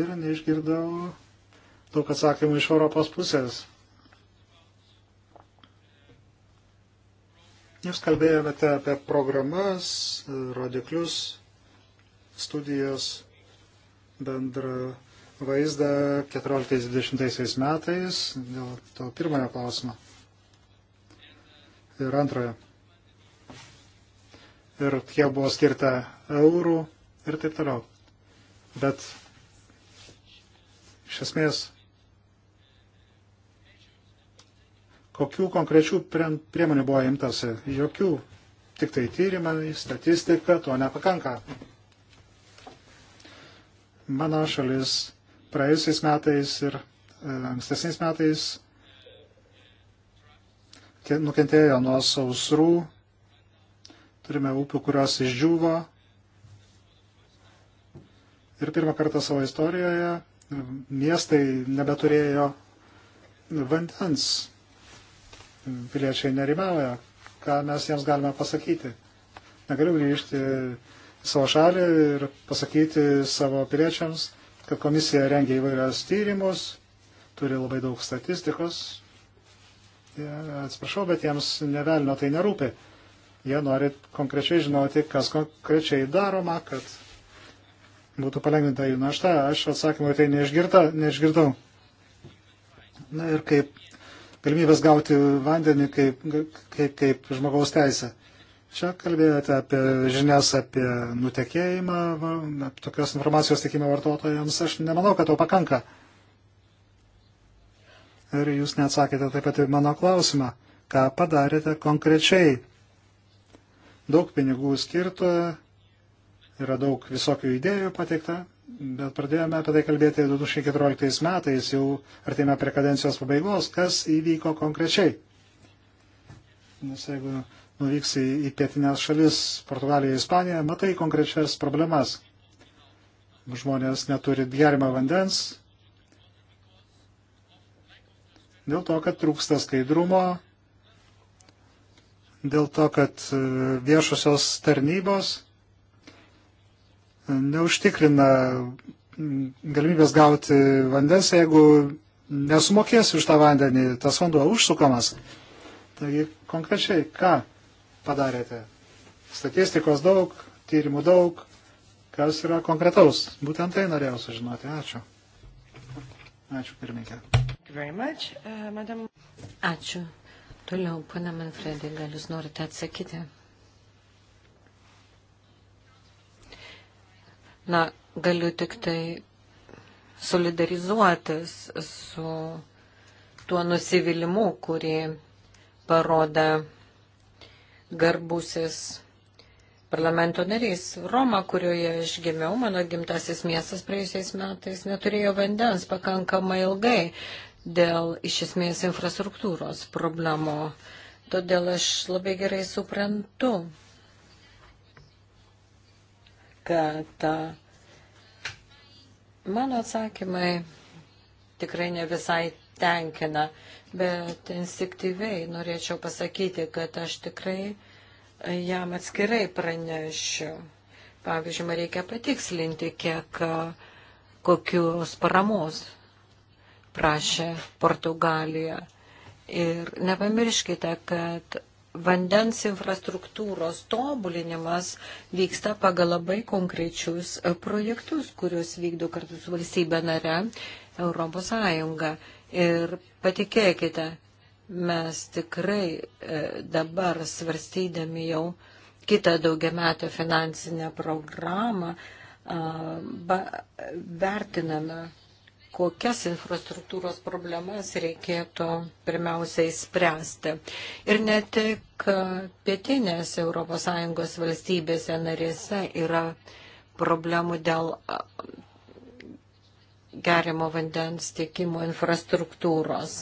ir neišgirdau daug atsakymų iš Europos pusės. Jūs kalbėjote apie programas, rodiklius, studijas, bendrą vaizdą 14-20 metais dėl to pirmojo klausimo. Ir antrojo. Ir kiek buvo skirta eurų ir taip toliau. Bet iš esmės Kokių konkrečių priemonių buvo imtasi? Jokių. Tik tai tyrimai, statistika, to nepakanka. Mano šalis praėjusiais metais ir e, ankstesniais metais nukentėjo nuo sausrų, turime upių, kurios išdžiūvo. Ir pirmą kartą savo istorijoje e, miestai nebeturėjo vandens piliečiai nerimauja, ką mes jiems galime pasakyti. Negaliu grįžti į savo šalį ir pasakyti savo piliečiams, kad komisija rengia įvairias tyrimus, turi labai daug statistikos. Ja, atsiprašau, bet jiems nevelnio tai nerūpi. Jie nori konkrečiai žinoti, kas konkrečiai daroma, kad būtų palengvinta jų našta. Aš atsakymą tai neišgirta, neišgirdau. Na ir kaip galimybės gauti vandenį kaip, kaip, kaip žmogaus teisę. Čia kalbėjote apie žinias apie nutekėjimą, apie tokios informacijos tikimą vartotojams. Aš nemanau, kad to pakanka. Ir jūs neatsakėte taip pat į mano klausimą, ką padarėte konkrečiai. Daug pinigų skirta, yra daug visokių idėjų pateikta, bet pradėjome apie tai kalbėti 2014 metais, jau artėjame prie kadencijos pabaigos, kas įvyko konkrečiai. Nes jeigu nuvyksi į pietinės šalis, Portugaliją, Ispaniją, matai konkrečias problemas. Žmonės neturi gerimo vandens, dėl to, kad trūksta skaidrumo, dėl to, kad e, viešosios tarnybos neužtikrina galimybės gauti vandens, jeigu nesumokės už tą vandenį, tas vanduo užsukamas. Taigi konkrečiai, ką padarėte? Statistikos daug, tyrimų daug, kas yra konkretaus. Būtent tai norėjau sužinoti. Ačiū. Ačiū, pirmininkė. Uh, Ačiū. Toliau, pana Manfredai, gal jūs norite atsakyti? Na, galiu tik tai solidarizuotis su tuo nusivylimu, kurį parodė garbusis parlamento narys. Roma, kurioje aš gimiau, mano gimtasis miestas praėjusiais metais neturėjo vandens pakankamai ilgai dėl iš esmės infrastruktūros problemų. Todėl aš labai gerai suprantu kad mano atsakymai tikrai ne visai tenkina, bet instinktyviai norėčiau pasakyti, kad aš tikrai jam atskirai pranešiu. Pavyzdžiui, man reikia patikslinti, kiek kokios paramos prašė Portugalija. Ir nepamirškite, kad vandens infrastruktūros tobulinimas vyksta pagal labai konkrečius e, projektus, kuriuos vykdo kartu su valstybė nare Europos Sąjunga. Ir patikėkite, mes tikrai e, dabar svarstydami jau kitą daugiametę finansinę programą vertiname kokias infrastruktūros problemas reikėtų pirmiausiai spręsti. Ir ne tik pietinės ES valstybėse narėse yra problemų dėl gerimo vandens tiekimo infrastruktūros,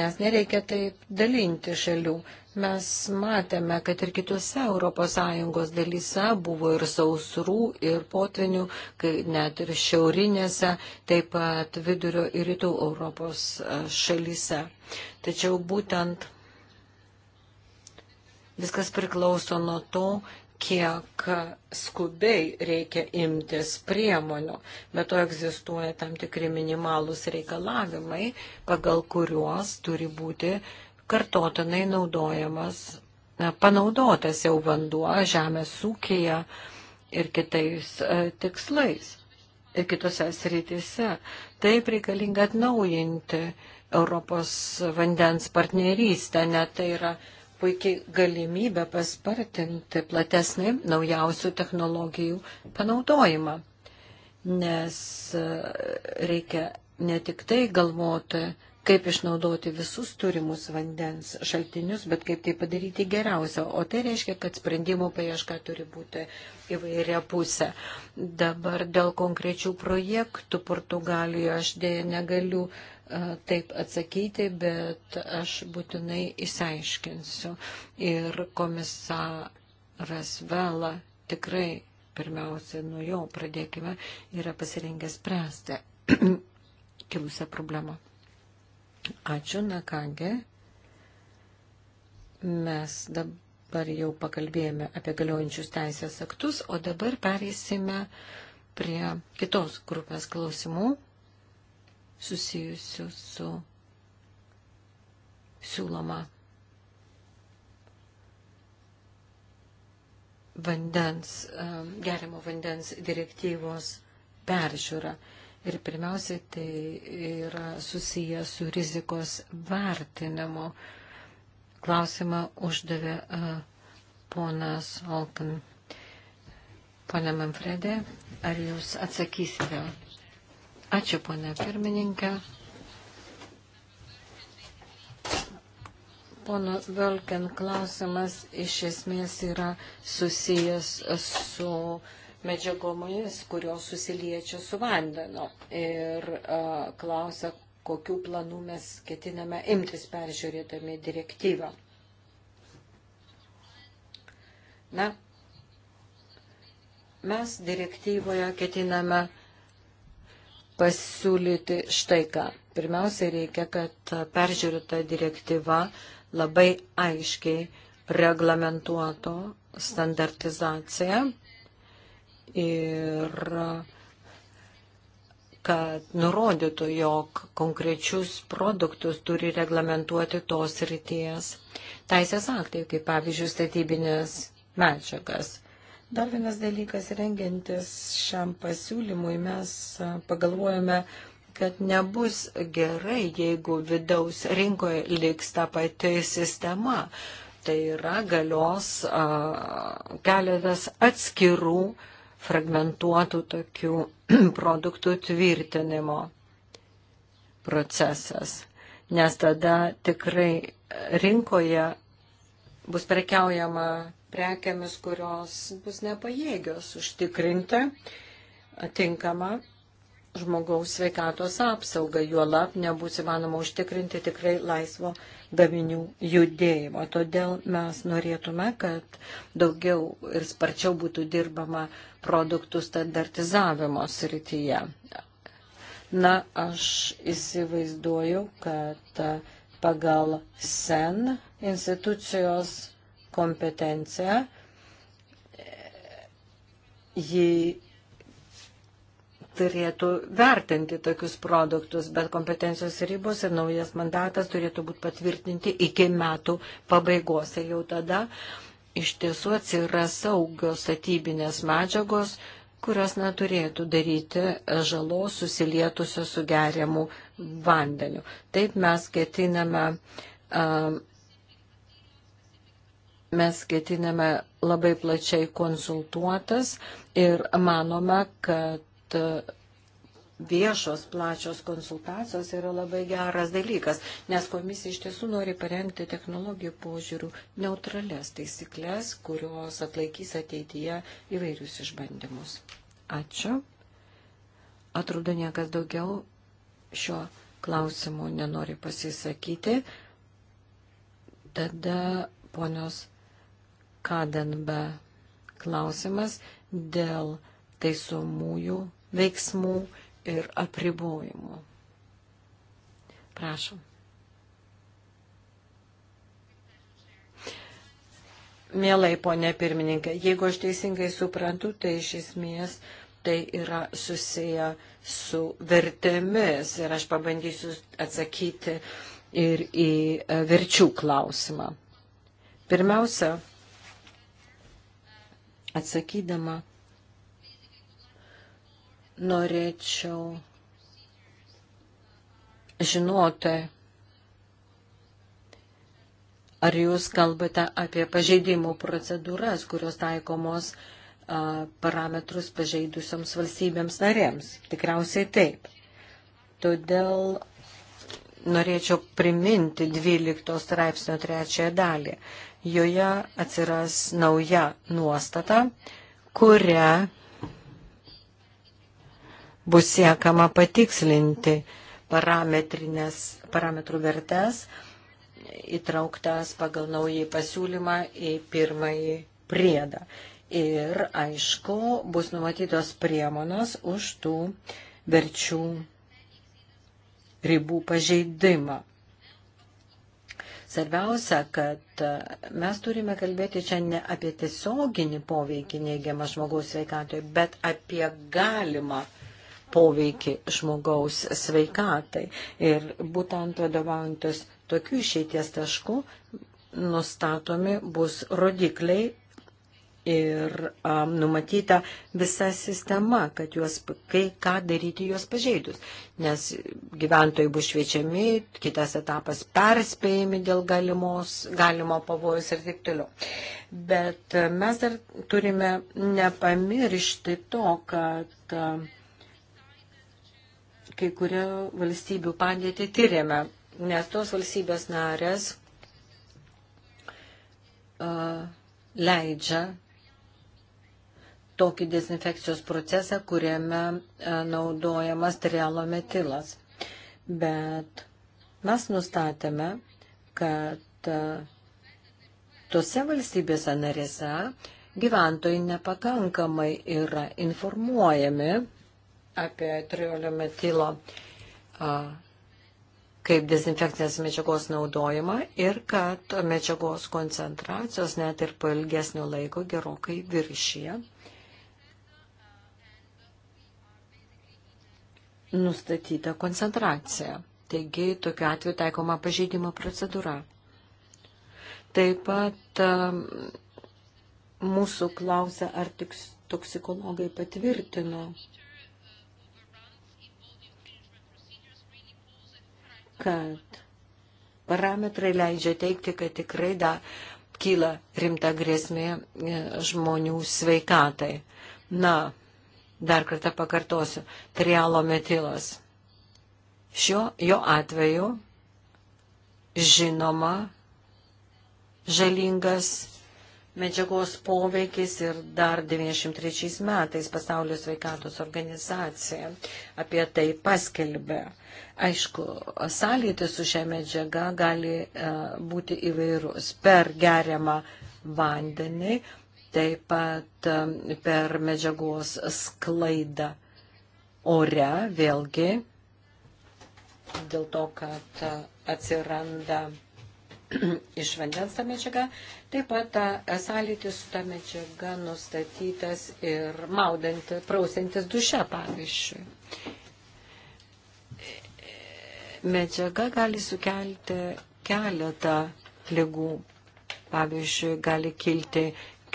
nes nereikia taip dalinti šalių. Mes matėme, kad ir kitose ES dalyse buvo ir sausrų, ir potvinių, kai net ir šiaurinėse, taip pat vidurio ir rytų Europos e, šalyse. Tačiau būtent viskas priklauso nuo to, kiek skubiai reikia imtis priemonių, bet to egzistuoja tam tikri minimalūs reikalavimai, pagal kuriuos turi būti uh, kartotinai naudojamas, panaudotas jau vanduo žemės ūkija ir kitais e, tikslais ir kitose srityse. Taip reikalinga atnaujinti Europos vandens partnerystę, net tai yra puikiai galimybė paspartinti platesnį naujausių technologijų panaudojimą. Nes e, reikia ne tik tai galvoti kaip išnaudoti visus turimus vandens šaltinius, bet kaip tai padaryti geriausia. O tai reiškia, kad sprendimų paieška turi būti įvairia pusė. Dabar dėl konkrečių projektų Portugalijoje aš dėja negaliu e, taip atsakyti, bet aš būtinai išsiaiškinsiu. Ir komisaras Vela tikrai, pirmiausia, nuo jo pradėkime, yra pasirengęs spręsti kilusią problemą. Ačiū, na kągi. Mes dabar jau pakalbėjome apie galiojančius teisės aktus, o dabar pereisime prie kitos grupės klausimų susijusių su siūloma vandens, e, gerimo vandens direktyvos peržiūra. Ir pirmiausia, tai yra susiję su rizikos vertinimu. Klausimą uždavė uh, ponas Olkan. Pone Manfredė, ar jūs atsakysite? Ačiū, pone pirmininkė. Pono Velken klausimas iš esmės yra susijęs su medžiagomis, kurios susiliečia su vandeniu. Ir a, klausia, kokių planų mes ketiname imtis peržiūrėdami direktyvą. Na, mes direktyvoje ketiname pasiūlyti štai ką. Pirmiausia, reikia, kad peržiūrėta direktyva labai aiškiai reglamentuoto standartizaciją ir kad nurodytų, jog konkrečius produktus turi reglamentuoti tos ryties teisės aktai, kaip pavyzdžiui, statybinės medžiagas. Dar vienas dalykas, rengiantis šiam pasiūlymui, mes pagalvojame, kad nebus gerai, jeigu vidaus rinkoje liks ta pati sistema. Tai yra galios a, keletas atskirų a, fragmentuotų tokių produktų tvirtinimo procesas, nes tada tikrai rinkoje bus prekiaujama prekiamis, kurios bus nepajėgios užtikrinti atinkamą žmogaus sveikatos apsaugą, juolap nebus įmanoma užtikrinti tikrai laisvo davinių judėjimo. Todėl mes norėtume, kad daugiau ir sparčiau būtų dirbama produktų standartizavimo srityje. Na, aš įsivaizduoju, kad pagal SEN institucijos kompetenciją ji turėtų vertinti tokius produktus, bet kompetencijos ribos ir naujas mandatas turėtų būti patvirtinti iki metų pabaigos. Ir jau tada iš tiesų atsiras saugios statybinės medžiagos, kurios neturėtų daryti žalos susilietusio su geriamu vandeniu. Taip mes ketiname, mes ketiname labai plačiai konsultuotas ir manome, kad E, viešos plačios konsultacijos yra labai geras dalykas, nes komisija iš tiesų nori parengti technologijų požiūrių neutrales taisyklės, kurios atlaikys ateityje įvairius išbandymus. Ačiū. Atrodo, niekas daugiau šio klausimu nenori pasisakyti. Tada ponios Kadenbe klausimas dėl taisomųjų veiksmų ir apribojimų. Prašom. Mielai, ponė pirmininkė, jeigu aš teisingai suprantu, tai iš esmės tai yra susiję su vertėmis ir aš pabandysiu atsakyti ir į e, verčių klausimą. Pirmiausia, atsakydama norėčiau žinoti, ar jūs kalbate apie pažeidimų procedūras, kurios taikomos a, parametrus pažeidusioms valstybėms narėms. Tikriausiai taip. Todėl norėčiau priminti 12 straipsnio trečiąją dalį. Joje atsiras nauja nuostata, kuria bus siekama patikslinti parametrų vertes įtrauktas pagal naują pasiūlymą į pirmąjį priedą. Ir, aišku, bus numatytos priemonos už tų verčių ribų pažeidimą. Svarbiausia, kad mes turime kalbėti čia ne apie tiesioginį poveikį neigiamą žmogaus sveikatoje, bet apie galimą uh, poveikį žmogaus sveikatai. Ir būtent vadovaujantis tokių išeities taškų nustatomi bus rodikliai ir um, numatyta visa sistema, kad juos, kai ką daryti juos pažeidus. Nes gyventojai bus šviečiami, kitas etapas perspėjami dėl galimos, galimo pavojus ir taip toliau. Bet mes dar turime nepamiršti to, kad uh, kai kurio valstybių padėtį tyrėme, nes tos valstybės narės uh, leidžia tokį dezinfekcijos procesą, kuriame uh, naudojamas trialo metilas. Bet mes nustatėme, kad uh, tose valstybėse narėse gyventojai nepakankamai yra informuojami apie triolio metilo kaip dezinfekcinės medžiagos naudojimą ir kad medžiagos koncentracijos net ir po ilgesnio laiko gerokai viršyje nustatyta koncentracija. Taigi, tokiu atveju taikoma pažeidimo procedūra. Taip pat mūsų klausia, ar tiks, toksikologai patvirtino kad parametrai leidžia teikti, kad tikrai da, kyla rimta grėsmė e, žmonių sveikatai. Na, dar kartą pakartosiu, trialo metilas. Šio jo atveju žinoma žalingas medžiagos poveikis ir dar 93 metais Pasaulio sveikatos organizacija apie tai paskelbė. Aišku, sąlytis su šia medžiaga gali e, būti įvairus per geriamą vandenį, taip pat e, per medžiagos sklaidą ore vėlgi, dėl to, kad e, atsiranda iš vandens tą medžiagą. Taip pat tą sąlytis su tą medžiaga nustatytas ir maudant, prausiantis duše, pavyzdžiui. Medžiaga gali sukelti keletą lygų. Pavyzdžiui, gali kilti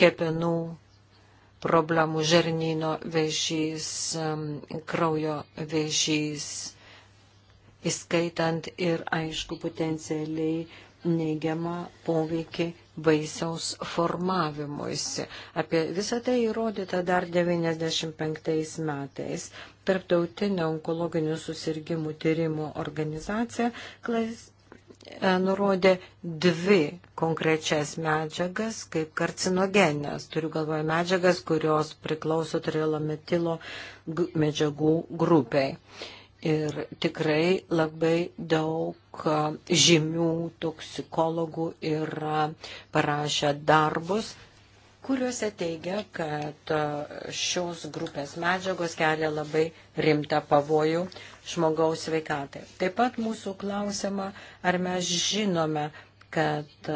kepenų problemų žarnyno vėžys, kraujo vėžys, įskaitant ir, aišku, potencialiai neigiamą poveikį vaisiaus formavimuisi. Apie visą tai įrodyta dar 95 metais. Tarptautinė onkologinių susirgymų tyrimų organizacija klas, e, nurodė dvi konkrečias medžiagas kaip karcinogenės. Turiu galvoje medžiagas, kurios priklauso trilometilo medžiagų grupiai. E, Ir tikrai labai daug žymių toksikologų yra parašę darbus, kuriuose teigia, kad šios grupės medžiagos kelia labai rimtą pavojų žmogaus sveikatai. Taip pat mūsų klausima, ar mes žinome, kad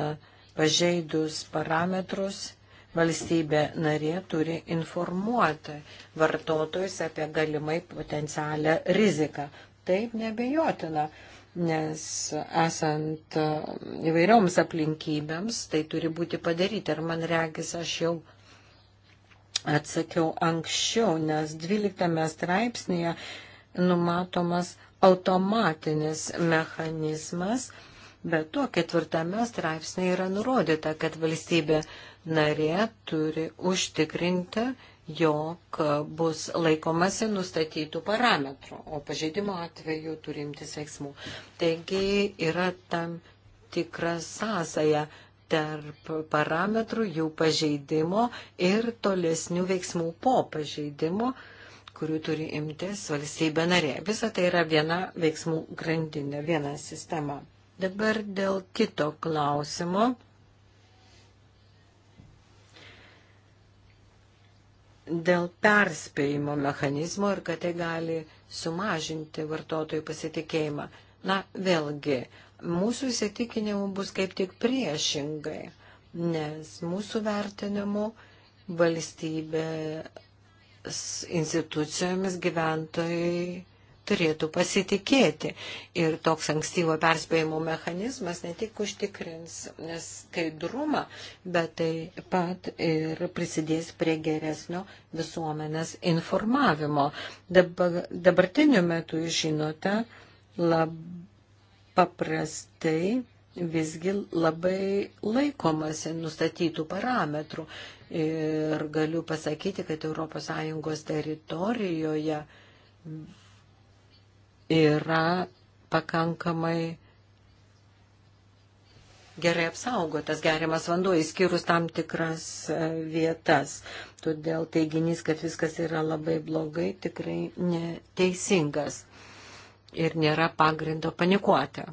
pažeidus parametrus valstybė narė turi informuoti vartotojus apie galimai potencialią riziką. Taip nebejotina, nes esant e, įvairioms aplinkybėms tai turi būti padaryti. Ir man regis, aš jau atsakiau anksčiau, nes 12 straipsnėje numatomas automatinis mechanizmas, bet to ketvirtame straipsnėje yra nurodyta, kad valstybė narė turi užtikrinti, jog bus laikomasi nustatytų parametrų, o pažeidimo atveju turimtis veiksmų. Taigi yra tam tikra sąsaja tarp parametrų, jų pažeidimo ir tolesnių veiksmų po pažeidimo, kurių turi imtis valstybė narė. Visa tai yra viena veiksmų grandinė, viena sistema. Dabar dėl kito klausimo dėl perspėjimo mechanizmo ir kad tai gali sumažinti vartotojų pasitikėjimą. Na, vėlgi, mūsų įsitikinimu bus kaip tik priešingai, nes mūsų vertinimu valstybės institucijomis gyventojai turėtų pasitikėti. Ir toks ankstyvo perspėjimo mechanizmas ne tik užtikrins skaidrumą, bet taip pat ir prisidės prie geresnio visuomenės informavimo. Dabar, dabartiniu metu, žinote, lab, paprastai visgi labai laikomasi nustatytų parametrų. Ir galiu pasakyti, kad ES teritorijoje yra pakankamai gerai apsaugotas geriamas vanduo, įskyrus tam tikras e, vietas. Todėl teiginys, kad viskas yra labai blogai, tikrai neteisingas ir nėra pagrindo panikuoti.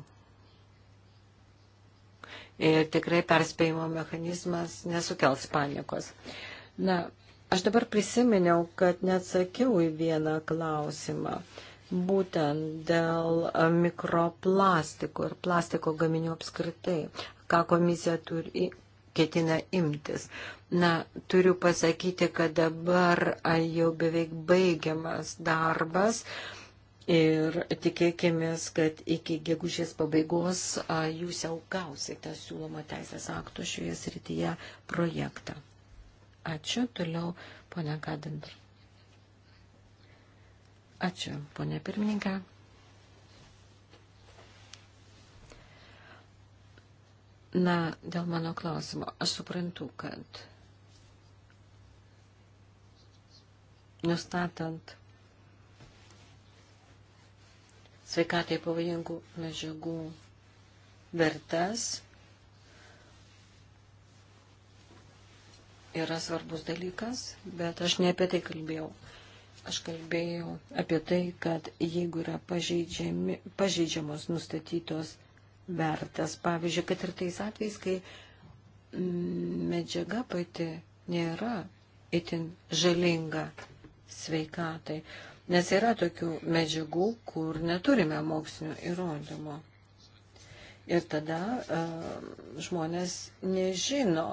Ir tikrai perspėjimo mechanizmas nesukels panikos. Na, aš dabar prisiminiau, kad neatsakiau į vieną klausimą. Uh, būtent dėl e, mikroplastikų ir plastiko gaminių apskritai, ką komisija turi, ketina imtis. Na, turiu pasakyti, kad dabar jau beveik baigiamas darbas ir tikėkime, kad iki gegužės pabaigos jūs jau gausite siūlomą teisės aktų šioje srityje projektą. Ačiū, toliau ponia Kadendra. Ačiū, ponė pirmininkė. Na, dėl mano klausimo, aš suprantu, kad nustatant sveikatai pavojingų medžiagų vertas yra svarbus dalykas, bet aš ne apie tai kalbėjau. Aš kalbėjau apie tai, kad jeigu yra pažeidžiamos nustatytos vertas, pavyzdžiui, kad ir tais atvejais, kai medžiaga pati nėra itin žalinga sveikatai, nes yra tokių medžiagų, kur neturime mokslinio įrodymo. Ir tada uh, žmonės nežino,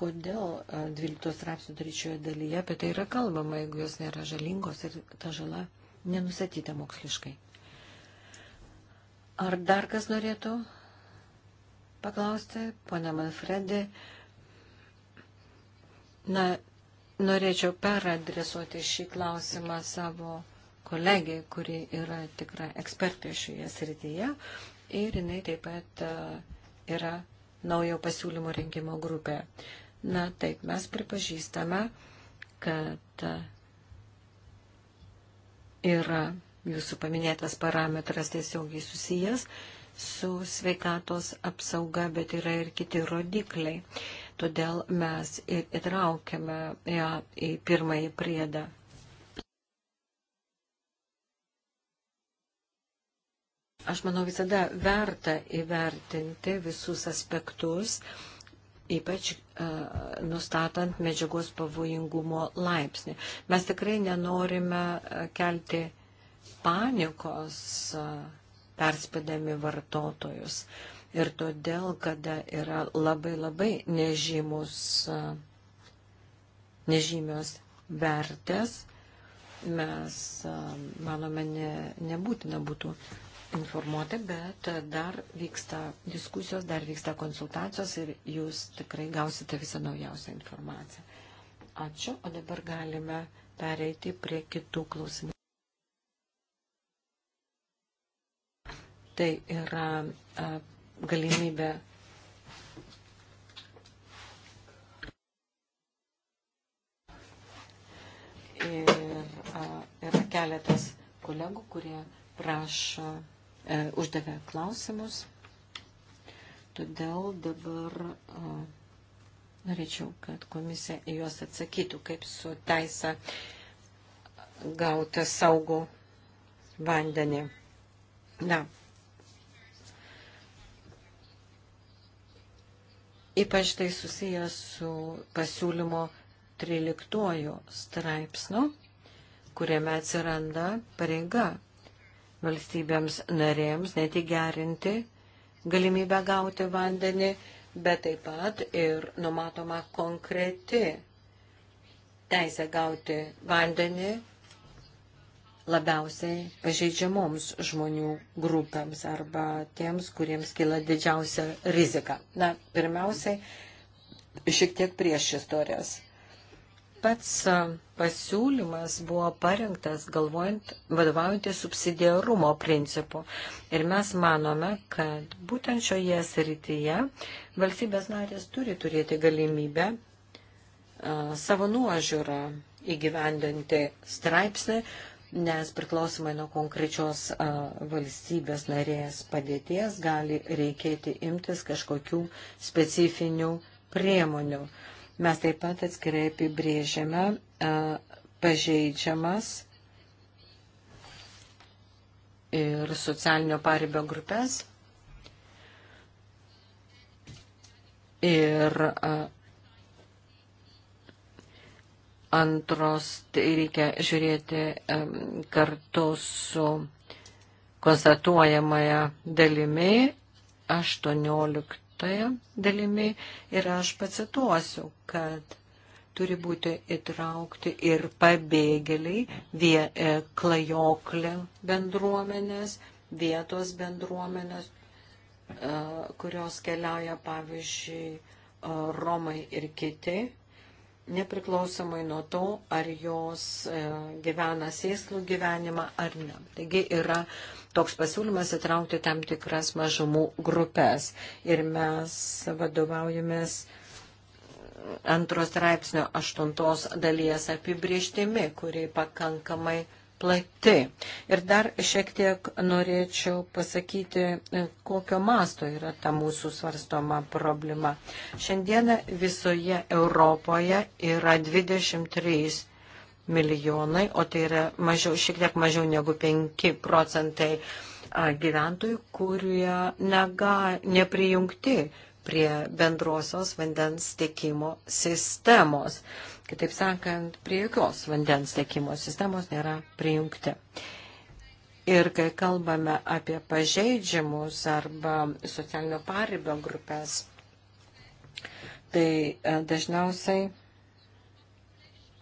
kodėl 12 straipsnių trečioje dalyje apie tai yra kalbama, jeigu jos nėra žalingos ir ta žala nenusatyta moksliškai. Ar dar kas norėtų paklausti, ponia Manfredi? Na, norėčiau peradresuoti šį klausimą savo kolegiai, kuri yra tikra ekspertė šioje srityje ir jinai taip pat yra naujo pasiūlymo rengimo grupė. Na taip, mes pripažįstame, kad yra jūsų paminėtas parametras tiesiogiai susijęs su sveikatos apsauga, bet yra ir kiti rodikliai. Todėl mes ir įtraukiame ją į pirmąjį priedą. Aš manau, visada verta įvertinti visus aspektus, uh, ypač uh, nustatant medžiagos pavojingumo laipsnį. Mes tikrai nenorime e, kelti panikos, uh, perspėdami vartotojus. Ir todėl, kada yra labai labai nežymus, uh, nežymios vertės, mes, manome, ne, nebūtina būtų informuoti, bet dar vyksta diskusijos, dar vyksta konsultacijos ir jūs tikrai gausite visą naujausią informaciją. Ačiū, o dabar galime pereiti prie kitų klausimų. Tai yra a, galimybė ir a, yra keletas kolegų, kurie prašo e, uždavė klausimus. Todėl dabar e, norėčiau, kad komisija į juos atsakytų, kaip su teisa gauti saugų vandenį. Na. Ypač tai susijęs su pasiūlymo 13 straipsnu, kuriame atsiranda pareiga valstybėms narėms ne tik gerinti galimybę gauti vandenį, bet taip pat ir numatoma konkreti teisė gauti vandenį labiausiai pažeidžiamoms žmonių grupėms arba tiems, kuriems kila didžiausia rizika. Na, pirmiausiai, šiek tiek prieš istorijas pats pasiūlymas buvo parengtas galvojant, vadovaujantį subsidiarumo principu. Ir mes manome, kad būtent šioje srityje valstybės narės turi turėti galimybę a, savo nuožiūrą įgyvendinti straipsnį, nes priklausomai nuo konkrečios a, valstybės narės padėties gali reikėti imtis kažkokių specifinių priemonių. A, Mes taip pat atskirai apibrėžiame pažeidžiamas ir socialinio paribio grupės. Ir antros, tai reikia žiūrėti kartu su konstatuojamąją dalimi 18 ketvirtąją dalimi ir aš pacituosiu, kad turi būti įtraukti ir pabėgėliai, vie, e, klajoklė bendruomenės, vietos bendruomenės, e, kurios keliauja, pavyzdžiui, e, Romai ir kiti, nepriklausomai nuo to, ar jos e, gyvena sėslų gyvenimą ar ne. Taigi yra e, toks pasiūlymas įtraukti tam tikras mažumų grupės. Ir mes vadovaujamės antros straipsnio aštuntos dalies apibrieštimi, kuri pakankamai plati. Ir dar šiek tiek norėčiau pasakyti, kokio masto yra ta mūsų svarstoma problema. Šiandieną visoje Europoje yra 23 milijonai, o tai yra mažiau, šiek tiek mažiau negu 5 procentai gyventojų, kurie nega, neprijungti prie bendrosios vandens tiekimo sistemos. Kitaip sakant, prie jokios vandens tiekimo sistemos nėra prijungti. Ir kai kalbame apie pažeidžiamus arba socialinio paribio grupės, tai dažniausiai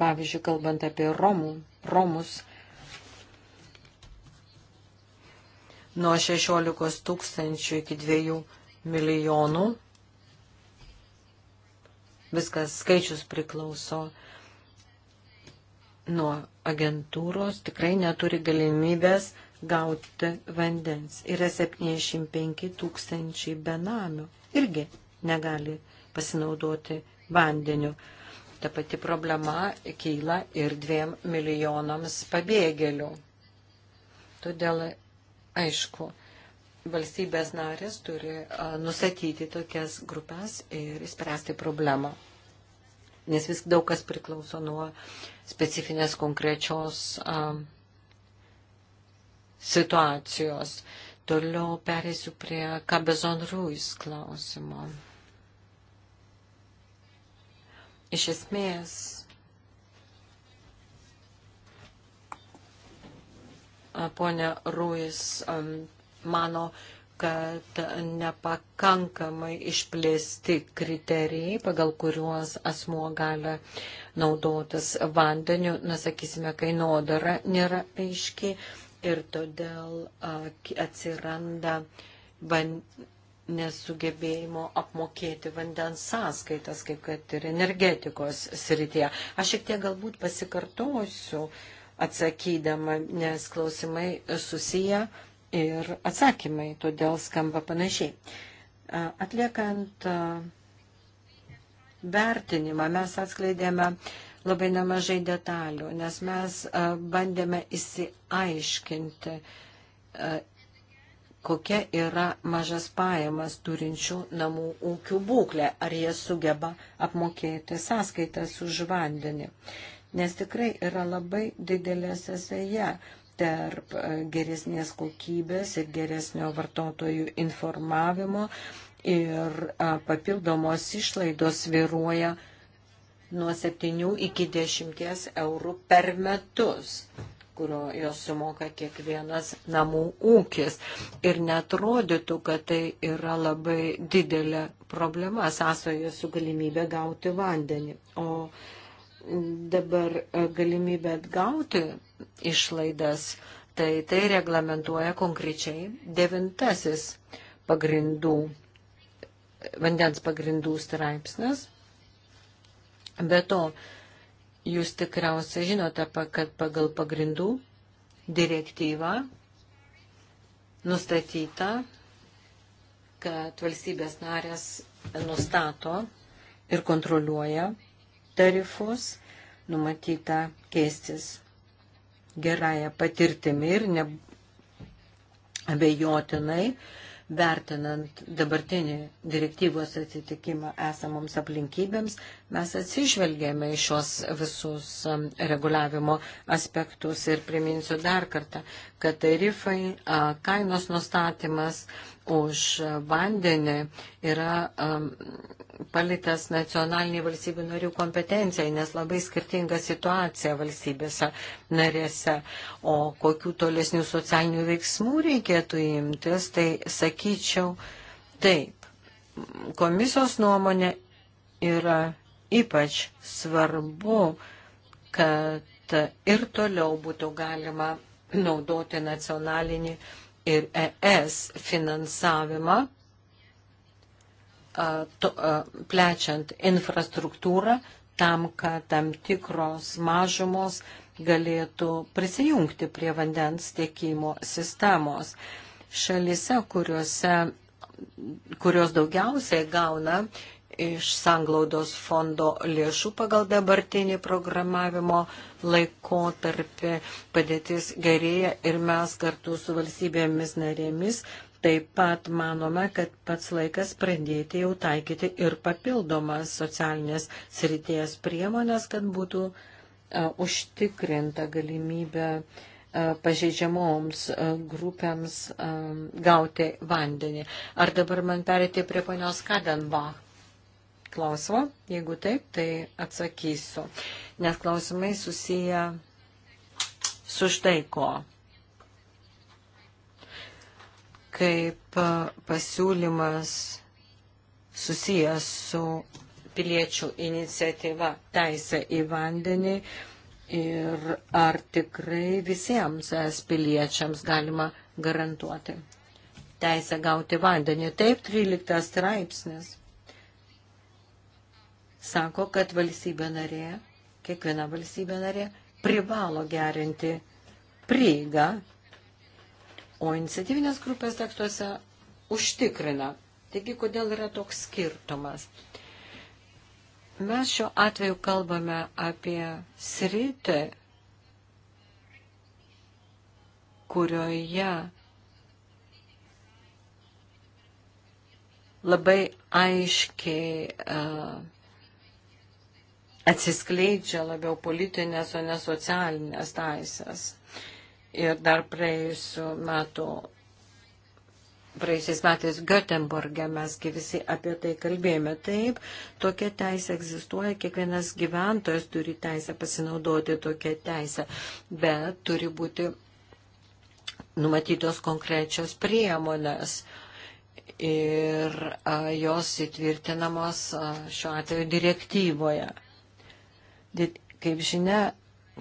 Pavyzdžiui, kalbant apie Romų, Romus, nuo 16 tūkstančių iki 2 milijonų, viskas skaičius priklauso nuo agentūros, tikrai neturi galimybės gauti vandens. Yra 75 tūkstančiai benamių, irgi negali pasinaudoti vandeniu. Ta pati problema keila ir dviem milijonams pabėgėlių. Todėl, aišku, valstybės narės turi nusatyti tokias grupės ir įspręsti problemą. Nes vis daug kas priklauso nuo specifinės konkrečios a, situacijos. Toliau perėsiu prie Kabezon Ruiz klausimo iš esmės ponia Ruiz mano, kad nepakankamai išplėsti kriterijai, pagal kuriuos asmuo gali naudotis vandeniu, nesakysime, kainodara nėra aiški ir todėl atsiranda van, nesugebėjimo apmokėti vandens sąskaitas, kaip kad ir energetikos srityje. Aš šiek tiek galbūt pasikartosiu atsakydama, nes klausimai susiję ir atsakymai, todėl skamba panašiai. Atliekant vertinimą mes atskleidėme labai nemažai detalių, nes mes bandėme įsiaiškinti kokia yra mažas pajamas turinčių namų ūkių būklė, ar jie sugeba apmokėti sąskaitas už vandenį. Nes tikrai yra labai didelė sąsaja tarp e, geresnės kokybės ir geresnio vartotojų informavimo ir e, papildomos išlaidos viruoja nuo 7 iki 10 eurų per metus kurio jos sumoka kiekvienas namų ūkis. Ir netrodytų, kad tai yra labai didelė problema sąsoje su galimybė gauti vandenį. O dabar galimybė atgauti išlaidas, tai tai reglamentuoja konkrečiai devintasis pagrindų, vandens pagrindų straipsnis. Be to, Jūs tikriausiai žinote, kad pagal pagrindų direktyvą nustatyta, kad valstybės narės nustato ir kontroliuoja tarifus, numatyta keistis gerąją patirtimį ir neabejotinai vertinant dabartinį direktyvos atitikimą esamoms aplinkybėms, mes atsižvelgėme į šios visus um, reguliavimo aspektus ir priminsiu dar kartą, kad tarifai, kainos nustatymas, už vandenį yra um, palitas nacionaliniai valstybių narių kompetencijai, nes labai skirtinga situacija valstybėse narėse. O kokių tolesnių socialinių veiksmų reikėtų imtis, tai sakyčiau taip. Komisijos nuomonė yra ypač svarbu, kad ir toliau būtų galima naudoti nacionalinį uh, ir ES finansavimą, plečiant infrastruktūrą tam, kad tam tikros mažumos galėtų prisijungti prie vandens tiekimo sistemos. Šalise, kuriuose, kurios daugiausiai gauna iš sanglaudos fondo lėšų pagal dabartinį programavimo laikotarpį. Padėtis gerėja ir mes kartu su valstybėmis narėmis taip pat manome, kad pats laikas pradėti jau taikyti ir papildomas socialinės srities priemonės, kad būtų a, užtikrinta galimybė a, pažeidžiamoms grupėms a, gauti vandenį. Ar dabar man perėti prie ponios Kadenbach? klausimą? Jeigu taip, tai atsakysiu. Nes klausimai susiję su štai ko. Kaip e, pasiūlymas susijęs su piliečių iniciatyva teisė į vandenį ir ar tikrai visiems es piliečiams galima garantuoti teisę gauti vandenį. Taip, 13 straipsnis sako, kad valstybė narė, kiekviena valstybė narė privalo gerinti prieigą, o iniciatyvinės grupės tekstuose užtikrina. Taigi, kodėl yra toks skirtumas? Mes šiuo atveju kalbame apie sritį, kurioje labai aiškiai uh, atsiskleidžia labiau politinės, o ne socialinės taisės. Ir dar praėjusiu metu, praėjusiais metais Göteborge mesgi visi apie tai kalbėjome. Taip, tokia teisė egzistuoja, kiekvienas gyventojas turi teisę pasinaudoti tokią teisę, bet turi būti numatytos konkrečios priemonės ir a, jos įtvirtinamos a, šiuo atveju direktyvoje. Kaip žinia,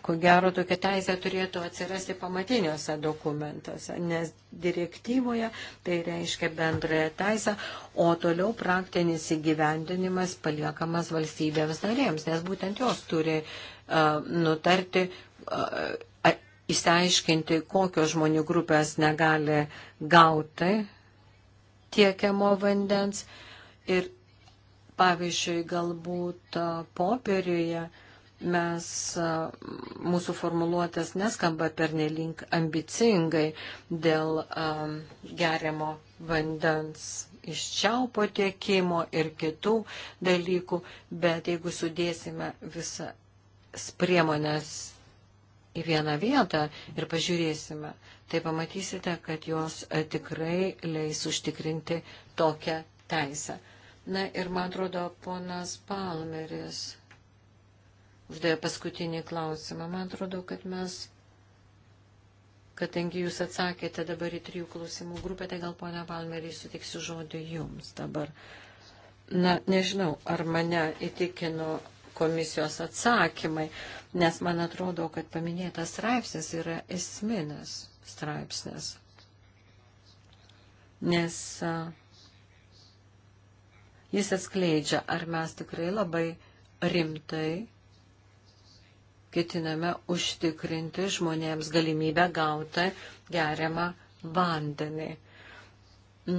ko gero tokia teisė turėtų atsirasti pamatiniuose dokumentuose, nes direktyvoje tai reiškia bendrąją teisę, o toliau praktinis įgyvendinimas paliekamas valstybėms narėms, nes būtent jos turi uh, nutarti. Uh, Įsiaiškinti, kokios žmonių grupės negali gauti tiekiamo vandens ir, pavyzdžiui, galbūt popieriuje uh, mes, mūsų formuluotės neskamba pernelink ambicingai dėl um, geriamo vandens iš čiaupo tiekimo ir kitų dalykų, bet jeigu sudėsime visas priemonės į vieną vietą ir pažiūrėsime, tai pamatysite, kad jos tikrai leis užtikrinti tokią teisę. Na ir man atrodo, ponas Palmeris uždavė paskutinį klausimą. Man atrodo, kad mes, kadangi jūs atsakėte dabar į trijų klausimų grupę, tai gal ponia Palmerį sutiksiu žodį jums dabar. Na, nežinau, ar mane įtikino komisijos atsakymai, nes man atrodo, kad paminėtas straipsnis yra esminis straipsnis. Nes jis atskleidžia, ar mes tikrai labai rimtai ketiname užtikrinti žmonėms galimybę gauti geriamą vandenį.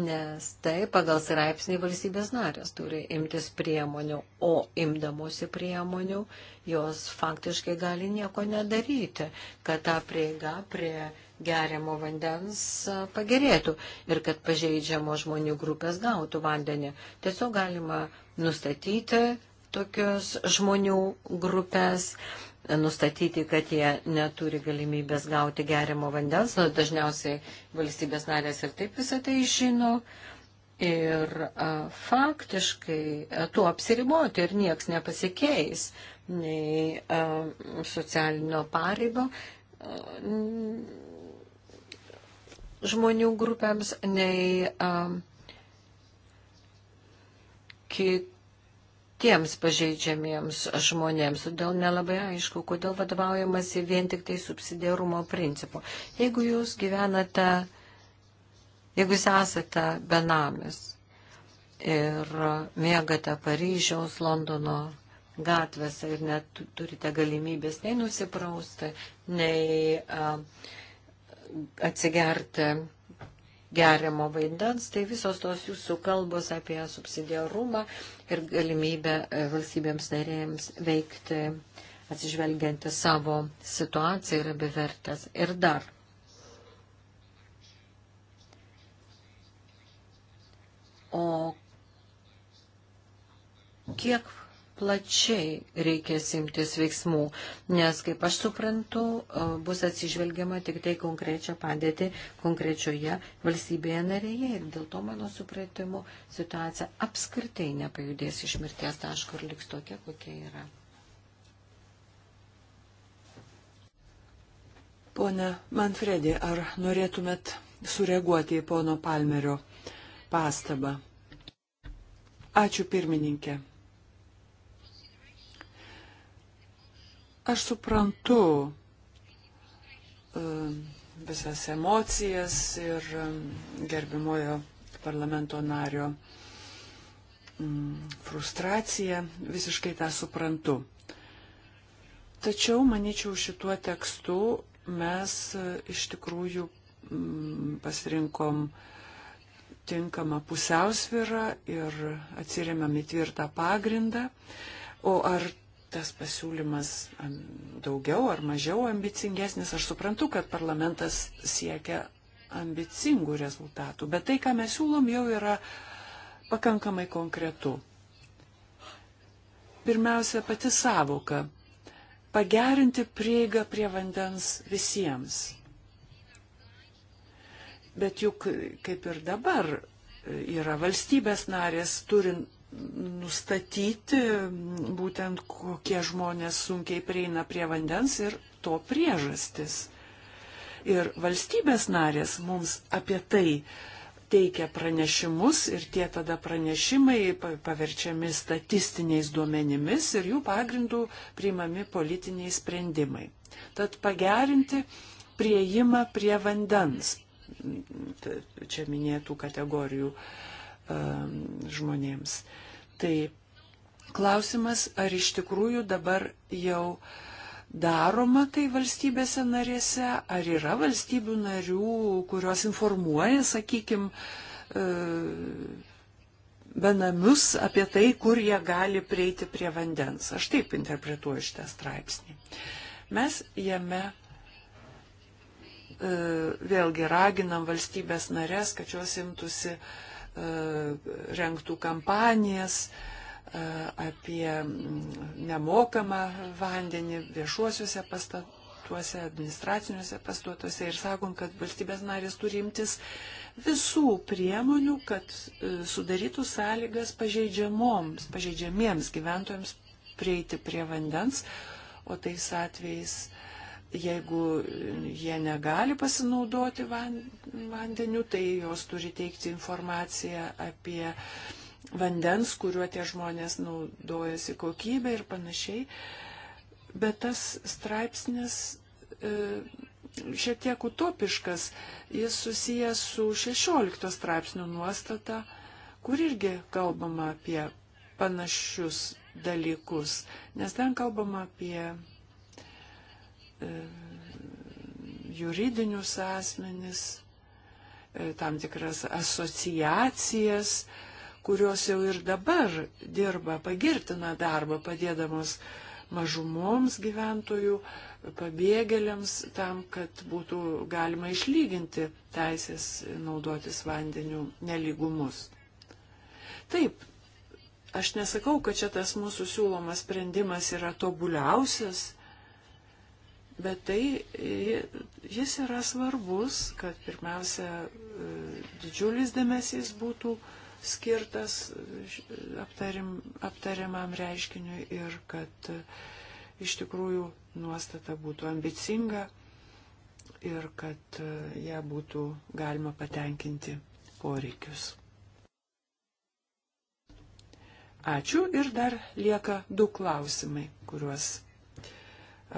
Nes tai pagal straipsnį valstybės narės turi imtis priemonių, o imdamosi priemonių jos faktiškai gali nieko nedaryti, kad ta prieiga prie geriamo vandens pagerėtų ir kad pažeidžiamo žmonių grupės gautų vandenį. Tiesiog galima nustatyti tokius žmonių grupės nustatyti, kad jie neturi galimybės gauti gerimo vandens. Nu, dažniausiai valstybės narės ir taip visą tai žino. Ir a, faktiškai a, tuo apsiriboti ir nieks nepasikeis nei a, socialinio pareibo a, žmonių grupėms, nei a, kit tiems pažeidžiamiems žmonėms. Todėl nelabai aišku, kodėl vadovaujamasi vien tik tai subsidiarumo principu. Jeigu jūs gyvenate, jeigu jūs esate benamis ir mėgate Paryžiaus, Londono gatvėse ir net turite galimybės nei nusiprausti, nei a, atsigerti geriamo vaidens, tai visos tos jūsų kalbos apie subsidiarumą ir galimybę e, valstybėms narėjams veikti atsižvelgianti savo situaciją yra bevertas. Ir dar. O kiek plačiai reikia simtis veiksmų, nes, kaip aš suprantu, bus atsižvelgiama tik tai konkrečią padėtį konkrečioje valstybėje narėje ir dėl to, mano supratimu, situacija apskritai nepajudės iš mirties taško ir liks tokia, kokia yra. Pone Manfredi, ar norėtumėt sureaguoti į pono Palmerio pastabą? Ačiū pirmininkė. Aš suprantu e, visas emocijas ir e, gerbimojo parlamento nario frustraciją, visiškai tą suprantu. Tačiau, manyčiau, šituo tekstu mes e, iš tikrųjų pasirinkom tinkamą pusiausvyrą ir atsiriamėm į tvirtą pagrindą. O ar tas pasiūlymas daugiau ar mažiau ambicingesnis. Aš suprantu, kad parlamentas siekia ambicingų rezultatų, bet tai, ką mes siūlom, jau yra pakankamai konkretu. Pirmiausia, pati savoka - pagerinti prieigą prie vandens visiems. Bet juk kaip ir dabar yra valstybės narės, turint nustatyti būtent kokie žmonės sunkiai prieina prie vandens ir to priežastis. Ir valstybės narės mums apie tai teikia pranešimus ir tie tada pranešimai paverčiami statistiniais duomenimis ir jų pagrindų priimami politiniai sprendimai. Tad pagerinti prieimą prie vandens, čia minėtų kategorijų Um, žmonėms. Tai klausimas, ar iš tikrųjų dabar jau daroma tai valstybėse narėse, ar yra valstybių narių, kurios informuoja, sakykime, uh, benamius apie tai, kur jie gali prieiti prie vandens. Aš taip interpretuoju šitą straipsnį. Mes jame uh, vėlgi raginam valstybės narės, kad jos imtųsi uh, E, renktų kampanijas e, apie nemokamą vandenį viešuosiuose pastatuose, administraciniuose pastatuose ir sakom, kad valstybės narės turi imtis visų priemonių, kad e, sudarytų sąlygas pažeidžiamoms, pažeidžiamiems gyventojams prieiti prie vandens, o tais atvejais jeigu jie negali pasinaudoti van, vandeniu, tai jos turi teikti informaciją apie vandens, kuriuo tie žmonės naudojasi kokybę ir panašiai. Bet tas straipsnis e, šiek tiek utopiškas, jis susijęs su 16 straipsnių nuostata, kur irgi kalbama apie panašius dalykus, nes ten kalbama apie E, juridinius asmenis, e, tam tikras asociacijas, kurios jau ir dabar dirba pagirtiną darbą, padėdamos mažumoms gyventojų, pabėgėliams, tam, kad būtų galima išlyginti teisės naudotis vandeniu neligumus. Taip, aš nesakau, kad čia tas mūsų siūlomas sprendimas yra tobuliausias, Bet tai jis yra svarbus, kad pirmiausia e, didžiulis dėmesys būtų skirtas e, aptarim, aptariamam reiškiniui ir kad e, iš tikrųjų nuostata būtų ambicinga ir kad ją būtų galima patenkinti poreikius. Ačiū ir dar lieka du klausimai, kuriuos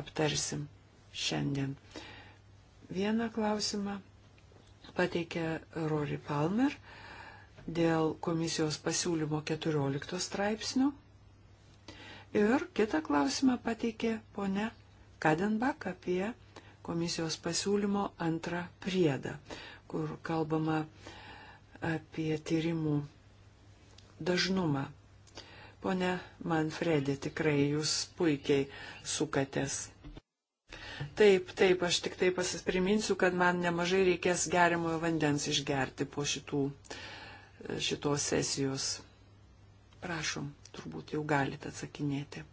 aptarsim šiandien. Vieną klausimą pateikė Rory Palmer dėl komisijos pasiūlymo 14 straipsnių. Ir kitą klausimą pateikė ponia Kadenbach apie komisijos pasiūlymo antrą priedą, kur kalbama apie tyrimų dažnumą. Pone Manfredi, tikrai jūs puikiai sukatės Taip, taip, aš tik tai pasispriminsiu, kad man nemažai reikės geriamojo vandens išgerti po šitų, e, šitos sesijos. Prašom, turbūt jau galite atsakinėti.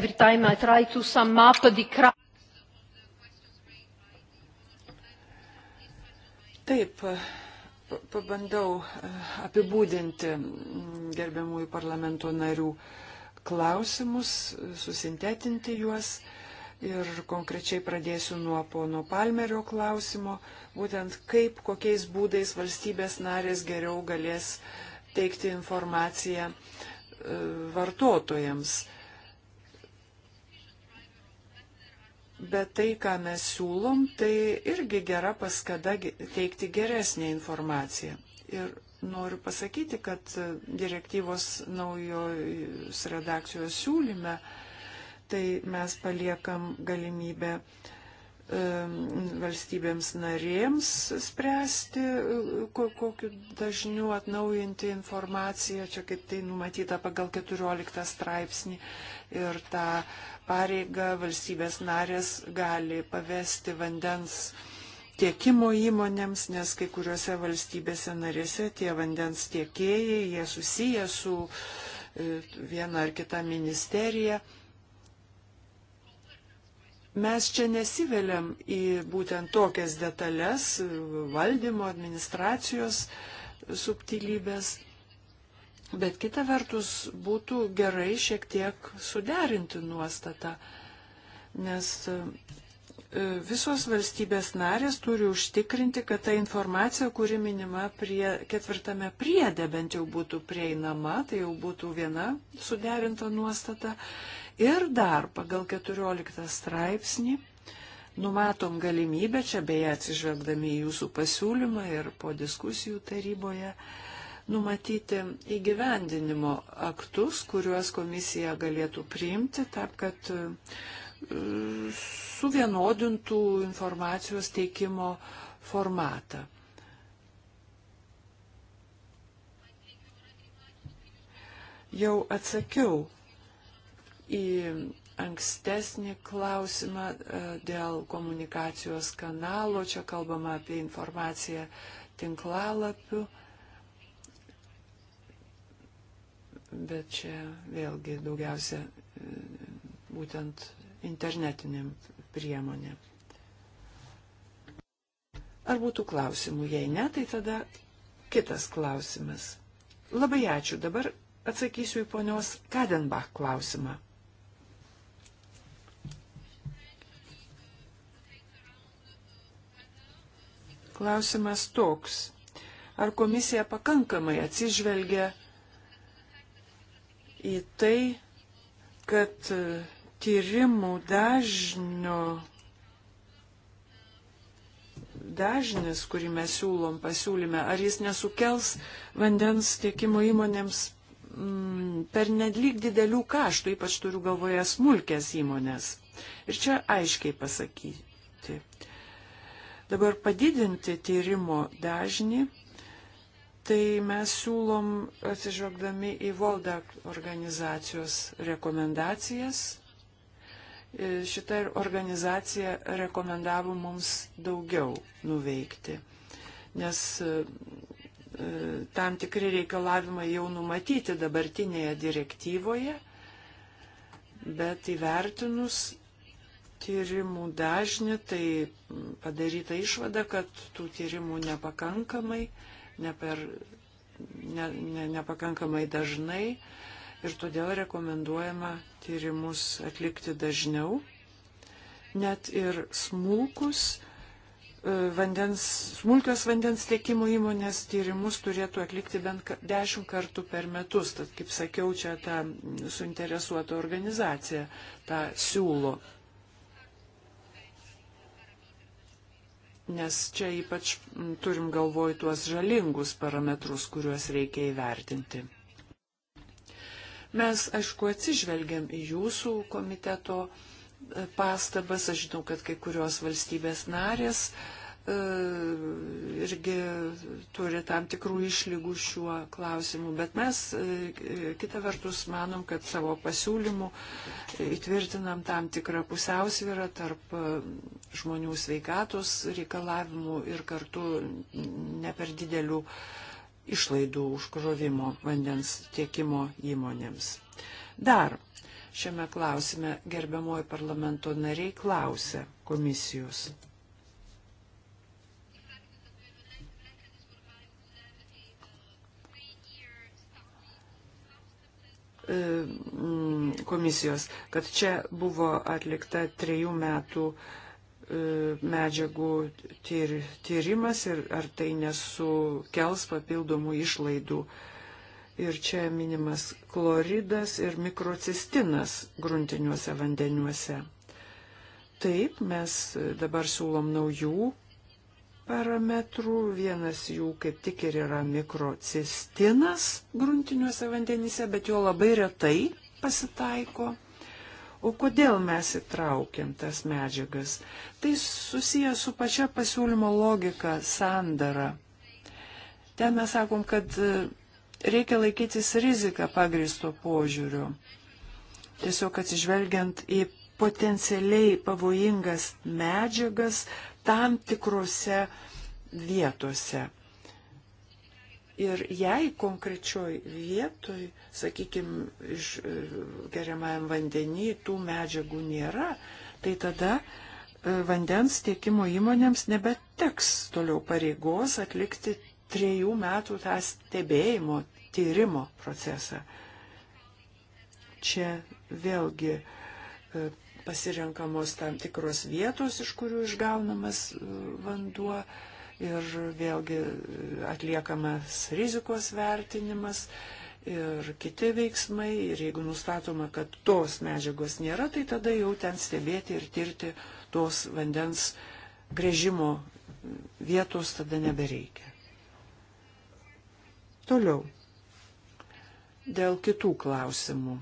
Every time I try to sum up the crowd. Taip, pabandau e, apibūdinti gerbiamųjų parlamento narių klausimus, susintetinti juos ir konkrečiai pradėsiu nuo pono Palmerio klausimo, būtent kaip, kokiais būdais valstybės narės geriau galės teikti informaciją e, vartotojams. E, Bet tai, ką mes siūlom, tai irgi gera paskada teikti geresnę informaciją. Ir noriu pasakyti, kad direktyvos naujos redakcijos siūlyme, tai mes paliekam galimybę uh, valstybėms narėms spręsti, kokiu dažniu atnaujinti informaciją, čia kaip tai numatyta pagal 14 straipsnį. Ir tą pareigą valstybės narės gali pavesti vandens tiekimo įmonėms, nes kai kuriuose valstybėse narėse tie vandens tiekėjai, jie susiję su e, viena ar kita ministerija. Mes čia nesiveliam į būtent tokias detalės, valdymo, administracijos subtilybės, bet kita vertus būtų gerai šiek tiek suderinti nuostatą, nes e, visos valstybės narės turi užtikrinti, kad ta informacija, kuri minima prie, ketvirtame priede, bent jau būtų prieinama, tai jau būtų viena suderinta nuostata. Ir dar pagal 14 straipsnį numatom galimybę, čia beje atsižvelgdami į jūsų pasiūlymą ir po diskusijų taryboje, numatyti įgyvendinimo aktus, kuriuos komisija galėtų priimti tam, kad e, suvienodintų informacijos teikimo formatą. Jau atsakiau į ankstesnį klausimą e, dėl komunikacijos kanalo. Čia kalbama apie informaciją tinklalapių. Bet čia vėlgi daugiausia e, būtent internetiniam priemonėm. Ar būtų klausimų? Jei ne, tai tada kitas klausimas. Labai ačiū. Dabar atsakysiu į ponios Kadenbach klausimą. Klausimas toks. Ar komisija pakankamai atsižvelgia į tai, kad e, tyrimų dažnio dažnis, kurį mes siūlom, pasiūlyme, ar jis nesukels vandens tiekimo įmonėms mm, per nedlyg didelių kaštų, ypač turiu galvoje smulkės įmonės. Ir čia aiškiai pasakyti. Dabar padidinti tyrimo dažnį, tai mes siūlom atsižvelgdami į valdą organizacijos rekomendacijas. E, Šitą organizaciją rekomendavo mums daugiau nuveikti, nes e, e, tam tikri reikalavimai jau numatyti dabartinėje direktyvoje, bet įvertinus tyrimų dažnį, tai padaryta išvada, kad tų tyrimų nepakankamai, ne per, ne, ne, nepakankamai dažnai ir todėl rekomenduojama tyrimus atlikti dažniau. Net ir smulkus e, vandens, smulkios vandens tiekimo įmonės tyrimus turėtų atlikti bent 10 kartų per metus. Tad, kaip sakiau, čia ta suinteresuota organizacija tą siūlo nes čia ypač turim galvoj tuos žalingus parametrus, kuriuos reikia įvertinti. Mes, aišku, atsižvelgiam į jūsų komiteto e, pastabas, aš žinau, kad kai kurios valstybės narės uh, E, irgi turi tam tikrų išlygų šiuo klausimu, bet mes e, kitą vertus manom, kad savo pasiūlymu įtvirtinam tam tikrą pusiausvyrą tarp e, žmonių sveikatos reikalavimų ir kartu ne per didelių išlaidų užkrovimo vandens tiekimo įmonėms. Dar šiame klausime gerbiamoji parlamento nariai klausė komisijos. E, komisijos, kad čia buvo atlikta trejų metų e, medžiagų tyr, tyrimas ir ar tai nesukels papildomų išlaidų. Ir čia minimas kloridas ir mikrocistinas gruntiniuose vandeniuose. Taip, mes dabar siūlom naujų parametrų. Vienas jų kaip tik ir yra mikrocistinas gruntiniuose vandenyse, bet jo labai retai pasitaiko. O kodėl mes įtraukiam tas medžiagas? Tai susijęs su pačia pasiūlymo logika - sandara. Ten mes sakom, kad e, reikia laikytis riziką pagristo požiūriu. Tiesiog atsižvelgiant į potencialiai pavojingas medžiagas, tam tikrose vietose. Ir jei konkrečioj vietoj, sakykime, iš e, geriamajam vandenį tų medžiagų nėra, tai tada e, vandens tiekimo įmonėms nebeteks toliau pareigos atlikti trejų metų tą stebėjimo, tyrimo procesą. Čia vėlgi e, pasirenkamos tam tikros vietos, iš kurių išgaunamas e, vanduo ir vėlgi e, atliekamas rizikos vertinimas ir kiti veiksmai. Ir jeigu nustatoma, kad tos medžiagos nėra, tai tada jau ten stebėti ir tirti tos vandens grėžimo e, vietos tada nebereikia. Toliau. Dėl kitų klausimų.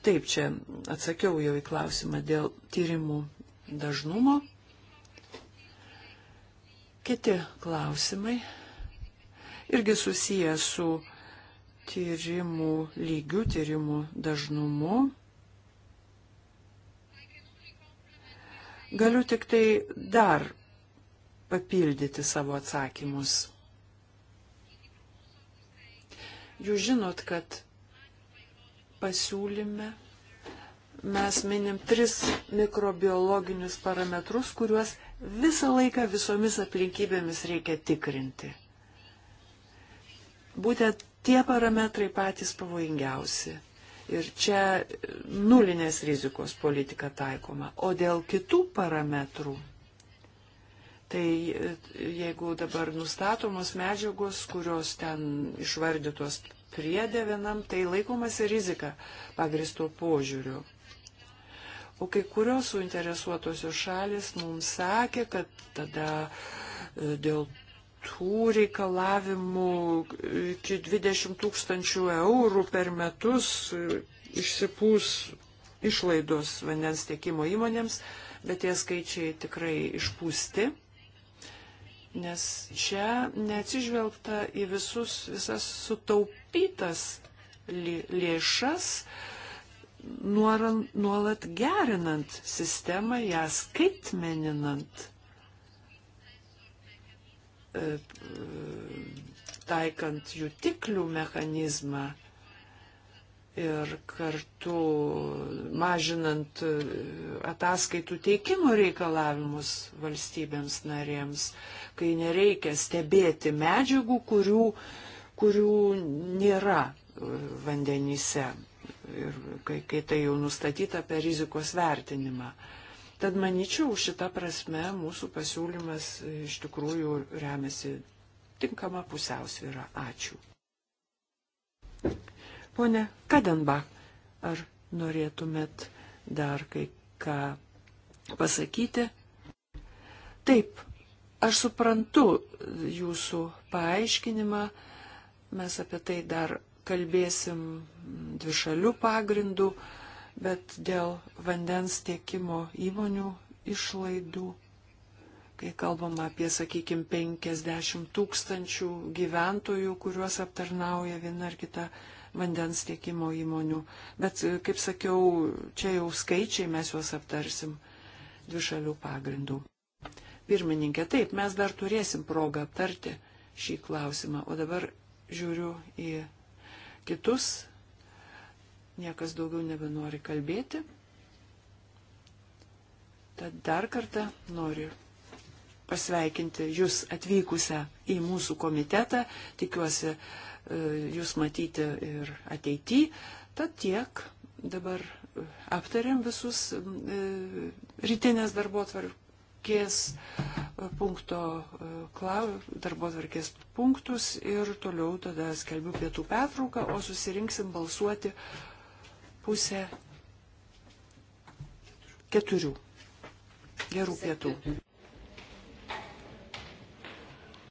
Taip, čia atsakiau jau į klausimą dėl tyrimų dažnumo. Kiti klausimai irgi susiję su tyrimų lygiu, tyrimų dažnumu. Galiu tik tai dar papildyti savo atsakymus. Jūs žinot, kad pasiūlyme mes minim tris mikrobiologinius parametrus, kuriuos visą laiką visomis aplinkybėmis reikia tikrinti. Būtent tie parametrai patys pavojingiausi. Ir čia nulinės rizikos politika taikoma. O dėl kitų parametrų Tai e, jeigu dabar nustatomos medžiagos, kurios ten išvardytos priedė vienam, tai laikomasi rizika pagristo požiūriu. O kai kurios suinteresuotosios šalis mums sakė, kad tada e, dėl tų reikalavimų iki 20 tūkstančių eurų per metus e, išsipūs išlaidos vandens tiekimo įmonėms, bet tie skaičiai tikrai išpūsti nes čia neatsižvelgta į visus, visas sutaupytas lėšas, nuolat gerinant sistemą, ją skaitmeninant, e, e, taikant jutiklių mechanizmą ir kartu mažinant e, ataskaitų teikimo reikalavimus valstybėms narėms, kai nereikia stebėti medžiagų, kurių, kurių nėra e, vandenyse ir kai, kai tai jau nustatyta per rizikos vertinimą. Tad manyčiau, šita prasme mūsų pasiūlymas iš tikrųjų remiasi tinkama pusiausvyrą. Ačiū. Pone Kadenbach, ar norėtumėt dar kai ką pasakyti? Taip, aš suprantu jūsų paaiškinimą, mes apie tai dar kalbėsim dvišalių pagrindų, bet dėl vandens tiekimo įmonių išlaidų kai kalbam apie, sakykime, 50 tūkstančių gyventojų, kuriuos aptarnauja viena ar kita vandens tiekimo įmonių. Bet, e, kaip sakiau, čia jau skaičiai mes juos aptarsim dvi šalių pagrindų. Pirmininkė, taip, mes dar turėsim progą aptarti šį klausimą. O dabar žiūriu į kitus. Niekas daugiau nebenori kalbėti. Tad dar kartą noriu pasveikinti Jūs atvykusią į mūsų komitetą. Tikiuosi, E, jūs matyti ir ateityje. Tad tiek dabar e, aptariam visus e, rytinės darbo tvarkės punkto darbo tvarkės punktus ir toliau tada skelbiu pietų pertrauką, o susirinksim balsuoti pusę keturių. Gerų pietų.